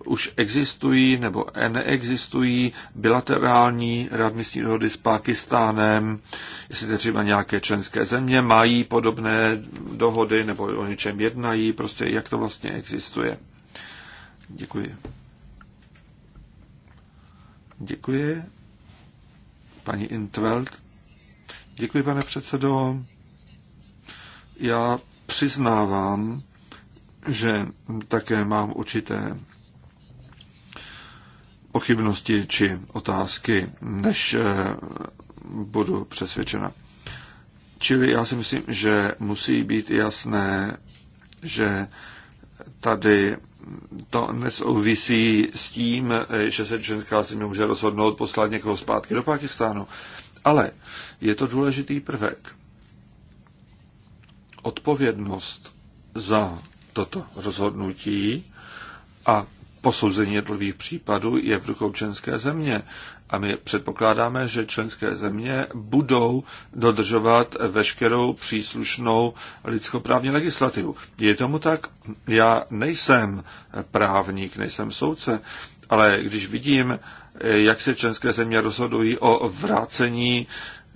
Speaker 3: už existují nebo neexistují bilaterální readmisní dohody s Pákistánem, jestli třeba nějaké členské země mají podobné dohody nebo o něčem jednají, prostě jak to vlastně existuje. Děkuji. Děkuji. Paní Intveld. Děkuji, pane předsedo. Já přiznávám, že také mám určité pochybnosti či otázky, než eh, budu přesvědčena. Čili já si myslím, že musí být jasné, že tady to nesouvisí s tím, eh, že se ženská země může rozhodnout poslat někoho zpátky do Pakistánu. Ale je to důležitý prvek. Odpovědnost za toto rozhodnutí a posouzení jednotlivých případů je v rukou členské země. A my předpokládáme, že členské země budou dodržovat veškerou příslušnou lidskoprávní legislativu. Je tomu tak? Já nejsem právník, nejsem soudce, ale když vidím, jak se členské země rozhodují o vrácení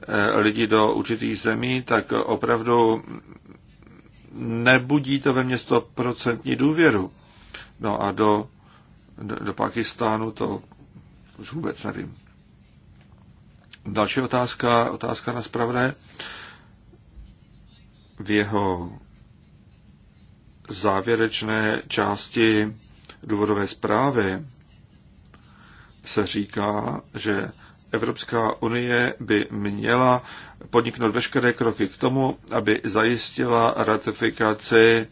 Speaker 3: eh, lidí do určitých zemí, tak opravdu nebudí to ve mně 100% důvěru. No a do do, do Pakistánu, to už vůbec nevím. Další otázka, otázka na spravedlné. V jeho závěrečné části důvodové zprávy se říká, že Evropská unie by měla podniknout veškeré kroky k tomu, aby zajistila ratifikaci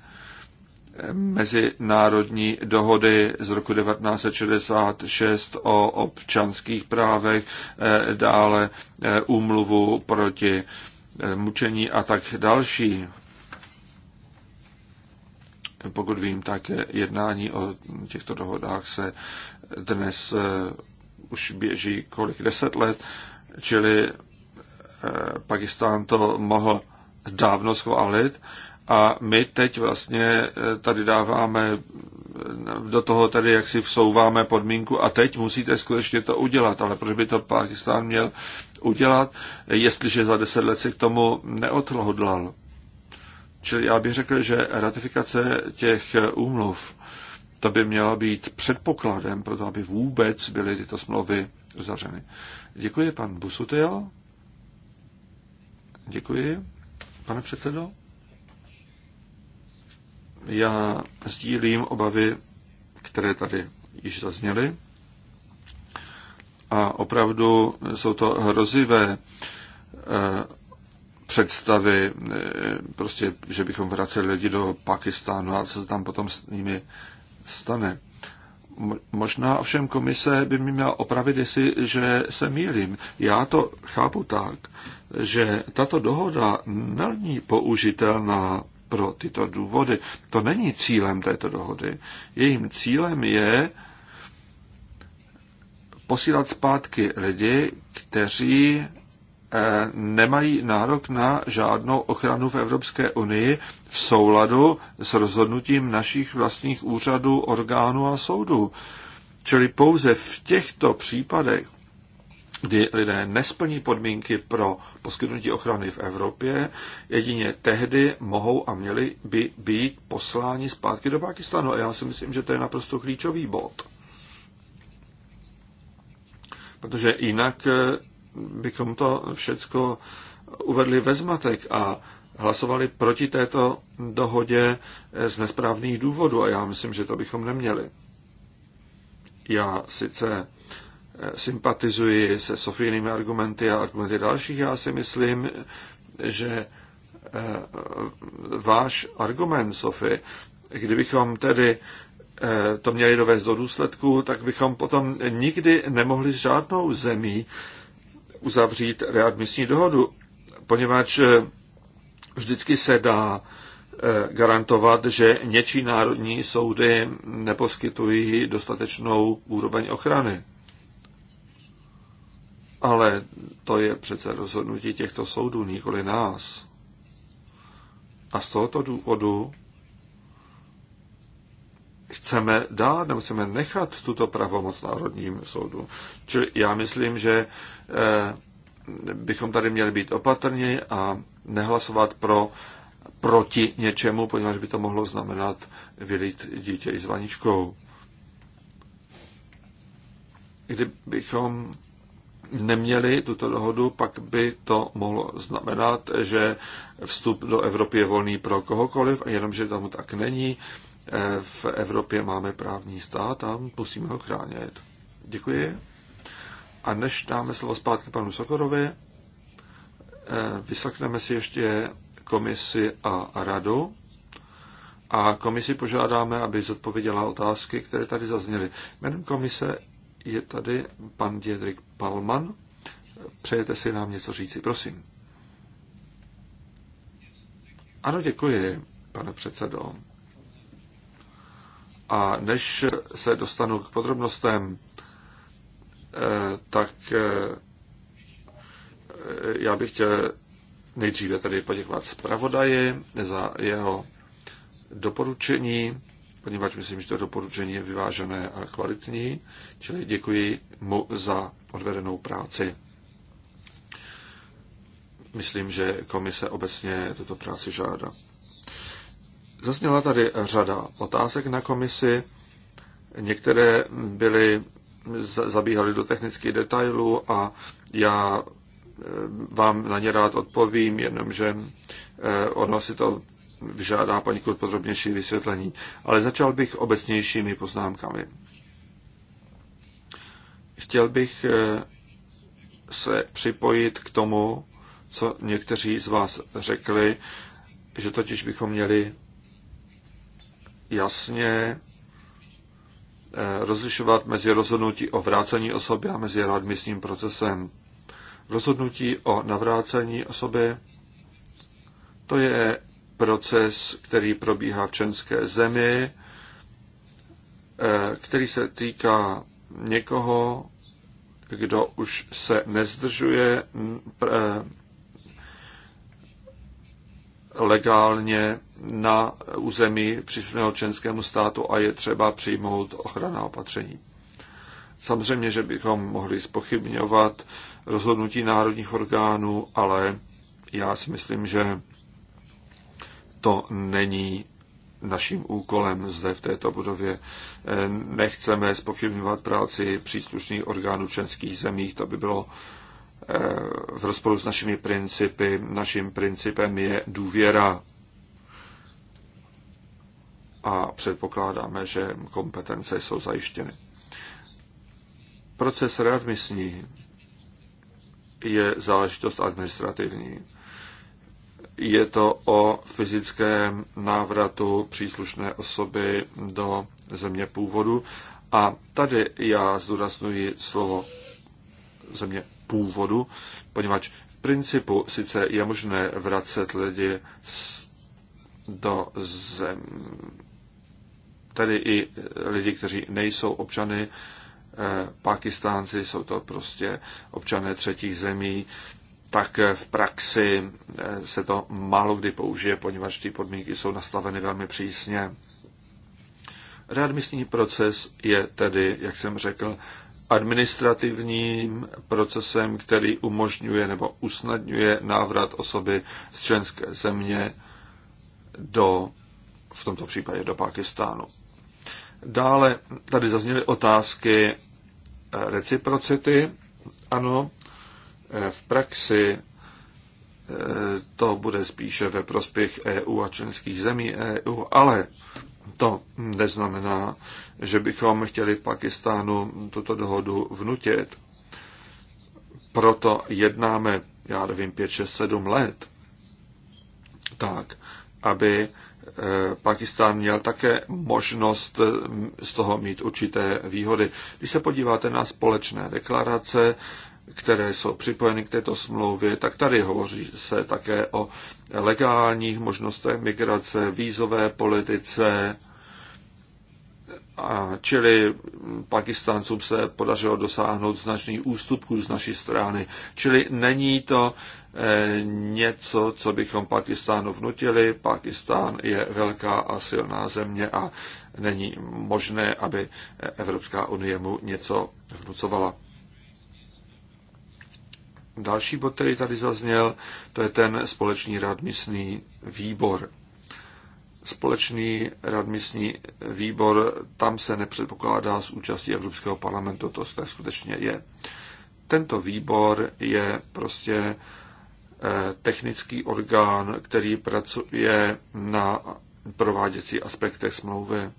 Speaker 3: mezinárodní dohody z roku 1966 o občanských právech, eh, dále eh, úmluvu proti eh, mučení a tak další. Pokud vím, tak jednání o těchto dohodách se dnes už běží kolik deset let, čili Pakistán to mohl dávno schválit a my teď vlastně eh, tady dáváme, eh, do toho tady jak si vsouváme podmínku a teď musíte skutečně to udělat. Ale proč by to Pakistán měl udělat, jestliže za deset let se k tomu neodhodlal? Čili já bych řekl, že ratifikace těch eh, úmluv, to by měla být předpokladem pro to, aby vůbec byly tyto smlouvy uzavřeny. Děkuji, pan Busutil. Děkuji, pane předsedo. Já sdílím obavy, které tady již zazněly. A opravdu jsou to hrozivé eh, představy, eh, prostě, že bychom vraceli lidi do Pakistánu a co se tam potom s nimi stane. Možná ovšem komise by mi měla opravit, jestli, že se mýlím. Já to chápu tak, že tato dohoda není použitelná pro tyto důvody. To není cílem této dohody. Jejím cílem je posílat zpátky lidi, kteří eh, nemají nárok na žádnou ochranu v Evropské unii v souladu s rozhodnutím našich vlastních úřadů, orgánů a soudů. Čili pouze v těchto případech kdy lidé nesplní podmínky pro poskytnutí ochrany v Evropě, jedině tehdy mohou a měli by být posláni zpátky do Pakistanu. A já si myslím, že to je naprosto klíčový bod. Protože jinak eh, bychom to všecko uvedli ve zmatek a hlasovali proti této dohodě eh, z nesprávných důvodů a já myslím, že to bychom neměli. Já sice sympatizuji se Sofijnými argumenty a argumenty dalších. Já si myslím, že eh, váš argument, Sofy, kdybychom tedy eh, to měli dovést do důsledku, tak bychom potom nikdy nemohli s žádnou zemí uzavřít readmisní dohodu, poněvadž eh, vždycky se dá garantovat, že něčí národní soudy neposkytují dostatečnou úroveň ochrany. Ale to je přece rozhodnutí těchto soudů, nikoli nás. A z tohoto důvodu chceme dát nebo chceme nechat tuto pravomoc Národním soudu. Čili já myslím, že eh, bychom tady měli být opatrní a nehlasovat pro proti něčemu, poněvadž by to mohlo znamenat vylít dítě i s vaničkou. Kdybychom neměli tuto dohodu, pak by to mohlo znamenat, že vstup do Evropy je volný pro kohokoliv, jenomže tomu tak není. V Evropě máme právní stát a musíme ho chránit. Děkuji. A než dáme slovo zpátky panu Sokorovi, eh, vyslechneme si ještě komisi a radu. A komisi požádáme, aby zodpověděla otázky, které tady zazněly. Jménem komise je tady pan Diedrich Palman. Přejete si nám něco říci, prosím. Ano, děkuji, pane předsedo. A než se dostanu k podrobnostem, eh, tak eh, já bych chtěl nejdříve tedy poděkovat zpravodaji za jeho doporučení poněvadž myslím, že to doporučení je vyvážené a kvalitní, čili děkuji mu za odvedenou práci. Myslím, že komise obecně tuto práci žádá. Zazněla tady řada otázek na komisi. Některé byly, zabíhaly do technických detailů a já eh, vám na ně rád odpovím, jenomže eh, ono si to vyžádá Kurt podrobnější vysvětlení. Ale začal bych obecnějšími poznámkami. Chtěl bych eh, se připojit k tomu, co někteří z vás řekli, že totiž bychom měli jasně eh, rozlišovat mezi rozhodnutí o vrácení osoby a mezi readmisním procesem. Rozhodnutí o navrácení osoby to je proces, který probíhá v čenské zemi, eh, který se týká někoho, kdo už se nezdržuje eh, legálně na území příslušného členskému státu a je třeba přijmout ochranná opatření. Samozřejmě, že bychom mohli spochybňovat rozhodnutí národních orgánů, ale já si myslím, že to není naším úkolem zde v této budově. Eh, nechceme spochybňovat práci příslušných orgánů členských zemích, to by bylo eh, v rozporu s našimi principy. Naším principem je důvěra a předpokládáme, že kompetence jsou zajištěny. Proces readmisní je záležitost administrativní je to o fyzickém návratu příslušné osoby do země původu. A tady já zdůraznuji slovo země původu, poněvadž v principu sice je možné vracet lidi do zem, tedy i lidi, kteří nejsou občany, eh, Pakistánci jsou to prostě občané třetích zemí, tak v praxi eh, se to málo kdy použije, poněvadž ty podmínky jsou nastaveny velmi přísně. Readmisní proces je tedy, jak jsem řekl, administrativním procesem, který umožňuje nebo usnadňuje návrat osoby z členské země do, v tomto případě do Pakistánu. Dále tady zazněly otázky reciprocity. Ano, Eh, v praxi eh, to bude spíše ve prospěch EU a členských zemí EU, ale to neznamená, že bychom chtěli Pakistánu tuto dohodu vnutit. Proto jednáme, já nevím, 5, 6, 7 let, tak, aby eh, Pakistán měl také možnost z toho mít určité výhody. Když se podíváte na společné deklarace, které jsou připojeny k této smlouvě, tak tady hovoří se také o legálních možnostech migrace, vízové politice, a čili Pakistáncům se podařilo dosáhnout značný ústupků z naší strany. Čili není to eh, něco, co bychom Pakistánu vnutili. Pakistán je velká a silná země a není možné, aby Evropská unie mu něco vnucovala. Další bod, který tady zazněl, to je ten společný radmisný výbor. Společný radmisní výbor, tam se nepředpokládá z účastí Evropského parlamentu, to tak skutečně je. Tento výbor je prostě eh, technický orgán, který pracuje na prováděcí aspektech smlouvy.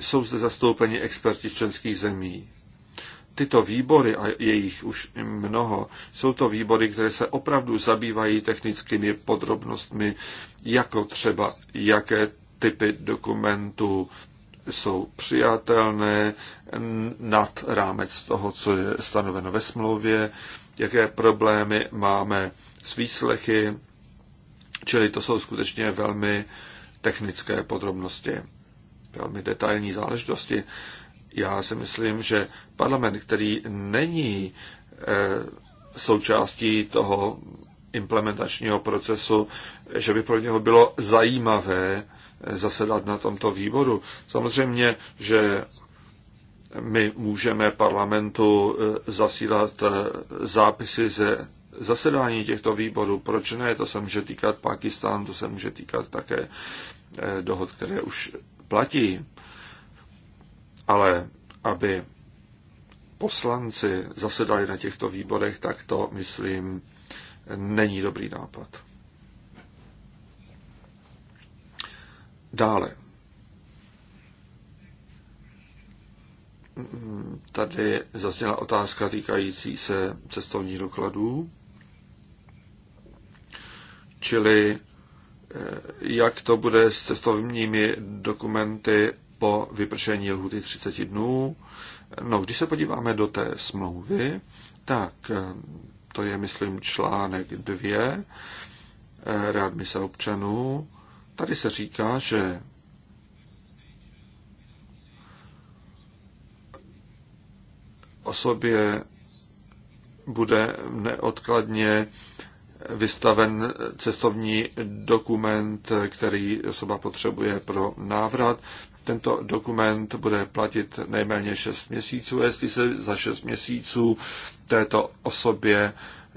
Speaker 3: Jsou zde zastoupeni experti členských zemí tyto výbory, a jejich už mnoho, jsou to výbory, které se opravdu zabývají technickými podrobnostmi, jako třeba jaké typy dokumentů jsou přijatelné nad rámec toho, co je stanoveno ve smlouvě, jaké problémy máme s výslechy, čili to jsou skutečně velmi technické podrobnosti, velmi detailní záležitosti já si myslím, že parlament, který není eh, součástí toho implementačního procesu, že by pro něho bylo zajímavé eh, zasedat na tomto výboru. Samozřejmě, že my můžeme parlamentu eh, zasílat zápisy ze zasedání těchto výborů. Proč ne? To se může týkat Pakistánu, to se může týkat také dohod, které už platí. Ale aby poslanci zasedali na těchto výborech, tak to, myslím, není dobrý nápad. Dále. Tady zazněla otázka týkající se cestovních dokladů, čili eh, jak to bude s cestovními dokumenty po vypršení lhuty 30 dnů. No, když se podíváme do té smlouvy, tak eh, to je, myslím, článek 2 eh, readmise občanů. Tady se říká, že osobě bude neodkladně vystaven cestovní dokument, který osoba potřebuje pro návrat. Tento dokument bude platit nejméně 6 měsíců. Jestli se za 6 měsíců této osobě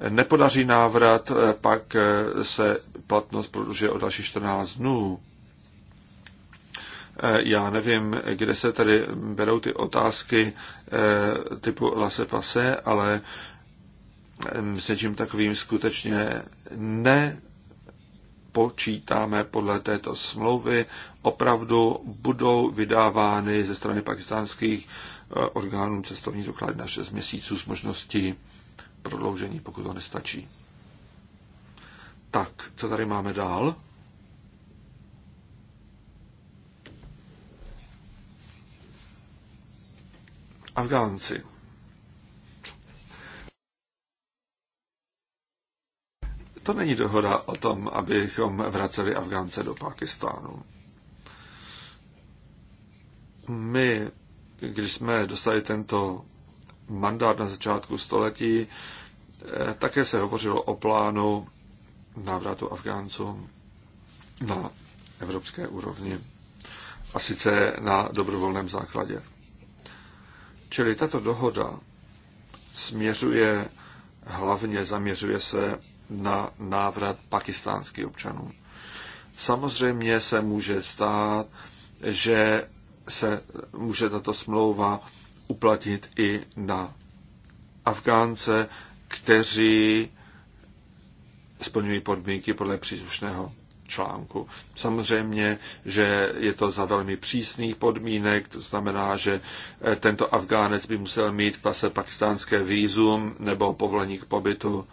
Speaker 3: nepodaří návrat, pak se platnost prodlužuje o další 14 dnů. Já nevím, kde se tady berou ty otázky eh, typu lase pase, ale eh, s něčím takovým skutečně ne počítáme podle této smlouvy, opravdu budou vydávány ze strany pakistánských eh, orgánů cestovní doklady na 6 měsíců s možností prodloužení, pokud to nestačí. Tak, co tady máme dál? Afgánci. To není dohoda o tom, abychom vraceli Afgánce do Pakistánu. My, když jsme dostali tento mandát na začátku století, eh, také se hovořilo o plánu návratu Afgánců na evropské úrovni a sice na dobrovolném základě. Čili tato dohoda směřuje hlavně, zaměřuje se na návrat pakistánských občanů. Samozřejmě se může stát, že se může tato smlouva uplatnit i na Afgánce, kteří splňují podmínky podle příslušného článku. Samozřejmě, že je to za velmi přísných podmínek, to znamená, že eh, tento Afgánec by musel mít v pase pakistánské výzum nebo povolení k pobytu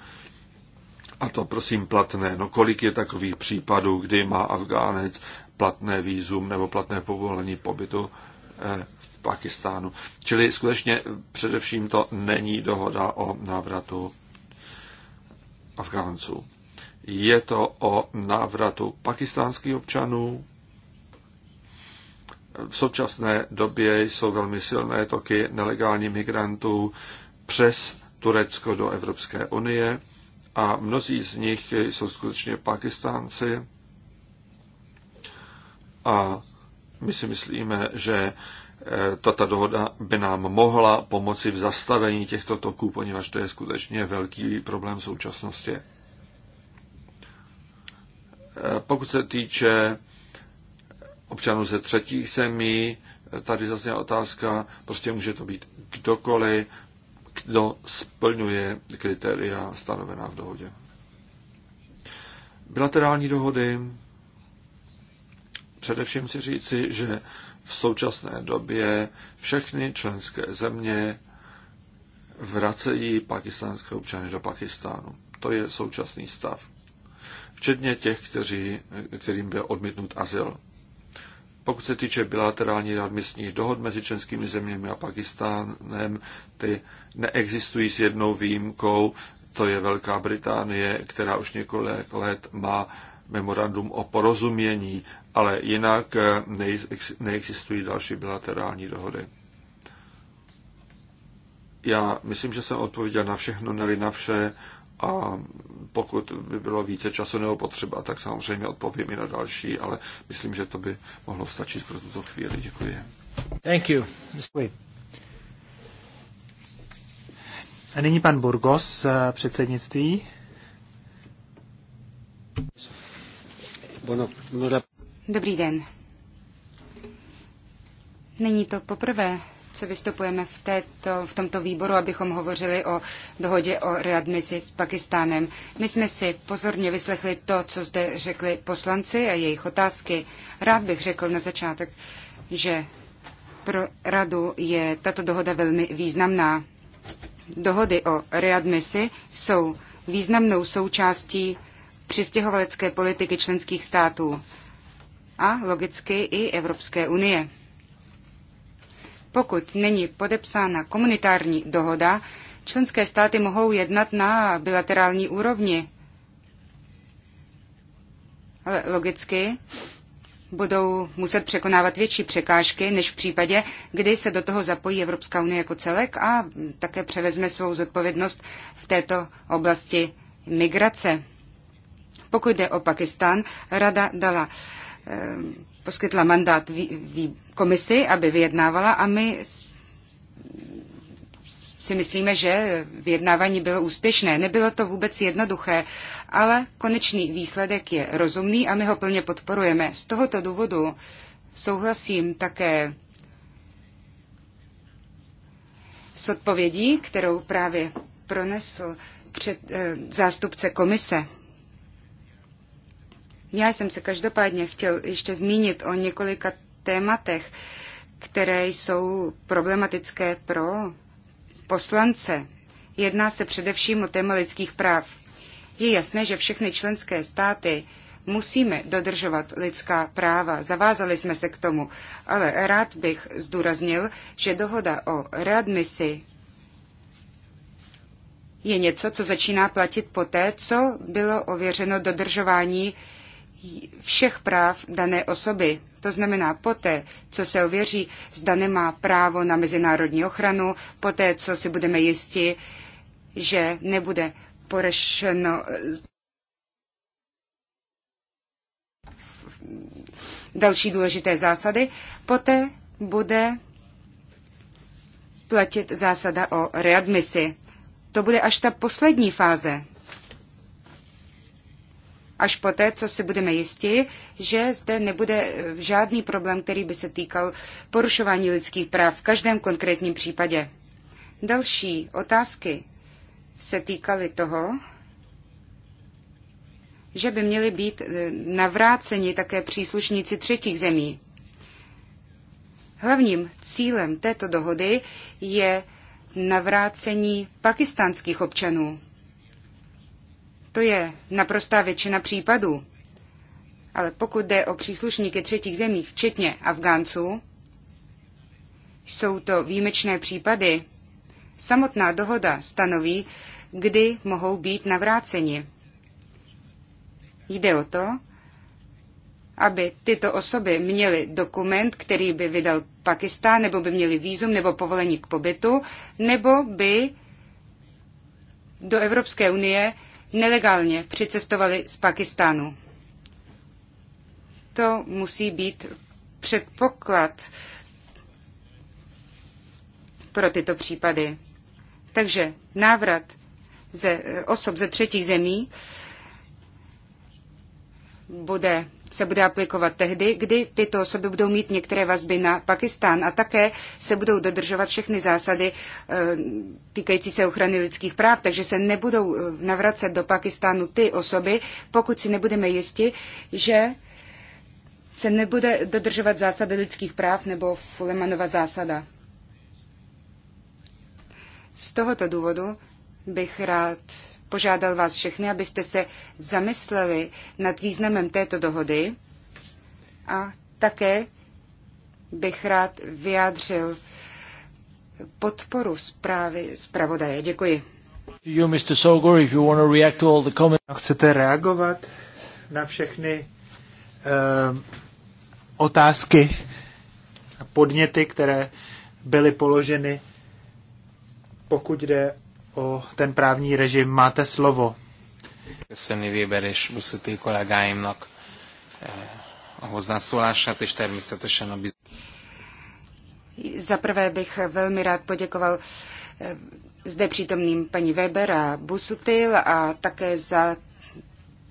Speaker 3: a to prosím platné. No kolik je takových případů, kdy má Afgánec platné výzum nebo platné povolení pobytu eh, v Pakistánu. Čili skutečně především to není dohoda o návratu Afgánců. Je to o návratu pakistánských občanů. V současné době jsou velmi silné toky nelegálních migrantů přes Turecko do Evropské unie a mnozí z nich jsou skutečně Pakistánci. A my si myslíme, že eh, tato dohoda by nám mohla pomoci v zastavení těchto toků, poněvadž to je skutečně velký problém v současnosti. Eh, pokud se týče občanů ze třetích zemí, eh, tady zazněla otázka, prostě může to být kdokoliv, kdo splňuje kritéria stanovená v dohodě. Bilaterální dohody. Především si říci, že v současné době všechny členské země vracejí pakistánské občany do Pakistánu. To je současný stav. Včetně těch, kteří, kterým byl odmítnut azyl. Pokud se týče bilaterální readmisních dohod mezi českými zeměmi a Pakistánem, ty neexistují s jednou výjimkou, to je Velká Británie, která už několik let má memorandum o porozumění, ale jinak eh, neexistují další bilaterální dohody. Já myslím, že jsem odpověděl na všechno, neli na vše a pokud by bylo více času nebo potřeba, tak samozřejmě odpovím i na další, ale myslím, že to by mohlo stačit pro tuto chvíli. Děkuji.
Speaker 1: Thank you. A nyní pan Burgos, eh, předsednictví.
Speaker 2: Dobrý den. Není to poprvé, co vystupujeme v, této, v tomto výboru, abychom hovořili o dohodě o readmisi s Pakistánem. My jsme si pozorně vyslechli to, co zde řekli poslanci a jejich otázky. Rád bych řekl na začátek, že pro radu je tato dohoda velmi významná. Dohody o readmisi jsou významnou součástí přistěhovalecké politiky členských států a logicky i Evropské unie. Pokud není podepsána komunitární dohoda, členské státy mohou jednat na bilaterální úrovni. Ale logicky budou muset překonávat větší překážky, než v případě, kdy se do toho zapojí Evropská unie jako celek a také převezme svou zodpovědnost v této oblasti migrace. Pokud jde o Pakistán, rada dala eh, poskytla mandát vý, vý, komisi, aby vyjednávala a my si myslíme, že vyjednávání bylo úspěšné. Nebylo to vůbec jednoduché, ale konečný výsledek je rozumný a my ho plně podporujeme. Z tohoto důvodu souhlasím také s odpovědí, kterou právě pronesl před, eh, zástupce komise. Já jsem se každopádně chtěl ještě zmínit o několika tématech, které jsou problematické pro poslance. Jedná se především o téma lidských práv. Je jasné, že všechny členské státy musíme dodržovat lidská práva. Zavázali jsme se k tomu, ale rád bych zdůraznil, že dohoda o readmisi je něco, co začíná platit poté, co bylo ověřeno dodržování všech práv dané osoby. To znamená poté, co se ověří, zda nemá právo na mezinárodní ochranu, poté, co si budeme jisti, že nebude porešeno další důležité zásady, poté bude platit zásada o readmisi. To bude až ta poslední fáze až poté, co si budeme jistí, že zde nebude eh, žádný problém, který by se týkal porušování lidských práv v každém konkrétním případě. Další otázky se týkaly toho, že by měli být eh, navráceni také příslušníci třetích zemí. Hlavním cílem této dohody je navrácení pakistánských občanů. To je naprostá většina případů. Ale pokud jde o příslušníky třetích zemí, včetně Afgánců, jsou to výjimečné případy. Samotná dohoda stanoví, kdy mohou být navráceni. Jde o to, aby tyto osoby měly dokument, který by vydal Pakistán, nebo by měly výzum nebo povolení k pobytu, nebo by do Evropské unie nelegálně přicestovali z Pakistánu. To musí být předpoklad pro tyto případy. Takže návrat ze eh, osob ze třetích zemí bude, se bude aplikovat tehdy, kdy tyto osoby budou mít některé vazby na Pakistán a také se budou dodržovat všechny zásady eh, týkající se ochrany lidských práv, takže se nebudou eh, navracet do Pakistánu ty osoby, pokud si nebudeme jisti, že se nebude dodržovat zásady lidských práv nebo Fulemanova zásada. Z tohoto důvodu bych rád požádal vás všechny, abyste se zamysleli nad významem této dohody a také bych rád vyjádřil podporu zprávy zpravodaje. Děkuji.
Speaker 1: You, Mr. Sogor, if you want to react to all the comments. Chcete reagovat na všechny uh, otázky a podněty, které byly položeny, pokud jde o ten právní režim. Máte slovo. Köszönni Weber és Buszuti kollégáimnak eh, a hozzászólását, és természetesen a
Speaker 2: Za prvé bych velmi rád poděkoval eh, zde přítomným paní Weber a Busutil a také za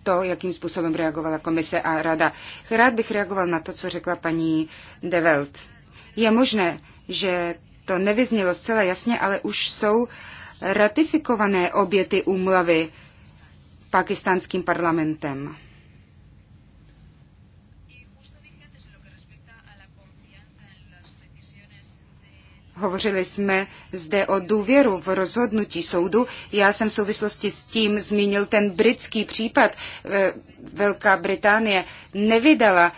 Speaker 2: to, jakým způsobem reagovala komise a rada. Rád bych reagoval na to, co řekla paní De Welt. Je možné, že to nevyznělo zcela jasně, ale už jsou ratifikované obě ty úmluvy pakistánským parlamentem. Hovořili jsme zde o důvěru v rozhodnutí soudu. Já jsem v souvislosti s tím zmínil ten britský případ. Eh, Velká Británie nevydala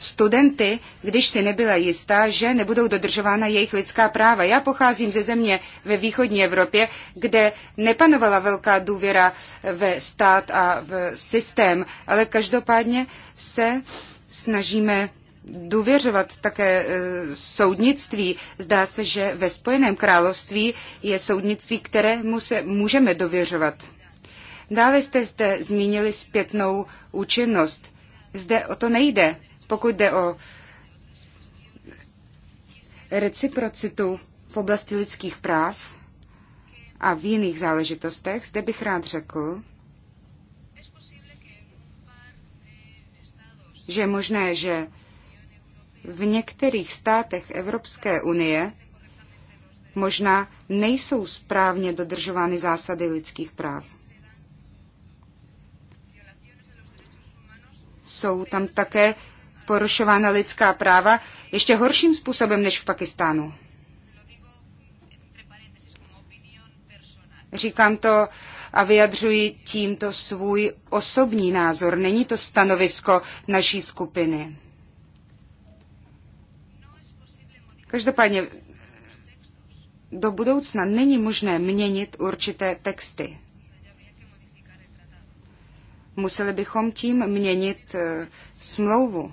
Speaker 2: studenty, když si nebyla jistá, že nebudou dodržována jejich lidská práva. Já pocházím ze země ve východní Evropě, kde nepanovala velká důvěra ve stát a v systém, ale každopádně se snažíme důvěřovat také e, soudnictví. Zdá se, že ve Spojeném království je soudnictví, které se můžeme dověřovat. Dále jste zde zmínili zpětnou účinnost. Zde o to nejde. Pokud jde o reciprocitu v oblasti lidských práv a v jiných záležitostech, zde bych rád řekl, že je možné, že v některých státech Evropské unie možná nejsou správně dodržovány zásady lidských práv. Jsou tam také porušována lidská práva ještě horším způsobem než v Pakistánu. Říkám to a vyjadřuji tímto svůj osobní názor. Není to stanovisko naší skupiny. Každopádně do budoucna není možné měnit určité texty. Museli bychom tím měnit eh, smlouvu.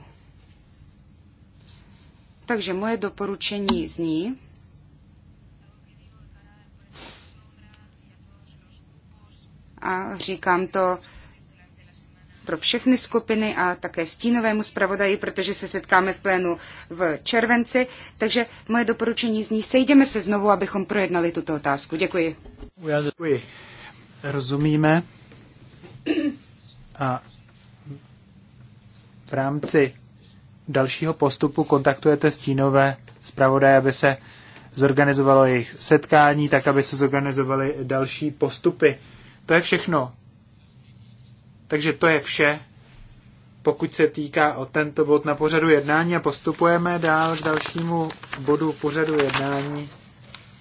Speaker 2: Takže moje doporučení zní, a říkám to pro všechny skupiny a také stínovému zpravodaji, protože se setkáme v plénu v červenci. Takže moje doporučení zní, sejdeme se znovu, abychom projednali tuto otázku. Děkuji.
Speaker 1: děkuji. Rozumíme. A v rámci dalšího postupu kontaktujete stínové zpravodaje, aby se zorganizovalo jejich setkání, tak aby se zorganizovaly další postupy. To je všechno. Takže to je vše, pokud se týká o tento bod na pořadu jednání a postupujeme dál k dalšímu bodu pořadu jednání,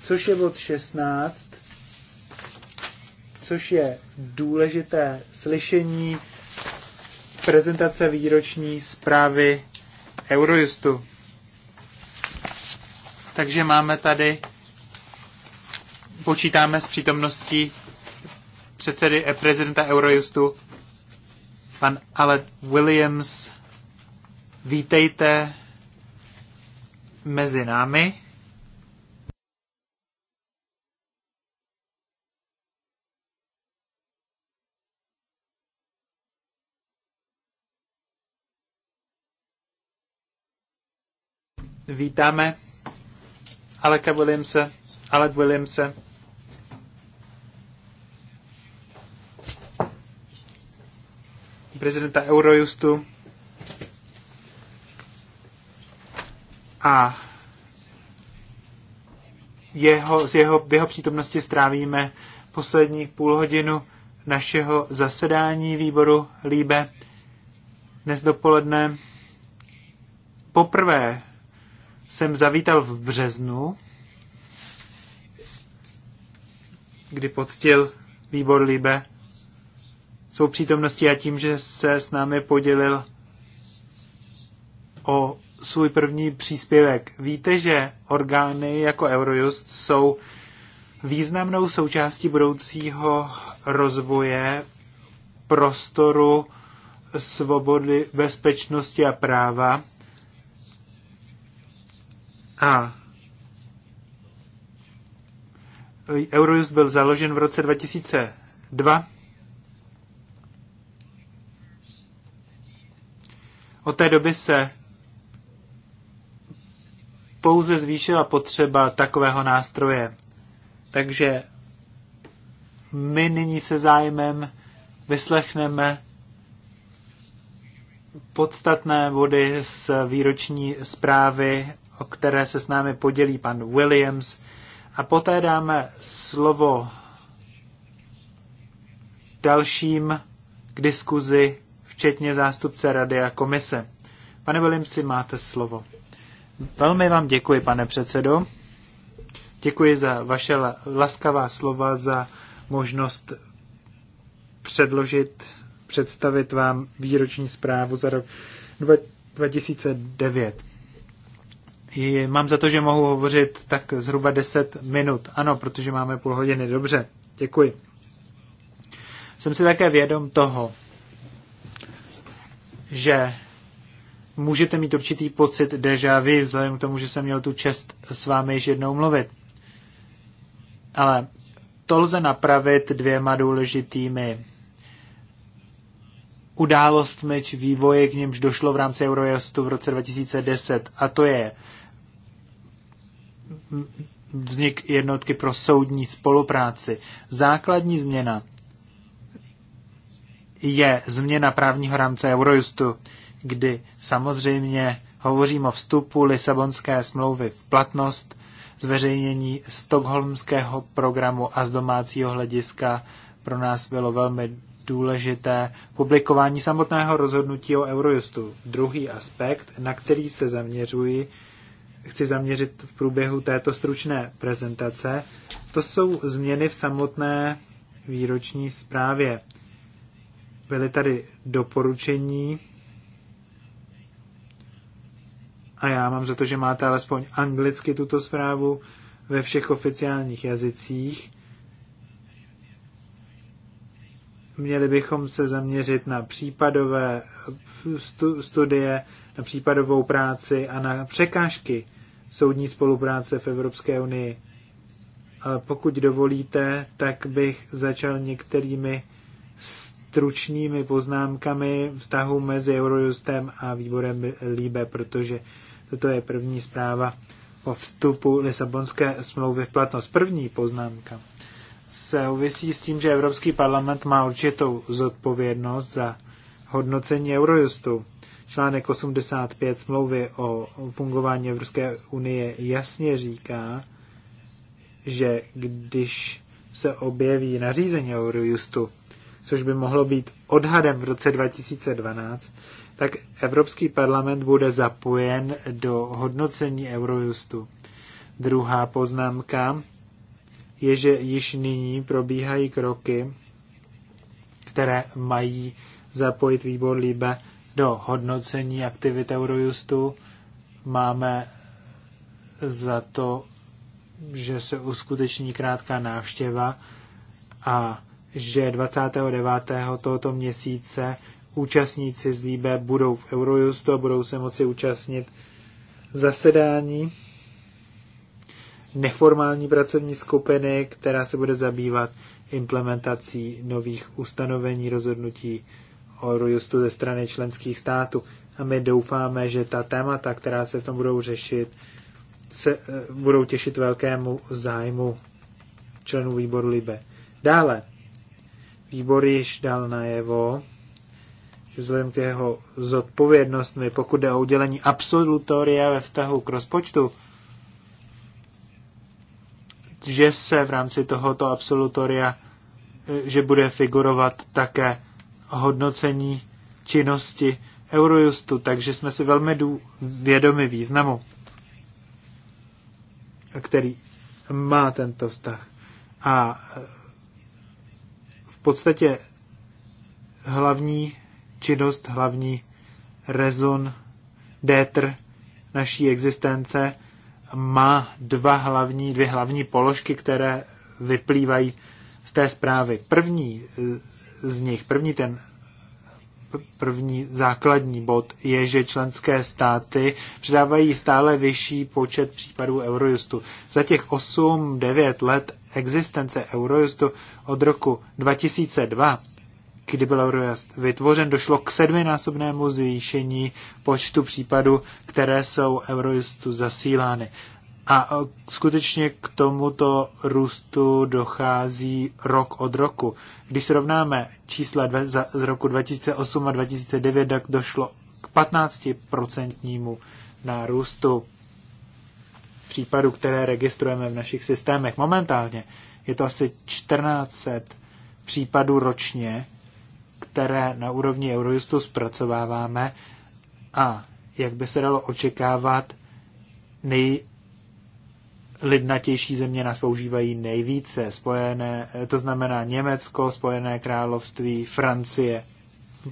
Speaker 1: což je bod 16, což je důležité slyšení prezentace výroční zprávy Eurojustu. Takže máme tady, počítáme s přítomností předsedy prezidenta Eurojustu, pan Alec Williams. Vítejte mezi námi. Vítáme Aleka Williamse, Alec Williamse. prezidenta Eurojustu a jeho, z jeho, v jeho přítomnosti strávíme poslední půl hodinu našeho zasedání výboru Líbe. Dnes dopoledne poprvé jsem zavítal v březnu, kdy poctil výbor Libe svou přítomností a tím, že se s námi podělil o svůj první příspěvek. Víte, že orgány jako Eurojust jsou významnou součástí budoucího rozvoje prostoru svobody, bezpečnosti a práva a Eurojust byl založen v roce 2002. Od té doby se pouze zvýšila potřeba takového nástroje. Takže my nyní se zájmem vyslechneme podstatné body z výroční zprávy o které se s námi podělí pan Williams. A poté dáme slovo dalším k diskuzi, včetně zástupce Rady a komise. Pane Williamsi, máte slovo. Velmi vám děkuji, pane předsedo. Děkuji za vaše laskavá slova, za možnost předložit, představit vám výroční zprávu za rok 2009 mám za to, že mohu hovořit tak zhruba 10 minut. Ano, protože máme půl hodiny. Dobře, děkuji. Jsem si také vědom toho, že můžete mít určitý pocit deja vu, vzhledem k tomu, že jsem měl tu čest s vámi již jednou mluvit. Ale to lze napravit dvěma důležitými událostmi či vývoje, k němž došlo v rámci Eurojustu v roce 2010. A to je vznik jednotky pro soudní spolupráci. Základní změna je změna právního rámce Eurojustu, kdy samozřejmě hovořím o vstupu Lisabonské smlouvy v platnost, zveřejnění stokholmského programu a z domácího hlediska pro nás bylo velmi důležité publikování samotného rozhodnutí o Eurojustu. Druhý aspekt, na který se zaměřuji, chci zaměřit v průběhu této stručné prezentace, to jsou změny v samotné výroční zprávě. Byly tady doporučení a já mám za to, že máte alespoň anglicky tuto zprávu ve všech oficiálních jazycích. Měli bychom se zaměřit na případové studie, na případovou práci a na překážky, soudní spolupráce v Evropské unii. pokud dovolíte, tak bych začal některými stručnými poznámkami vztahu mezi Eurojustem a výborem Líbe, protože toto je první zpráva o vstupu Lisabonské smlouvy v platnost. První poznámka Se uvisí s tím, že Evropský parlament má určitou zodpovědnost za hodnocení Eurojustu. Článek 85 smlouvy o fungování Evropské unie jasně říká, že když se objeví nařízení Eurojustu, což by mohlo být odhadem v roce 2012, tak Evropský parlament bude zapojen do hodnocení Eurojustu. Druhá poznámka je, že již nyní probíhají kroky, které mají zapojit výbor Líbe do hodnocení aktivit Eurojustu. Máme za to, že se uskuteční krátká návštěva a že 29. tohoto měsíce účastníci z Líbe budou v Eurojustu a budou se moci účastnit zasedání neformální pracovní skupiny, která se bude zabývat implementací nových ustanovení rozhodnutí růstu ze strany členských států. A my doufáme, že ta témata, která se v tom budou řešit, se eh, budou těšit velkému zájmu členů výboru Libe. Dále, výbor již dal najevo, že vzhledem k jeho zodpovědnostmi, pokud jde o udělení absolutoria ve vztahu k rozpočtu, že se v rámci tohoto absolutoria, eh, že bude figurovat také hodnocení činnosti Eurojustu, takže jsme si velmi dů, vědomi významu, který má tento vztah. A e, v podstatě hlavní činnost, hlavní rezon, détr naší existence má dva hlavní, dvě hlavní položky, které vyplývají z té zprávy. První e, z nich. První ten první základní bod je, že členské státy předávají stále vyšší počet případů Eurojustu. Za těch 8-9 let existence Eurojustu od roku 2002, kdy byl Eurojust vytvořen, došlo k sedminásobnému zvýšení počtu případů, které jsou Eurojustu zasílány. A skutečně k tomuto růstu dochází rok od roku. Když srovnáme čísla z roku 2008 a 2009, tak došlo k 15% nárůstu případů, které registrujeme v našich systémech. Momentálně je to asi 14 případů ročně, které na úrovni Eurojustu zpracováváme a jak by se dalo očekávat, nej, lidnatější země nás používají nejvíce. Spojené, to znamená Německo, Spojené království, Francie,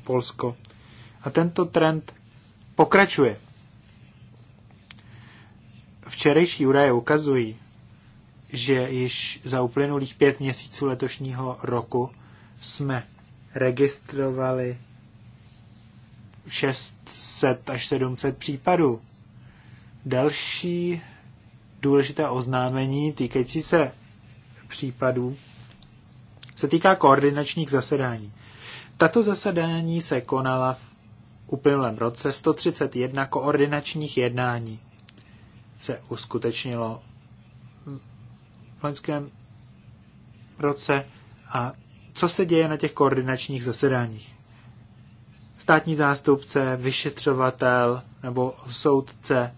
Speaker 1: Polsko. A tento trend pokračuje. Včerejší údaje ukazují, že již za uplynulých pět měsíců letošního roku jsme registrovali 600 až 700 případů. Další důležité oznámení týkající se případů se týká koordinačních zasedání. Tato zasedání se konala v uplynulém roce 131 koordinačních jednání se uskutečnilo v loňském roce a co se děje na těch koordinačních zasedáních. Státní zástupce, vyšetřovatel nebo soudce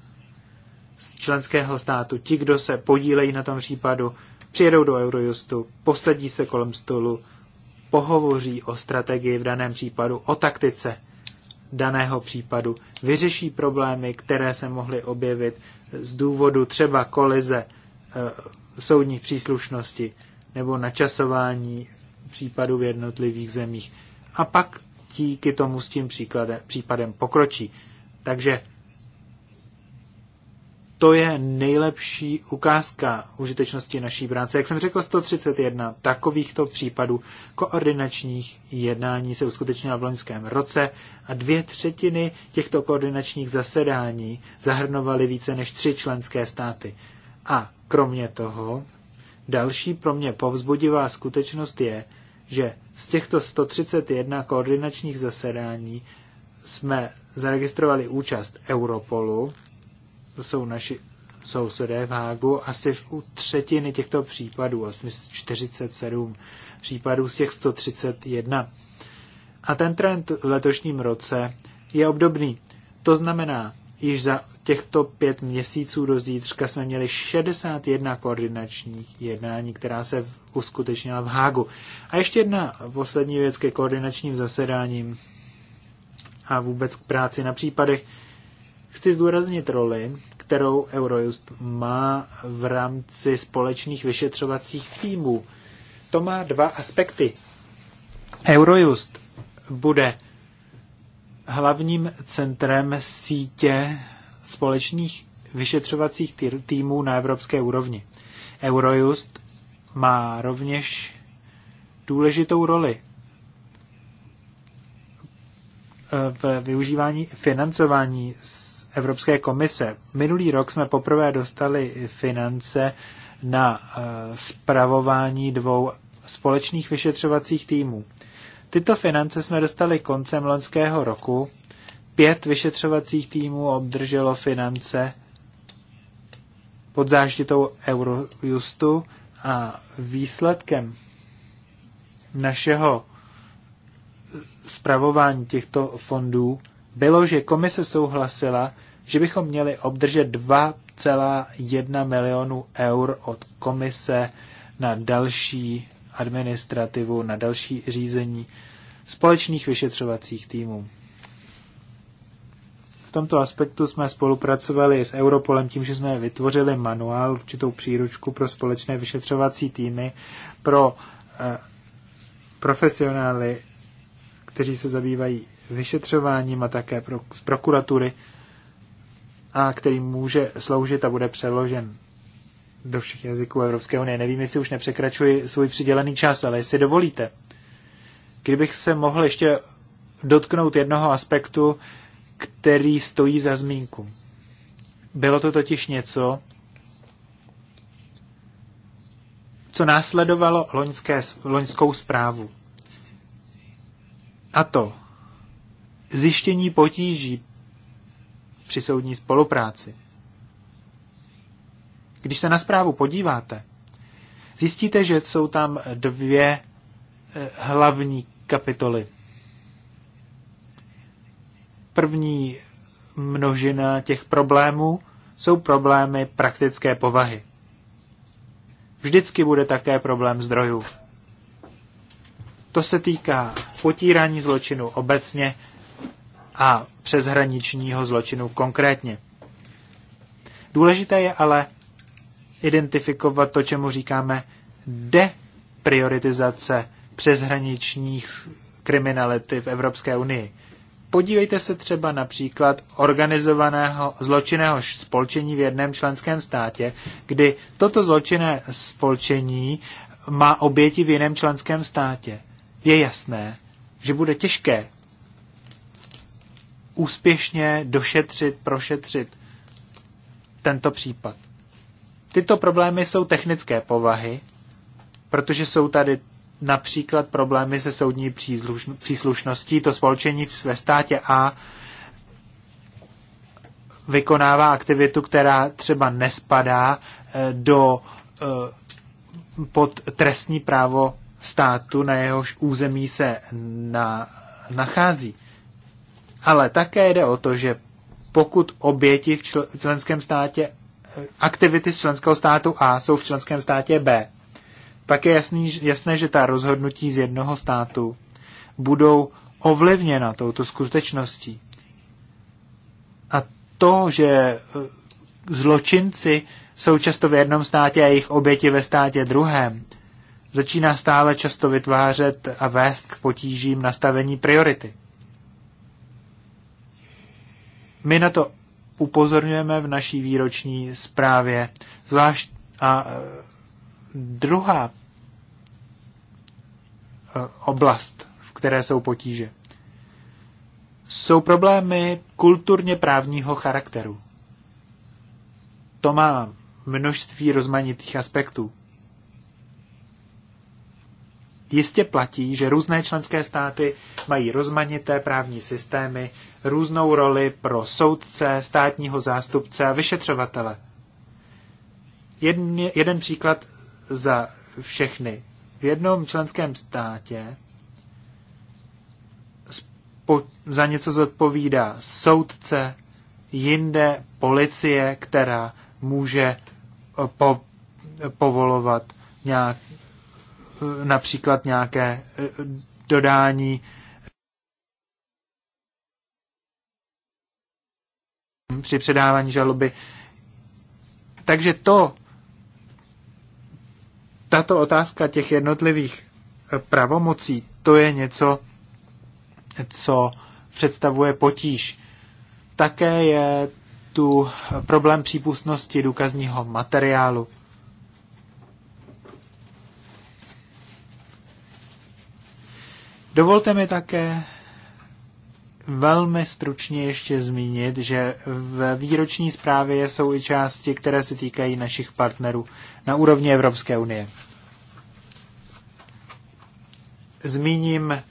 Speaker 1: z členského státu, ti, kdo se podílejí na tom případu, přijedou do Eurojustu, posadí se kolem stolu, pohovoří o strategii v daném případu, o taktice daného případu, vyřeší problémy, které se mohly objevit z důvodu třeba kolize e, soudních příslušnosti nebo načasování případů v jednotlivých zemích. A pak díky tomu s tím příkladem, případem pokročí. Takže to je nejlepší ukázka užitečnosti naší práce. Jak jsem řekl, 131 takovýchto případů koordinačních jednání se uskutečnila v loňském roce a dvě třetiny těchto koordinačních zasedání zahrnovaly více než tři členské státy. A kromě toho, další pro mě povzbudivá skutečnost je, že z těchto 131 koordinačních zasedání jsme zaregistrovali účast Europolu, jsou naši sousedé v Hágu asi u třetiny těchto případů, asi 47 případů z těch 131. A ten trend v letošním roce je obdobný. To znamená, již za těchto pět měsíců do zítřka jsme měli 61 koordinačních jednání, která se uskutečnila v Hágu. A ještě jedna poslední věc ke koordinačním zasedáním a vůbec k práci na případech. Chci zdůraznit roli, kterou Eurojust má v rámci společných vyšetřovacích týmů. To má dva aspekty. Eurojust bude hlavním centrem sítě společných vyšetřovacích týmů na evropské úrovni. Eurojust má rovněž důležitou roli v využívání financování z Evropské komise. Minulý rok jsme poprvé dostali finance na eh, spravování dvou společných vyšetřovacích týmů. Tyto finance jsme dostali koncem loňského roku. Pět vyšetřovacích týmů obdrželo finance pod záštitou Eurojustu a výsledkem našeho zpravování těchto fondů bylo, že komise souhlasila, že bychom měli obdržet 2,1 milionu eur od komise na další administrativu, na další řízení společných vyšetřovacích týmů. V tomto aspektu jsme spolupracovali s Europolem tím, že jsme vytvořili manuál, určitou příručku pro společné vyšetřovací týmy pro eh, profesionály, kteří se zabývají vyšetřováním a také pro, z prokuratury, a který může sloužit a bude přeložen do všech jazyků Evropské unie. Nevím, jestli už nepřekračuji svůj přidělený čas, ale jestli dovolíte. Kdybych se mohl ještě dotknout jednoho aspektu, který stojí za zmínku. Bylo to totiž něco, co následovalo loňské, loňskou zprávu. A to zjištění potíží při soudní spolupráci. Když se na zprávu podíváte, zjistíte, že jsou tam dvě eh, hlavní kapitoly. První množina těch problémů jsou problémy praktické povahy. Vždycky bude také problém zdrojů. To se týká potírání zločinu obecně, a přeshraničního zločinu konkrétně. Důležité je ale identifikovat to, čemu říkáme deprioritizace přeshraničních kriminality v Evropské unii. Podívejte se třeba například organizovaného zločinného spolčení v jednom členském státě, kdy toto zločinné spolčení má oběti v jiném členském státě. Je jasné, že bude těžké úspěšně došetřit, prošetřit tento případ. Tyto problémy jsou technické povahy, protože jsou tady například problémy se soudní příslušností, to spolčení ve státě A vykonává aktivitu, která třeba nespadá eh, do eh, pod trestní právo státu, na jehož území se na, nachází. Ale také jde o to, že pokud oběti v členském státě, eh, aktivity z členského státu A jsou v členském státě B, pak je jasný, jasné, že ta rozhodnutí z jednoho státu budou ovlivněna touto skutečností. A to, že eh, zločinci jsou často v jednom státě a jejich oběti ve státě druhém, začíná stále často vytvářet a vést k potížím nastavení priority. My na to upozorňujeme v naší výroční zprávě. Zvlášť a e, druhá e, oblast, v které jsou potíže, jsou problémy kulturně právního charakteru. To má množství rozmanitých aspektů. Jistě platí, že různé členské státy mají rozmanité právní systémy, různou roli pro soudce, státního zástupce a vyšetřovatele. Jeden, jeden příklad za všechny. V jednom členském státě spo, za něco zodpovídá soudce, jinde policie, která může eh, po, eh, povolovat nějak, například nějaké eh, dodání hm, při předávání žaloby. Takže to, tato otázka těch jednotlivých eh, pravomocí, to je něco, co představuje potíž. Také je tu problém přípustnosti důkazního materiálu. Dovolte mi také velmi stručně ještě zmínit, že v výroční zprávě jsou i části, které se týkají našich partnerů na úrovni Evropské unie. Zmíním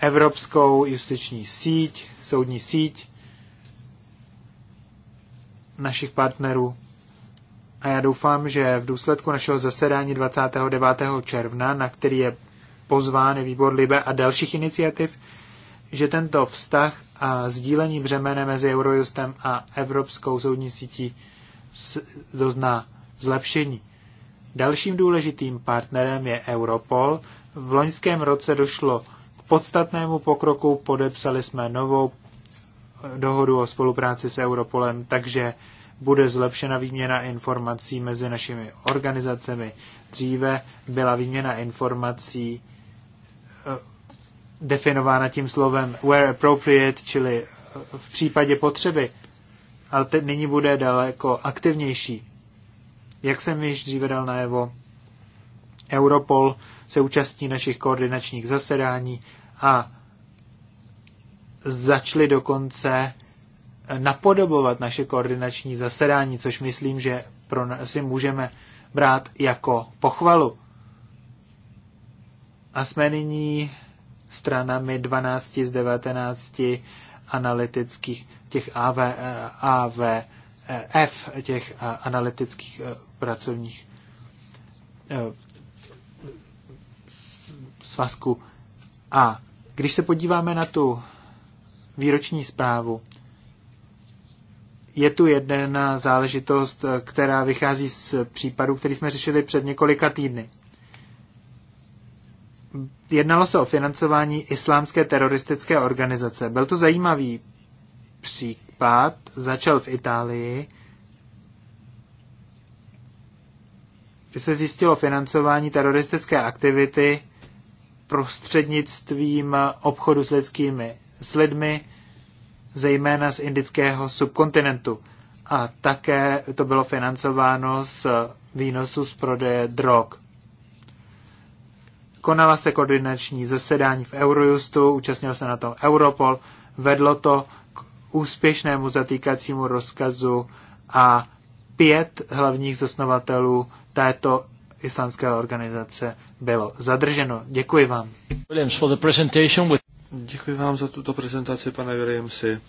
Speaker 1: Evropskou justiční síť, soudní síť našich partnerů. A já doufám, že v důsledku našeho zasedání 29. června, na který je pozván výbor Libe a dalších iniciativ, že tento vztah a sdílení břemene mezi Eurojustem a Evropskou soudní sítí dozná zlepšení. Dalším důležitým partnerem je Europol. V loňském roce došlo k podstatnému pokroku, podepsali jsme novou eh, dohodu o spolupráci s Europolem, takže bude zlepšena výměna informací mezi našimi organizacemi. Dříve byla výměna informací definována tím slovem where appropriate, čili eh, v případě potřeby, ale teď nyní bude daleko aktivnější. Jak jsem již dříve dal najevo, Europol se účastní našich koordinačních zasedání a začali dokonce eh, napodobovat naše koordinační zasedání, což myslím, že pro nás si můžeme brát jako pochvalu. A jsme nyní stranami 12 z 19 analytických těch AV, eh, AV eh, F těch eh, analytických pracovních svazků. A když se podíváme na tu výroční zprávu, je tu jedna záležitost, která vychází z případu, který jsme řešili před několika týdny jednalo se o financování islámské teroristické organizace. Byl to zajímavý případ, začal v Itálii, kde se zjistilo financování teroristické aktivity prostřednictvím obchodu s, lidskými, s lidmi, zejména z indického subkontinentu. A také to bylo financováno z výnosu z prodeje drog. Konala se koordinační zasedání v Eurojustu, účastnil se na tom Europol, vedlo to k úspěšnému zatýkacímu rozkazu a pět hlavních zasnovatelů této islamské organizace bylo zadrženo. Děkuji vám. Williams, Děkuji vám za tuto prezentaci, pane Williamsi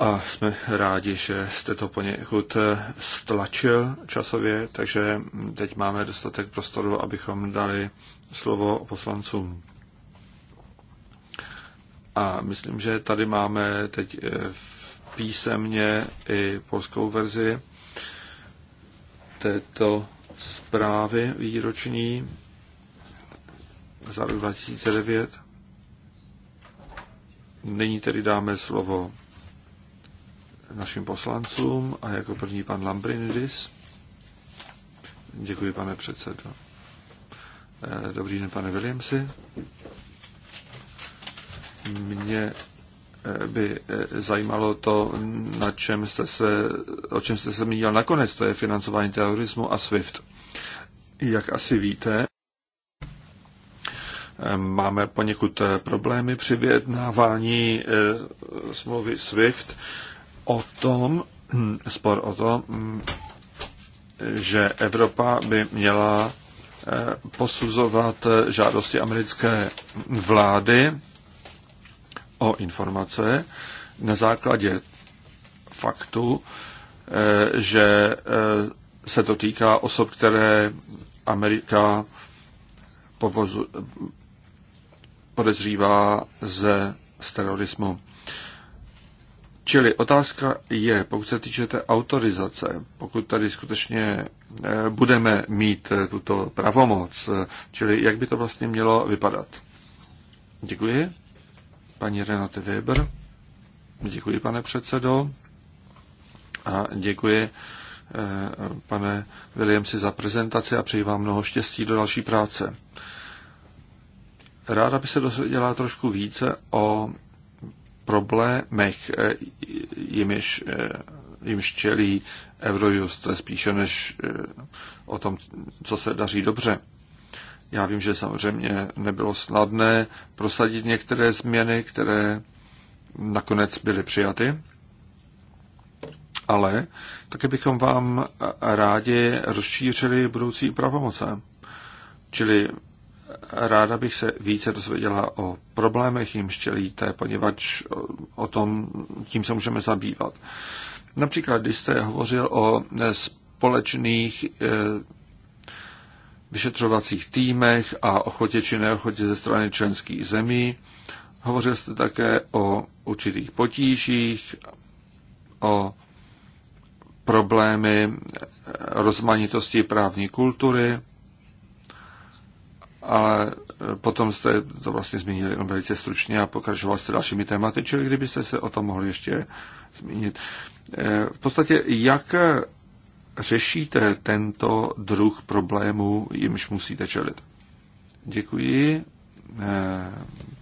Speaker 3: a jsme rádi, že jste to poněkud eh, stlačil časově, takže teď máme dostatek prostoru, abychom dali slovo poslancům. A myslím, že tady máme teď eh, v písemně i polskou verzi této zprávy výroční za rok 2009. Nyní tedy dáme slovo našim poslancům a jako první pan Lambrinidis. Děkuji, pane předsedo. Eh, dobrý den, pane Williamsi. Mě eh, by eh, zajímalo to, na čem jste se, o čem jste se zmínil nakonec, to je financování terorismu a SWIFT. Jak asi víte, máme poněkud problémy při vyjednávání smlouvy SWIFT o tom, hm, spor o tom, hm, že Evropa by měla eh, posuzovat eh, žádosti americké vlády o informace na základě faktu, eh, že se to týká osob, které Amerika povozu, podezřívá z, z terorismu. Čili otázka je, pokud se týče té autorizace, pokud tady skutečně eh, budeme mít eh, tuto pravomoc, eh, čili jak by to vlastně mělo vypadat. Děkuji. Paní Renate Weber. Děkuji, pane předsedo. A děkuji, pane Williamsi, za prezentaci a přeji vám mnoho štěstí do další práce. Ráda by se dozvěděla trošku více o problémech, jimž, eh, jimž eh, čelí Eurojust, spíše než eh, o tom, co se daří dobře. Já vím, že samozřejmě nebylo snadné prosadit některé změny, které nakonec byly přijaty, ale také bychom vám rádi rozšířili budoucí pravomoce. Čili Ráda bych se více dozvěděla o problémech, jim čelíte, poněvadž o tom, tím se můžeme zabývat. Například, když jste hovořil o společných eh, vyšetřovacích týmech a ochotě či neochotě ze strany členských zemí, hovořil jste také o určitých potížích, o problémy eh, rozmanitosti právní kultury, ale potom jste to vlastně zmínili jenom velice stručně a pokračoval jste dalšími tématy, čili kdybyste se o tom mohli ještě zmínit. E, v podstatě, jak řešíte tento druh problémů, jimž musíte čelit? Děkuji, e,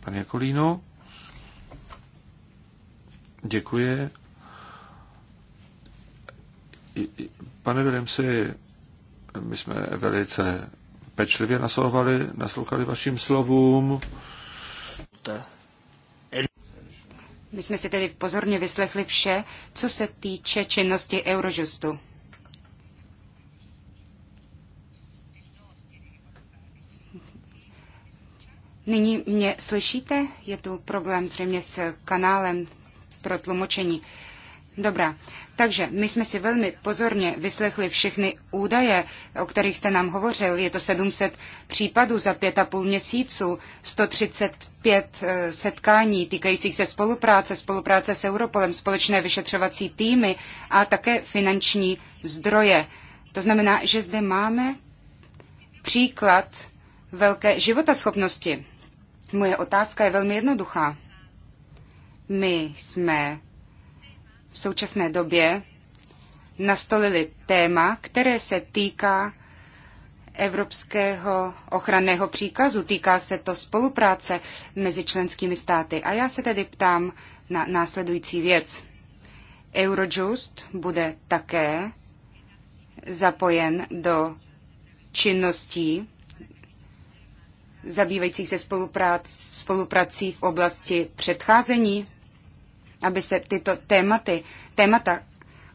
Speaker 3: pane Kolíno. Děkuji. Pane Vilemsi, my jsme velice pečlivě naslouchali, naslouchali vašim slovům.
Speaker 2: My jsme si tedy pozorně vyslechli vše, co se týče činnosti Eurojustu. Nyní mě slyšíte? Je tu problém zřejmě s kanálem pro tlumočení. Dobrá, takže my jsme si velmi pozorně vyslechli všechny údaje, o kterých jste nám hovořil. Je to 700 případů za pět a půl měsíců, 135 eh, setkání týkajících se spolupráce, spolupráce s Europolem, společné vyšetřovací týmy a také finanční zdroje. To znamená, že zde máme příklad velké životaschopnosti. Moje otázka je velmi jednoduchá. My jsme v současné době nastolili téma, které se týká evropského ochranného příkazu. Týká se to spolupráce mezi členskými státy. A já se tedy ptám na následující věc. Eurojust bude také zapojen do činností zabývajících se spoluprací v oblasti předcházení aby se tyto tématy, témata,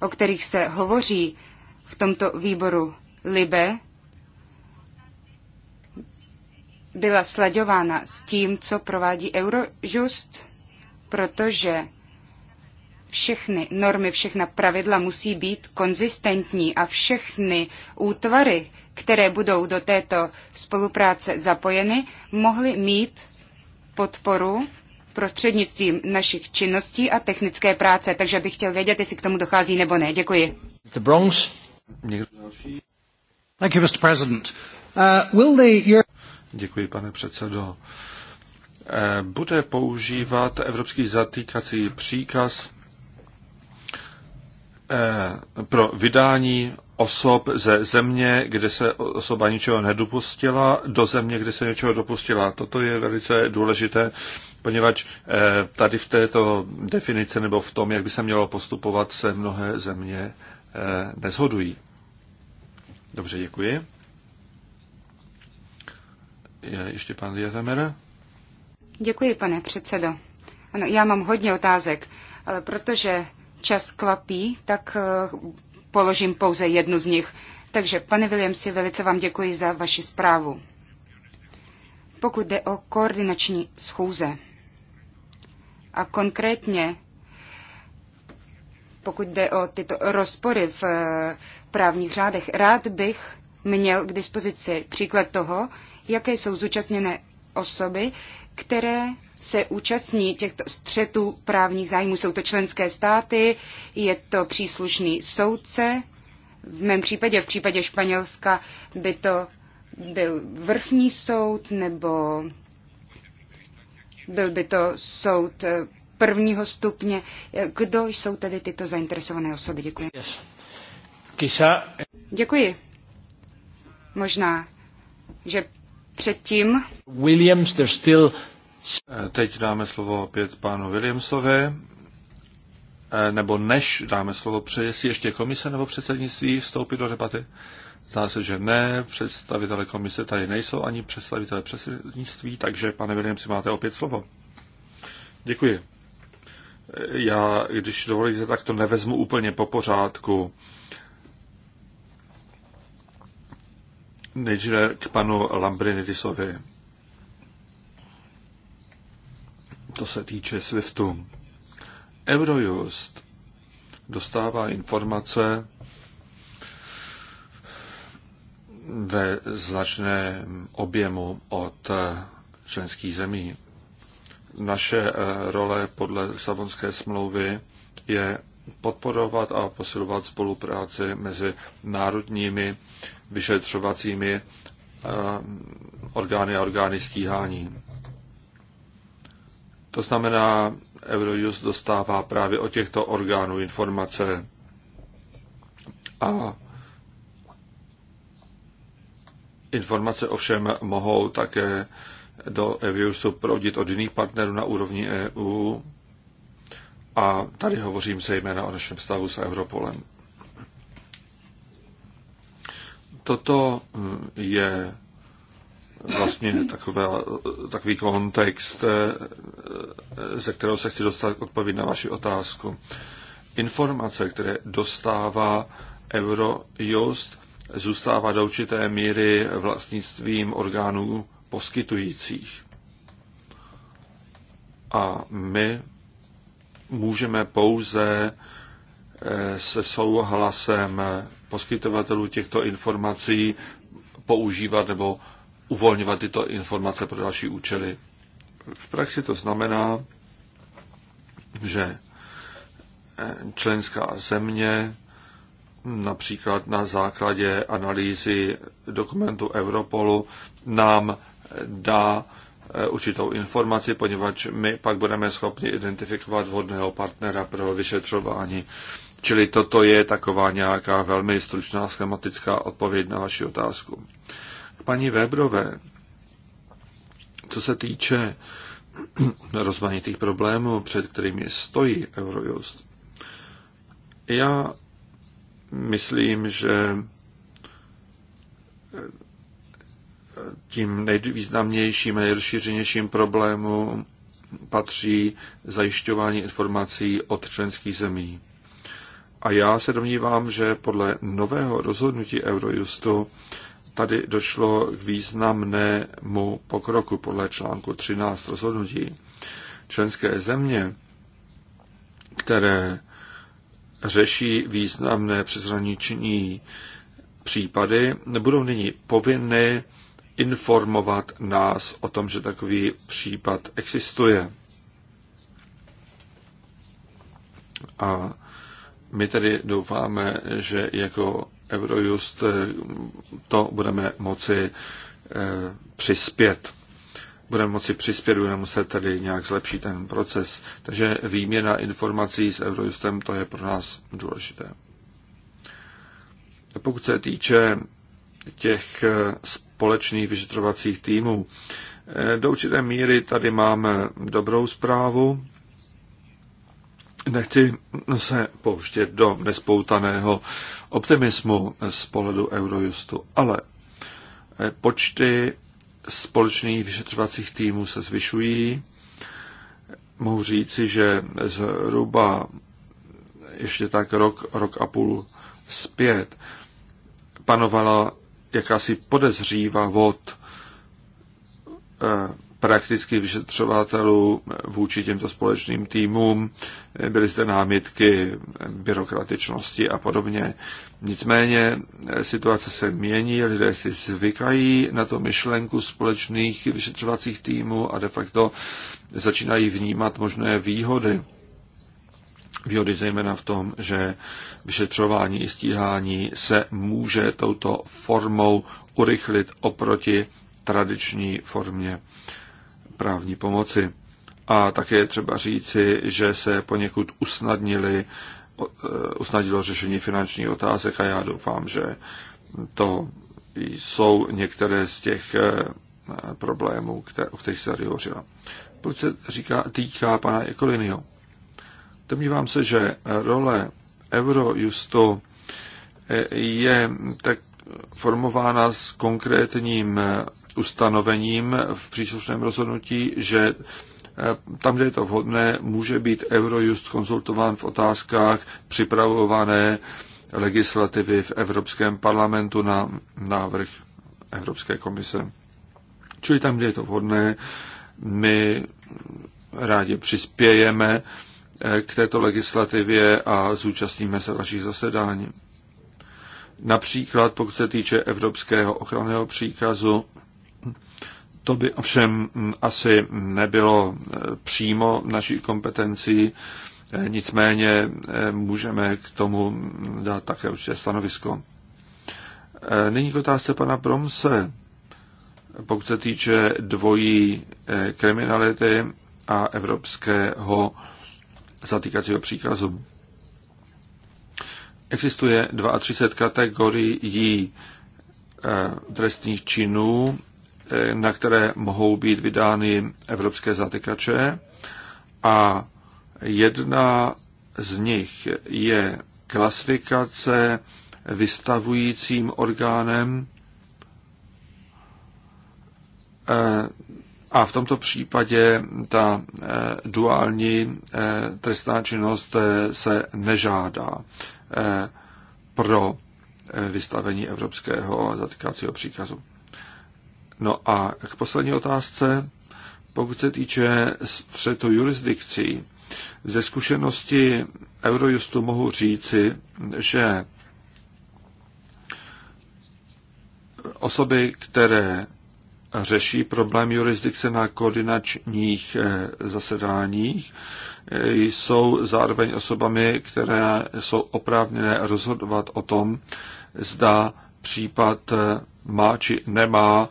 Speaker 2: o kterých se hovoří v tomto výboru LIBE, byla slaďována s tím, co provádí Eurojust, protože všechny normy, všechna pravidla musí být konzistentní a všechny útvary, které budou do této spolupráce zapojeny, mohly mít podporu prostřednictvím našich činností a technické práce, takže bych chtěl vědět, jestli k tomu dochází nebo ne. Děkuji.
Speaker 1: Mr. Bronx. Thank you, Mr. President. Uh, will the...
Speaker 3: Děkuji, pane předsedo. Eh, bude používat evropský zatýkací příkaz eh, pro vydání osob ze země, kde se osoba ničeho nedopustila, do země, kde se něčeho dopustila. Toto je velice důležité poněvadž eh, tady v této definici nebo v tom, jak by se mělo postupovat, se mnohé země eh, nezhodují. Dobře, děkuji. Je ještě pan Diazemer?
Speaker 2: Děkuji, pane předsedo. Ano, já mám hodně otázek, ale protože čas kvapí, tak eh, položím pouze jednu z nich. Takže, pane si velice vám děkuji za vaši zprávu. Pokud jde o koordinační schůze, a konkrétně, pokud jde o tyto rozpory v eh, právních řádech, rád bych měl k dispozici příklad toho, jaké jsou zúčastněné osoby, které se účastní těchto střetů právních zájmů. Jsou to členské státy, je to příslušný soudce, v mém případě, v případě Španělska, by to byl vrchní soud nebo byl by to soud eh, prvního stupně. Kdo jsou tedy tyto zainteresované osoby? Děkuji. Děkuji. Možná, že předtím...
Speaker 1: Williams, there's still... Eh,
Speaker 3: teď dáme slovo opět pánu Williamsovi. Eh, nebo než dáme slovo, přeje si ještě komise nebo předsednictví vstoupit do debaty? Zdá se, že ne, představitelé komise tady nejsou, ani představitelé předsednictví, takže pane Williamsi, máte opět slovo. Děkuji. Já, když dovolíte, tak to nevezmu úplně po pořádku. Nejdříve k panu Lambrinidisovi. To se týče SWIFTu. Eurojust dostává informace ve značném objemu od eh, členských zemí. Naše eh, role podle Savonské smlouvy je podporovat a posilovat spolupráci mezi národními vyšetřovacími eh, orgány a orgány stíhání. To znamená, Eurojust dostává právě o těchto orgánů informace a Informace ovšem mohou také do Eviusu proudit od jiných partnerů na úrovni EU a tady hovořím zejména o našem stavu s Europolem. Toto mm, je vlastně takové, takový kontext, eh, ze kterého se chci dostat odpověď na vaši otázku. Informace, které dostává Eurojust, zůstává do určité míry vlastnictvím orgánů poskytujících. A my můžeme pouze eh, se souhlasem poskytovatelů těchto informací používat nebo uvolňovat tyto informace pro další účely. V praxi to znamená, že eh, členská země například na základě analýzy dokumentu Europolu nám dá eh, určitou informaci, poněvadž my pak budeme schopni identifikovat vhodného partnera pro vyšetřování. Čili toto je taková nějaká velmi stručná schematická odpověď na vaši otázku. K paní Webrové, co se týče rozmanitých problémů, před kterými stojí Eurojust, já myslím, že tím nejvýznamnějším a nejrozšířenějším problémům patří zajišťování informací od členských zemí. A já se domnívám, že podle nového rozhodnutí Eurojustu tady došlo k významnému pokroku podle článku 13 rozhodnutí. Členské země, které řeší významné přeshraniční případy, budou nyní povinny informovat nás o tom, že takový případ existuje. A my tedy doufáme, že jako Eurojust to budeme moci eh, přispět budeme moci přispět, budeme muset tedy nějak zlepšit ten proces. Takže výměna informací s Eurojustem, to je pro nás důležité. Pokud se týče těch eh, společných vyšetřovacích týmů, eh, do určité míry tady máme dobrou zprávu. Nechci se pouštět do nespoutaného optimismu z pohledu Eurojustu, ale eh, počty společných vyšetřovacích týmů se zvyšují. Mohu říci, že zhruba ještě tak rok, rok a půl zpět panovala jakási podezříva vod. Eh, praktických vyšetřovatelů vůči těmto společným týmům. Byly zde námitky byrokratičnosti a podobně. Nicméně eh, situace se mění, lidé si zvykají na to myšlenku společných vyšetřovacích týmů a de facto začínají vnímat možné výhody. Výhody zejména v tom, že vyšetřování i stíhání se může touto formou urychlit oproti tradiční formě právní pomoci. A také třeba říci, že se poněkud usnadnili, e, usnadnilo řešení finančních otázek a já doufám, že to jsou některé z těch e, problémů, které, o kterých se tady hovořila. Proč se říká, týká pana Ekolinio? Domnívám se, že role Eurojustu e, je tak formována s konkrétním ustanovením v příslušném rozhodnutí, že eh, tam, kde je to vhodné, může být Eurojust konzultován v otázkách připravované legislativy v Evropském parlamentu na návrh Evropské komise. Čili tam, kde je to vhodné, my rádi přispějeme eh, k této legislativě a zúčastníme se vašich zasedání. Například pokud se týče Evropského ochranného příkazu, to by ovšem mm, asi nebylo e, přímo naší kompetencí, e, nicméně e, můžeme k tomu mm, dát také určitě stanovisko. Nyní k otázce pana Bromse. Pokud se týče dvojí kriminality a evropského zatýkacího příkazu. Existuje 32 kategorií trestných činů Eh, na které mohou být vydány evropské zatykače a jedna z nich je klasifikace vystavujícím orgánem eh, a v tomto případě ta eh, duální trestná činnost se nežádá pro vystavení evropského zatýkacího příkazu. No a k poslední otázce, pokud se týče střetu jurisdikcí, ze zkušenosti Eurojustu mohu říci, že osoby, které řeší problém jurisdikce na koordinačních eh, zasedáních, eh, jsou zároveň osobami, které jsou oprávněné rozhodovat o tom, zda případ eh, má či nemá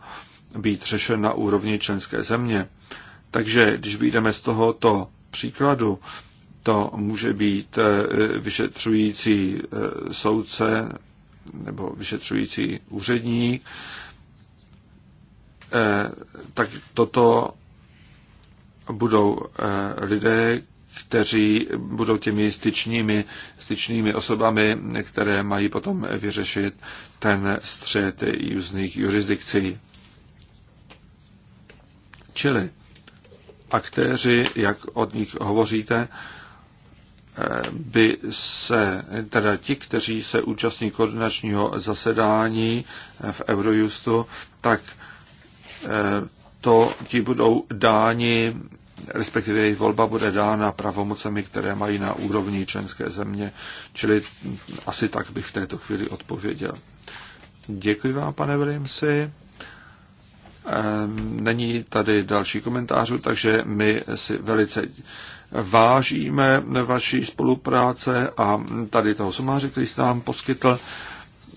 Speaker 3: být řešen na úrovni členské země. Takže když vyjdeme z tohoto příkladu, to může být eh, vyšetřující eh, soudce nebo vyšetřující úředník, eh, tak toto budou lidé, kteří budou těmi styčními, styčnými osobami, které mají potom vyřešit ten střet různých jurisdikcí. Čili aktéři, jak od nich hovoříte, eh, by se, teda ti, kteří se účastní koordinačního zasedání eh, v Eurojustu, tak eh, to ti budou dáni, respektive jejich volba bude dána pravomocemi, které mají na úrovni členské země. Čili asi tak bych v této chvíli odpověděl. Děkuji vám, pane Williamsi. Ehm, není tady další komentářů, takže my si velice vážíme vaší spolupráce a tady toho sumáře, který jste nám poskytl.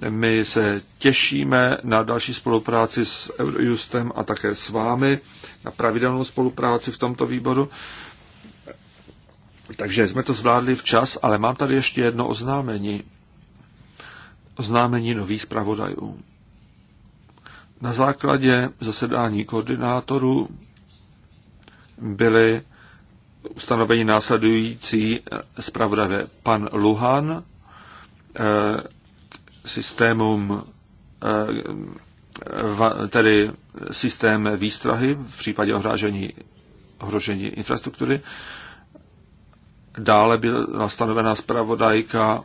Speaker 3: My se těšíme na další spolupráci s Eurojustem a také s vámi, na pravidelnou spolupráci v tomto výboru. Takže jsme to zvládli včas, ale mám tady ještě jedno oznámení. Oznámení nových zpravodajů. Na základě zasedání koordinátorů byly ustanoveni následující eh, zpravodajé pan Luhan eh, systémům eh, tedy systém výstrahy v případě ohrožení, ohrožení infrastruktury. Dále byla stanovena zpravodajka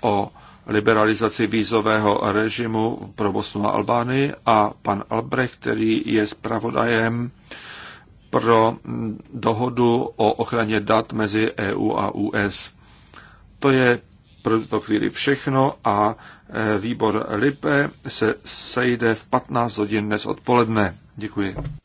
Speaker 3: o liberalizaci vízového režimu pro Bosnu a Albánii a pan Albrecht, který je zpravodajem pro dohodu o ochraně dat mezi EU a US. To je pro tuto chvíli všechno a e, výbor LIPE se sejde v 15 hodin dnes odpoledne. Děkuji.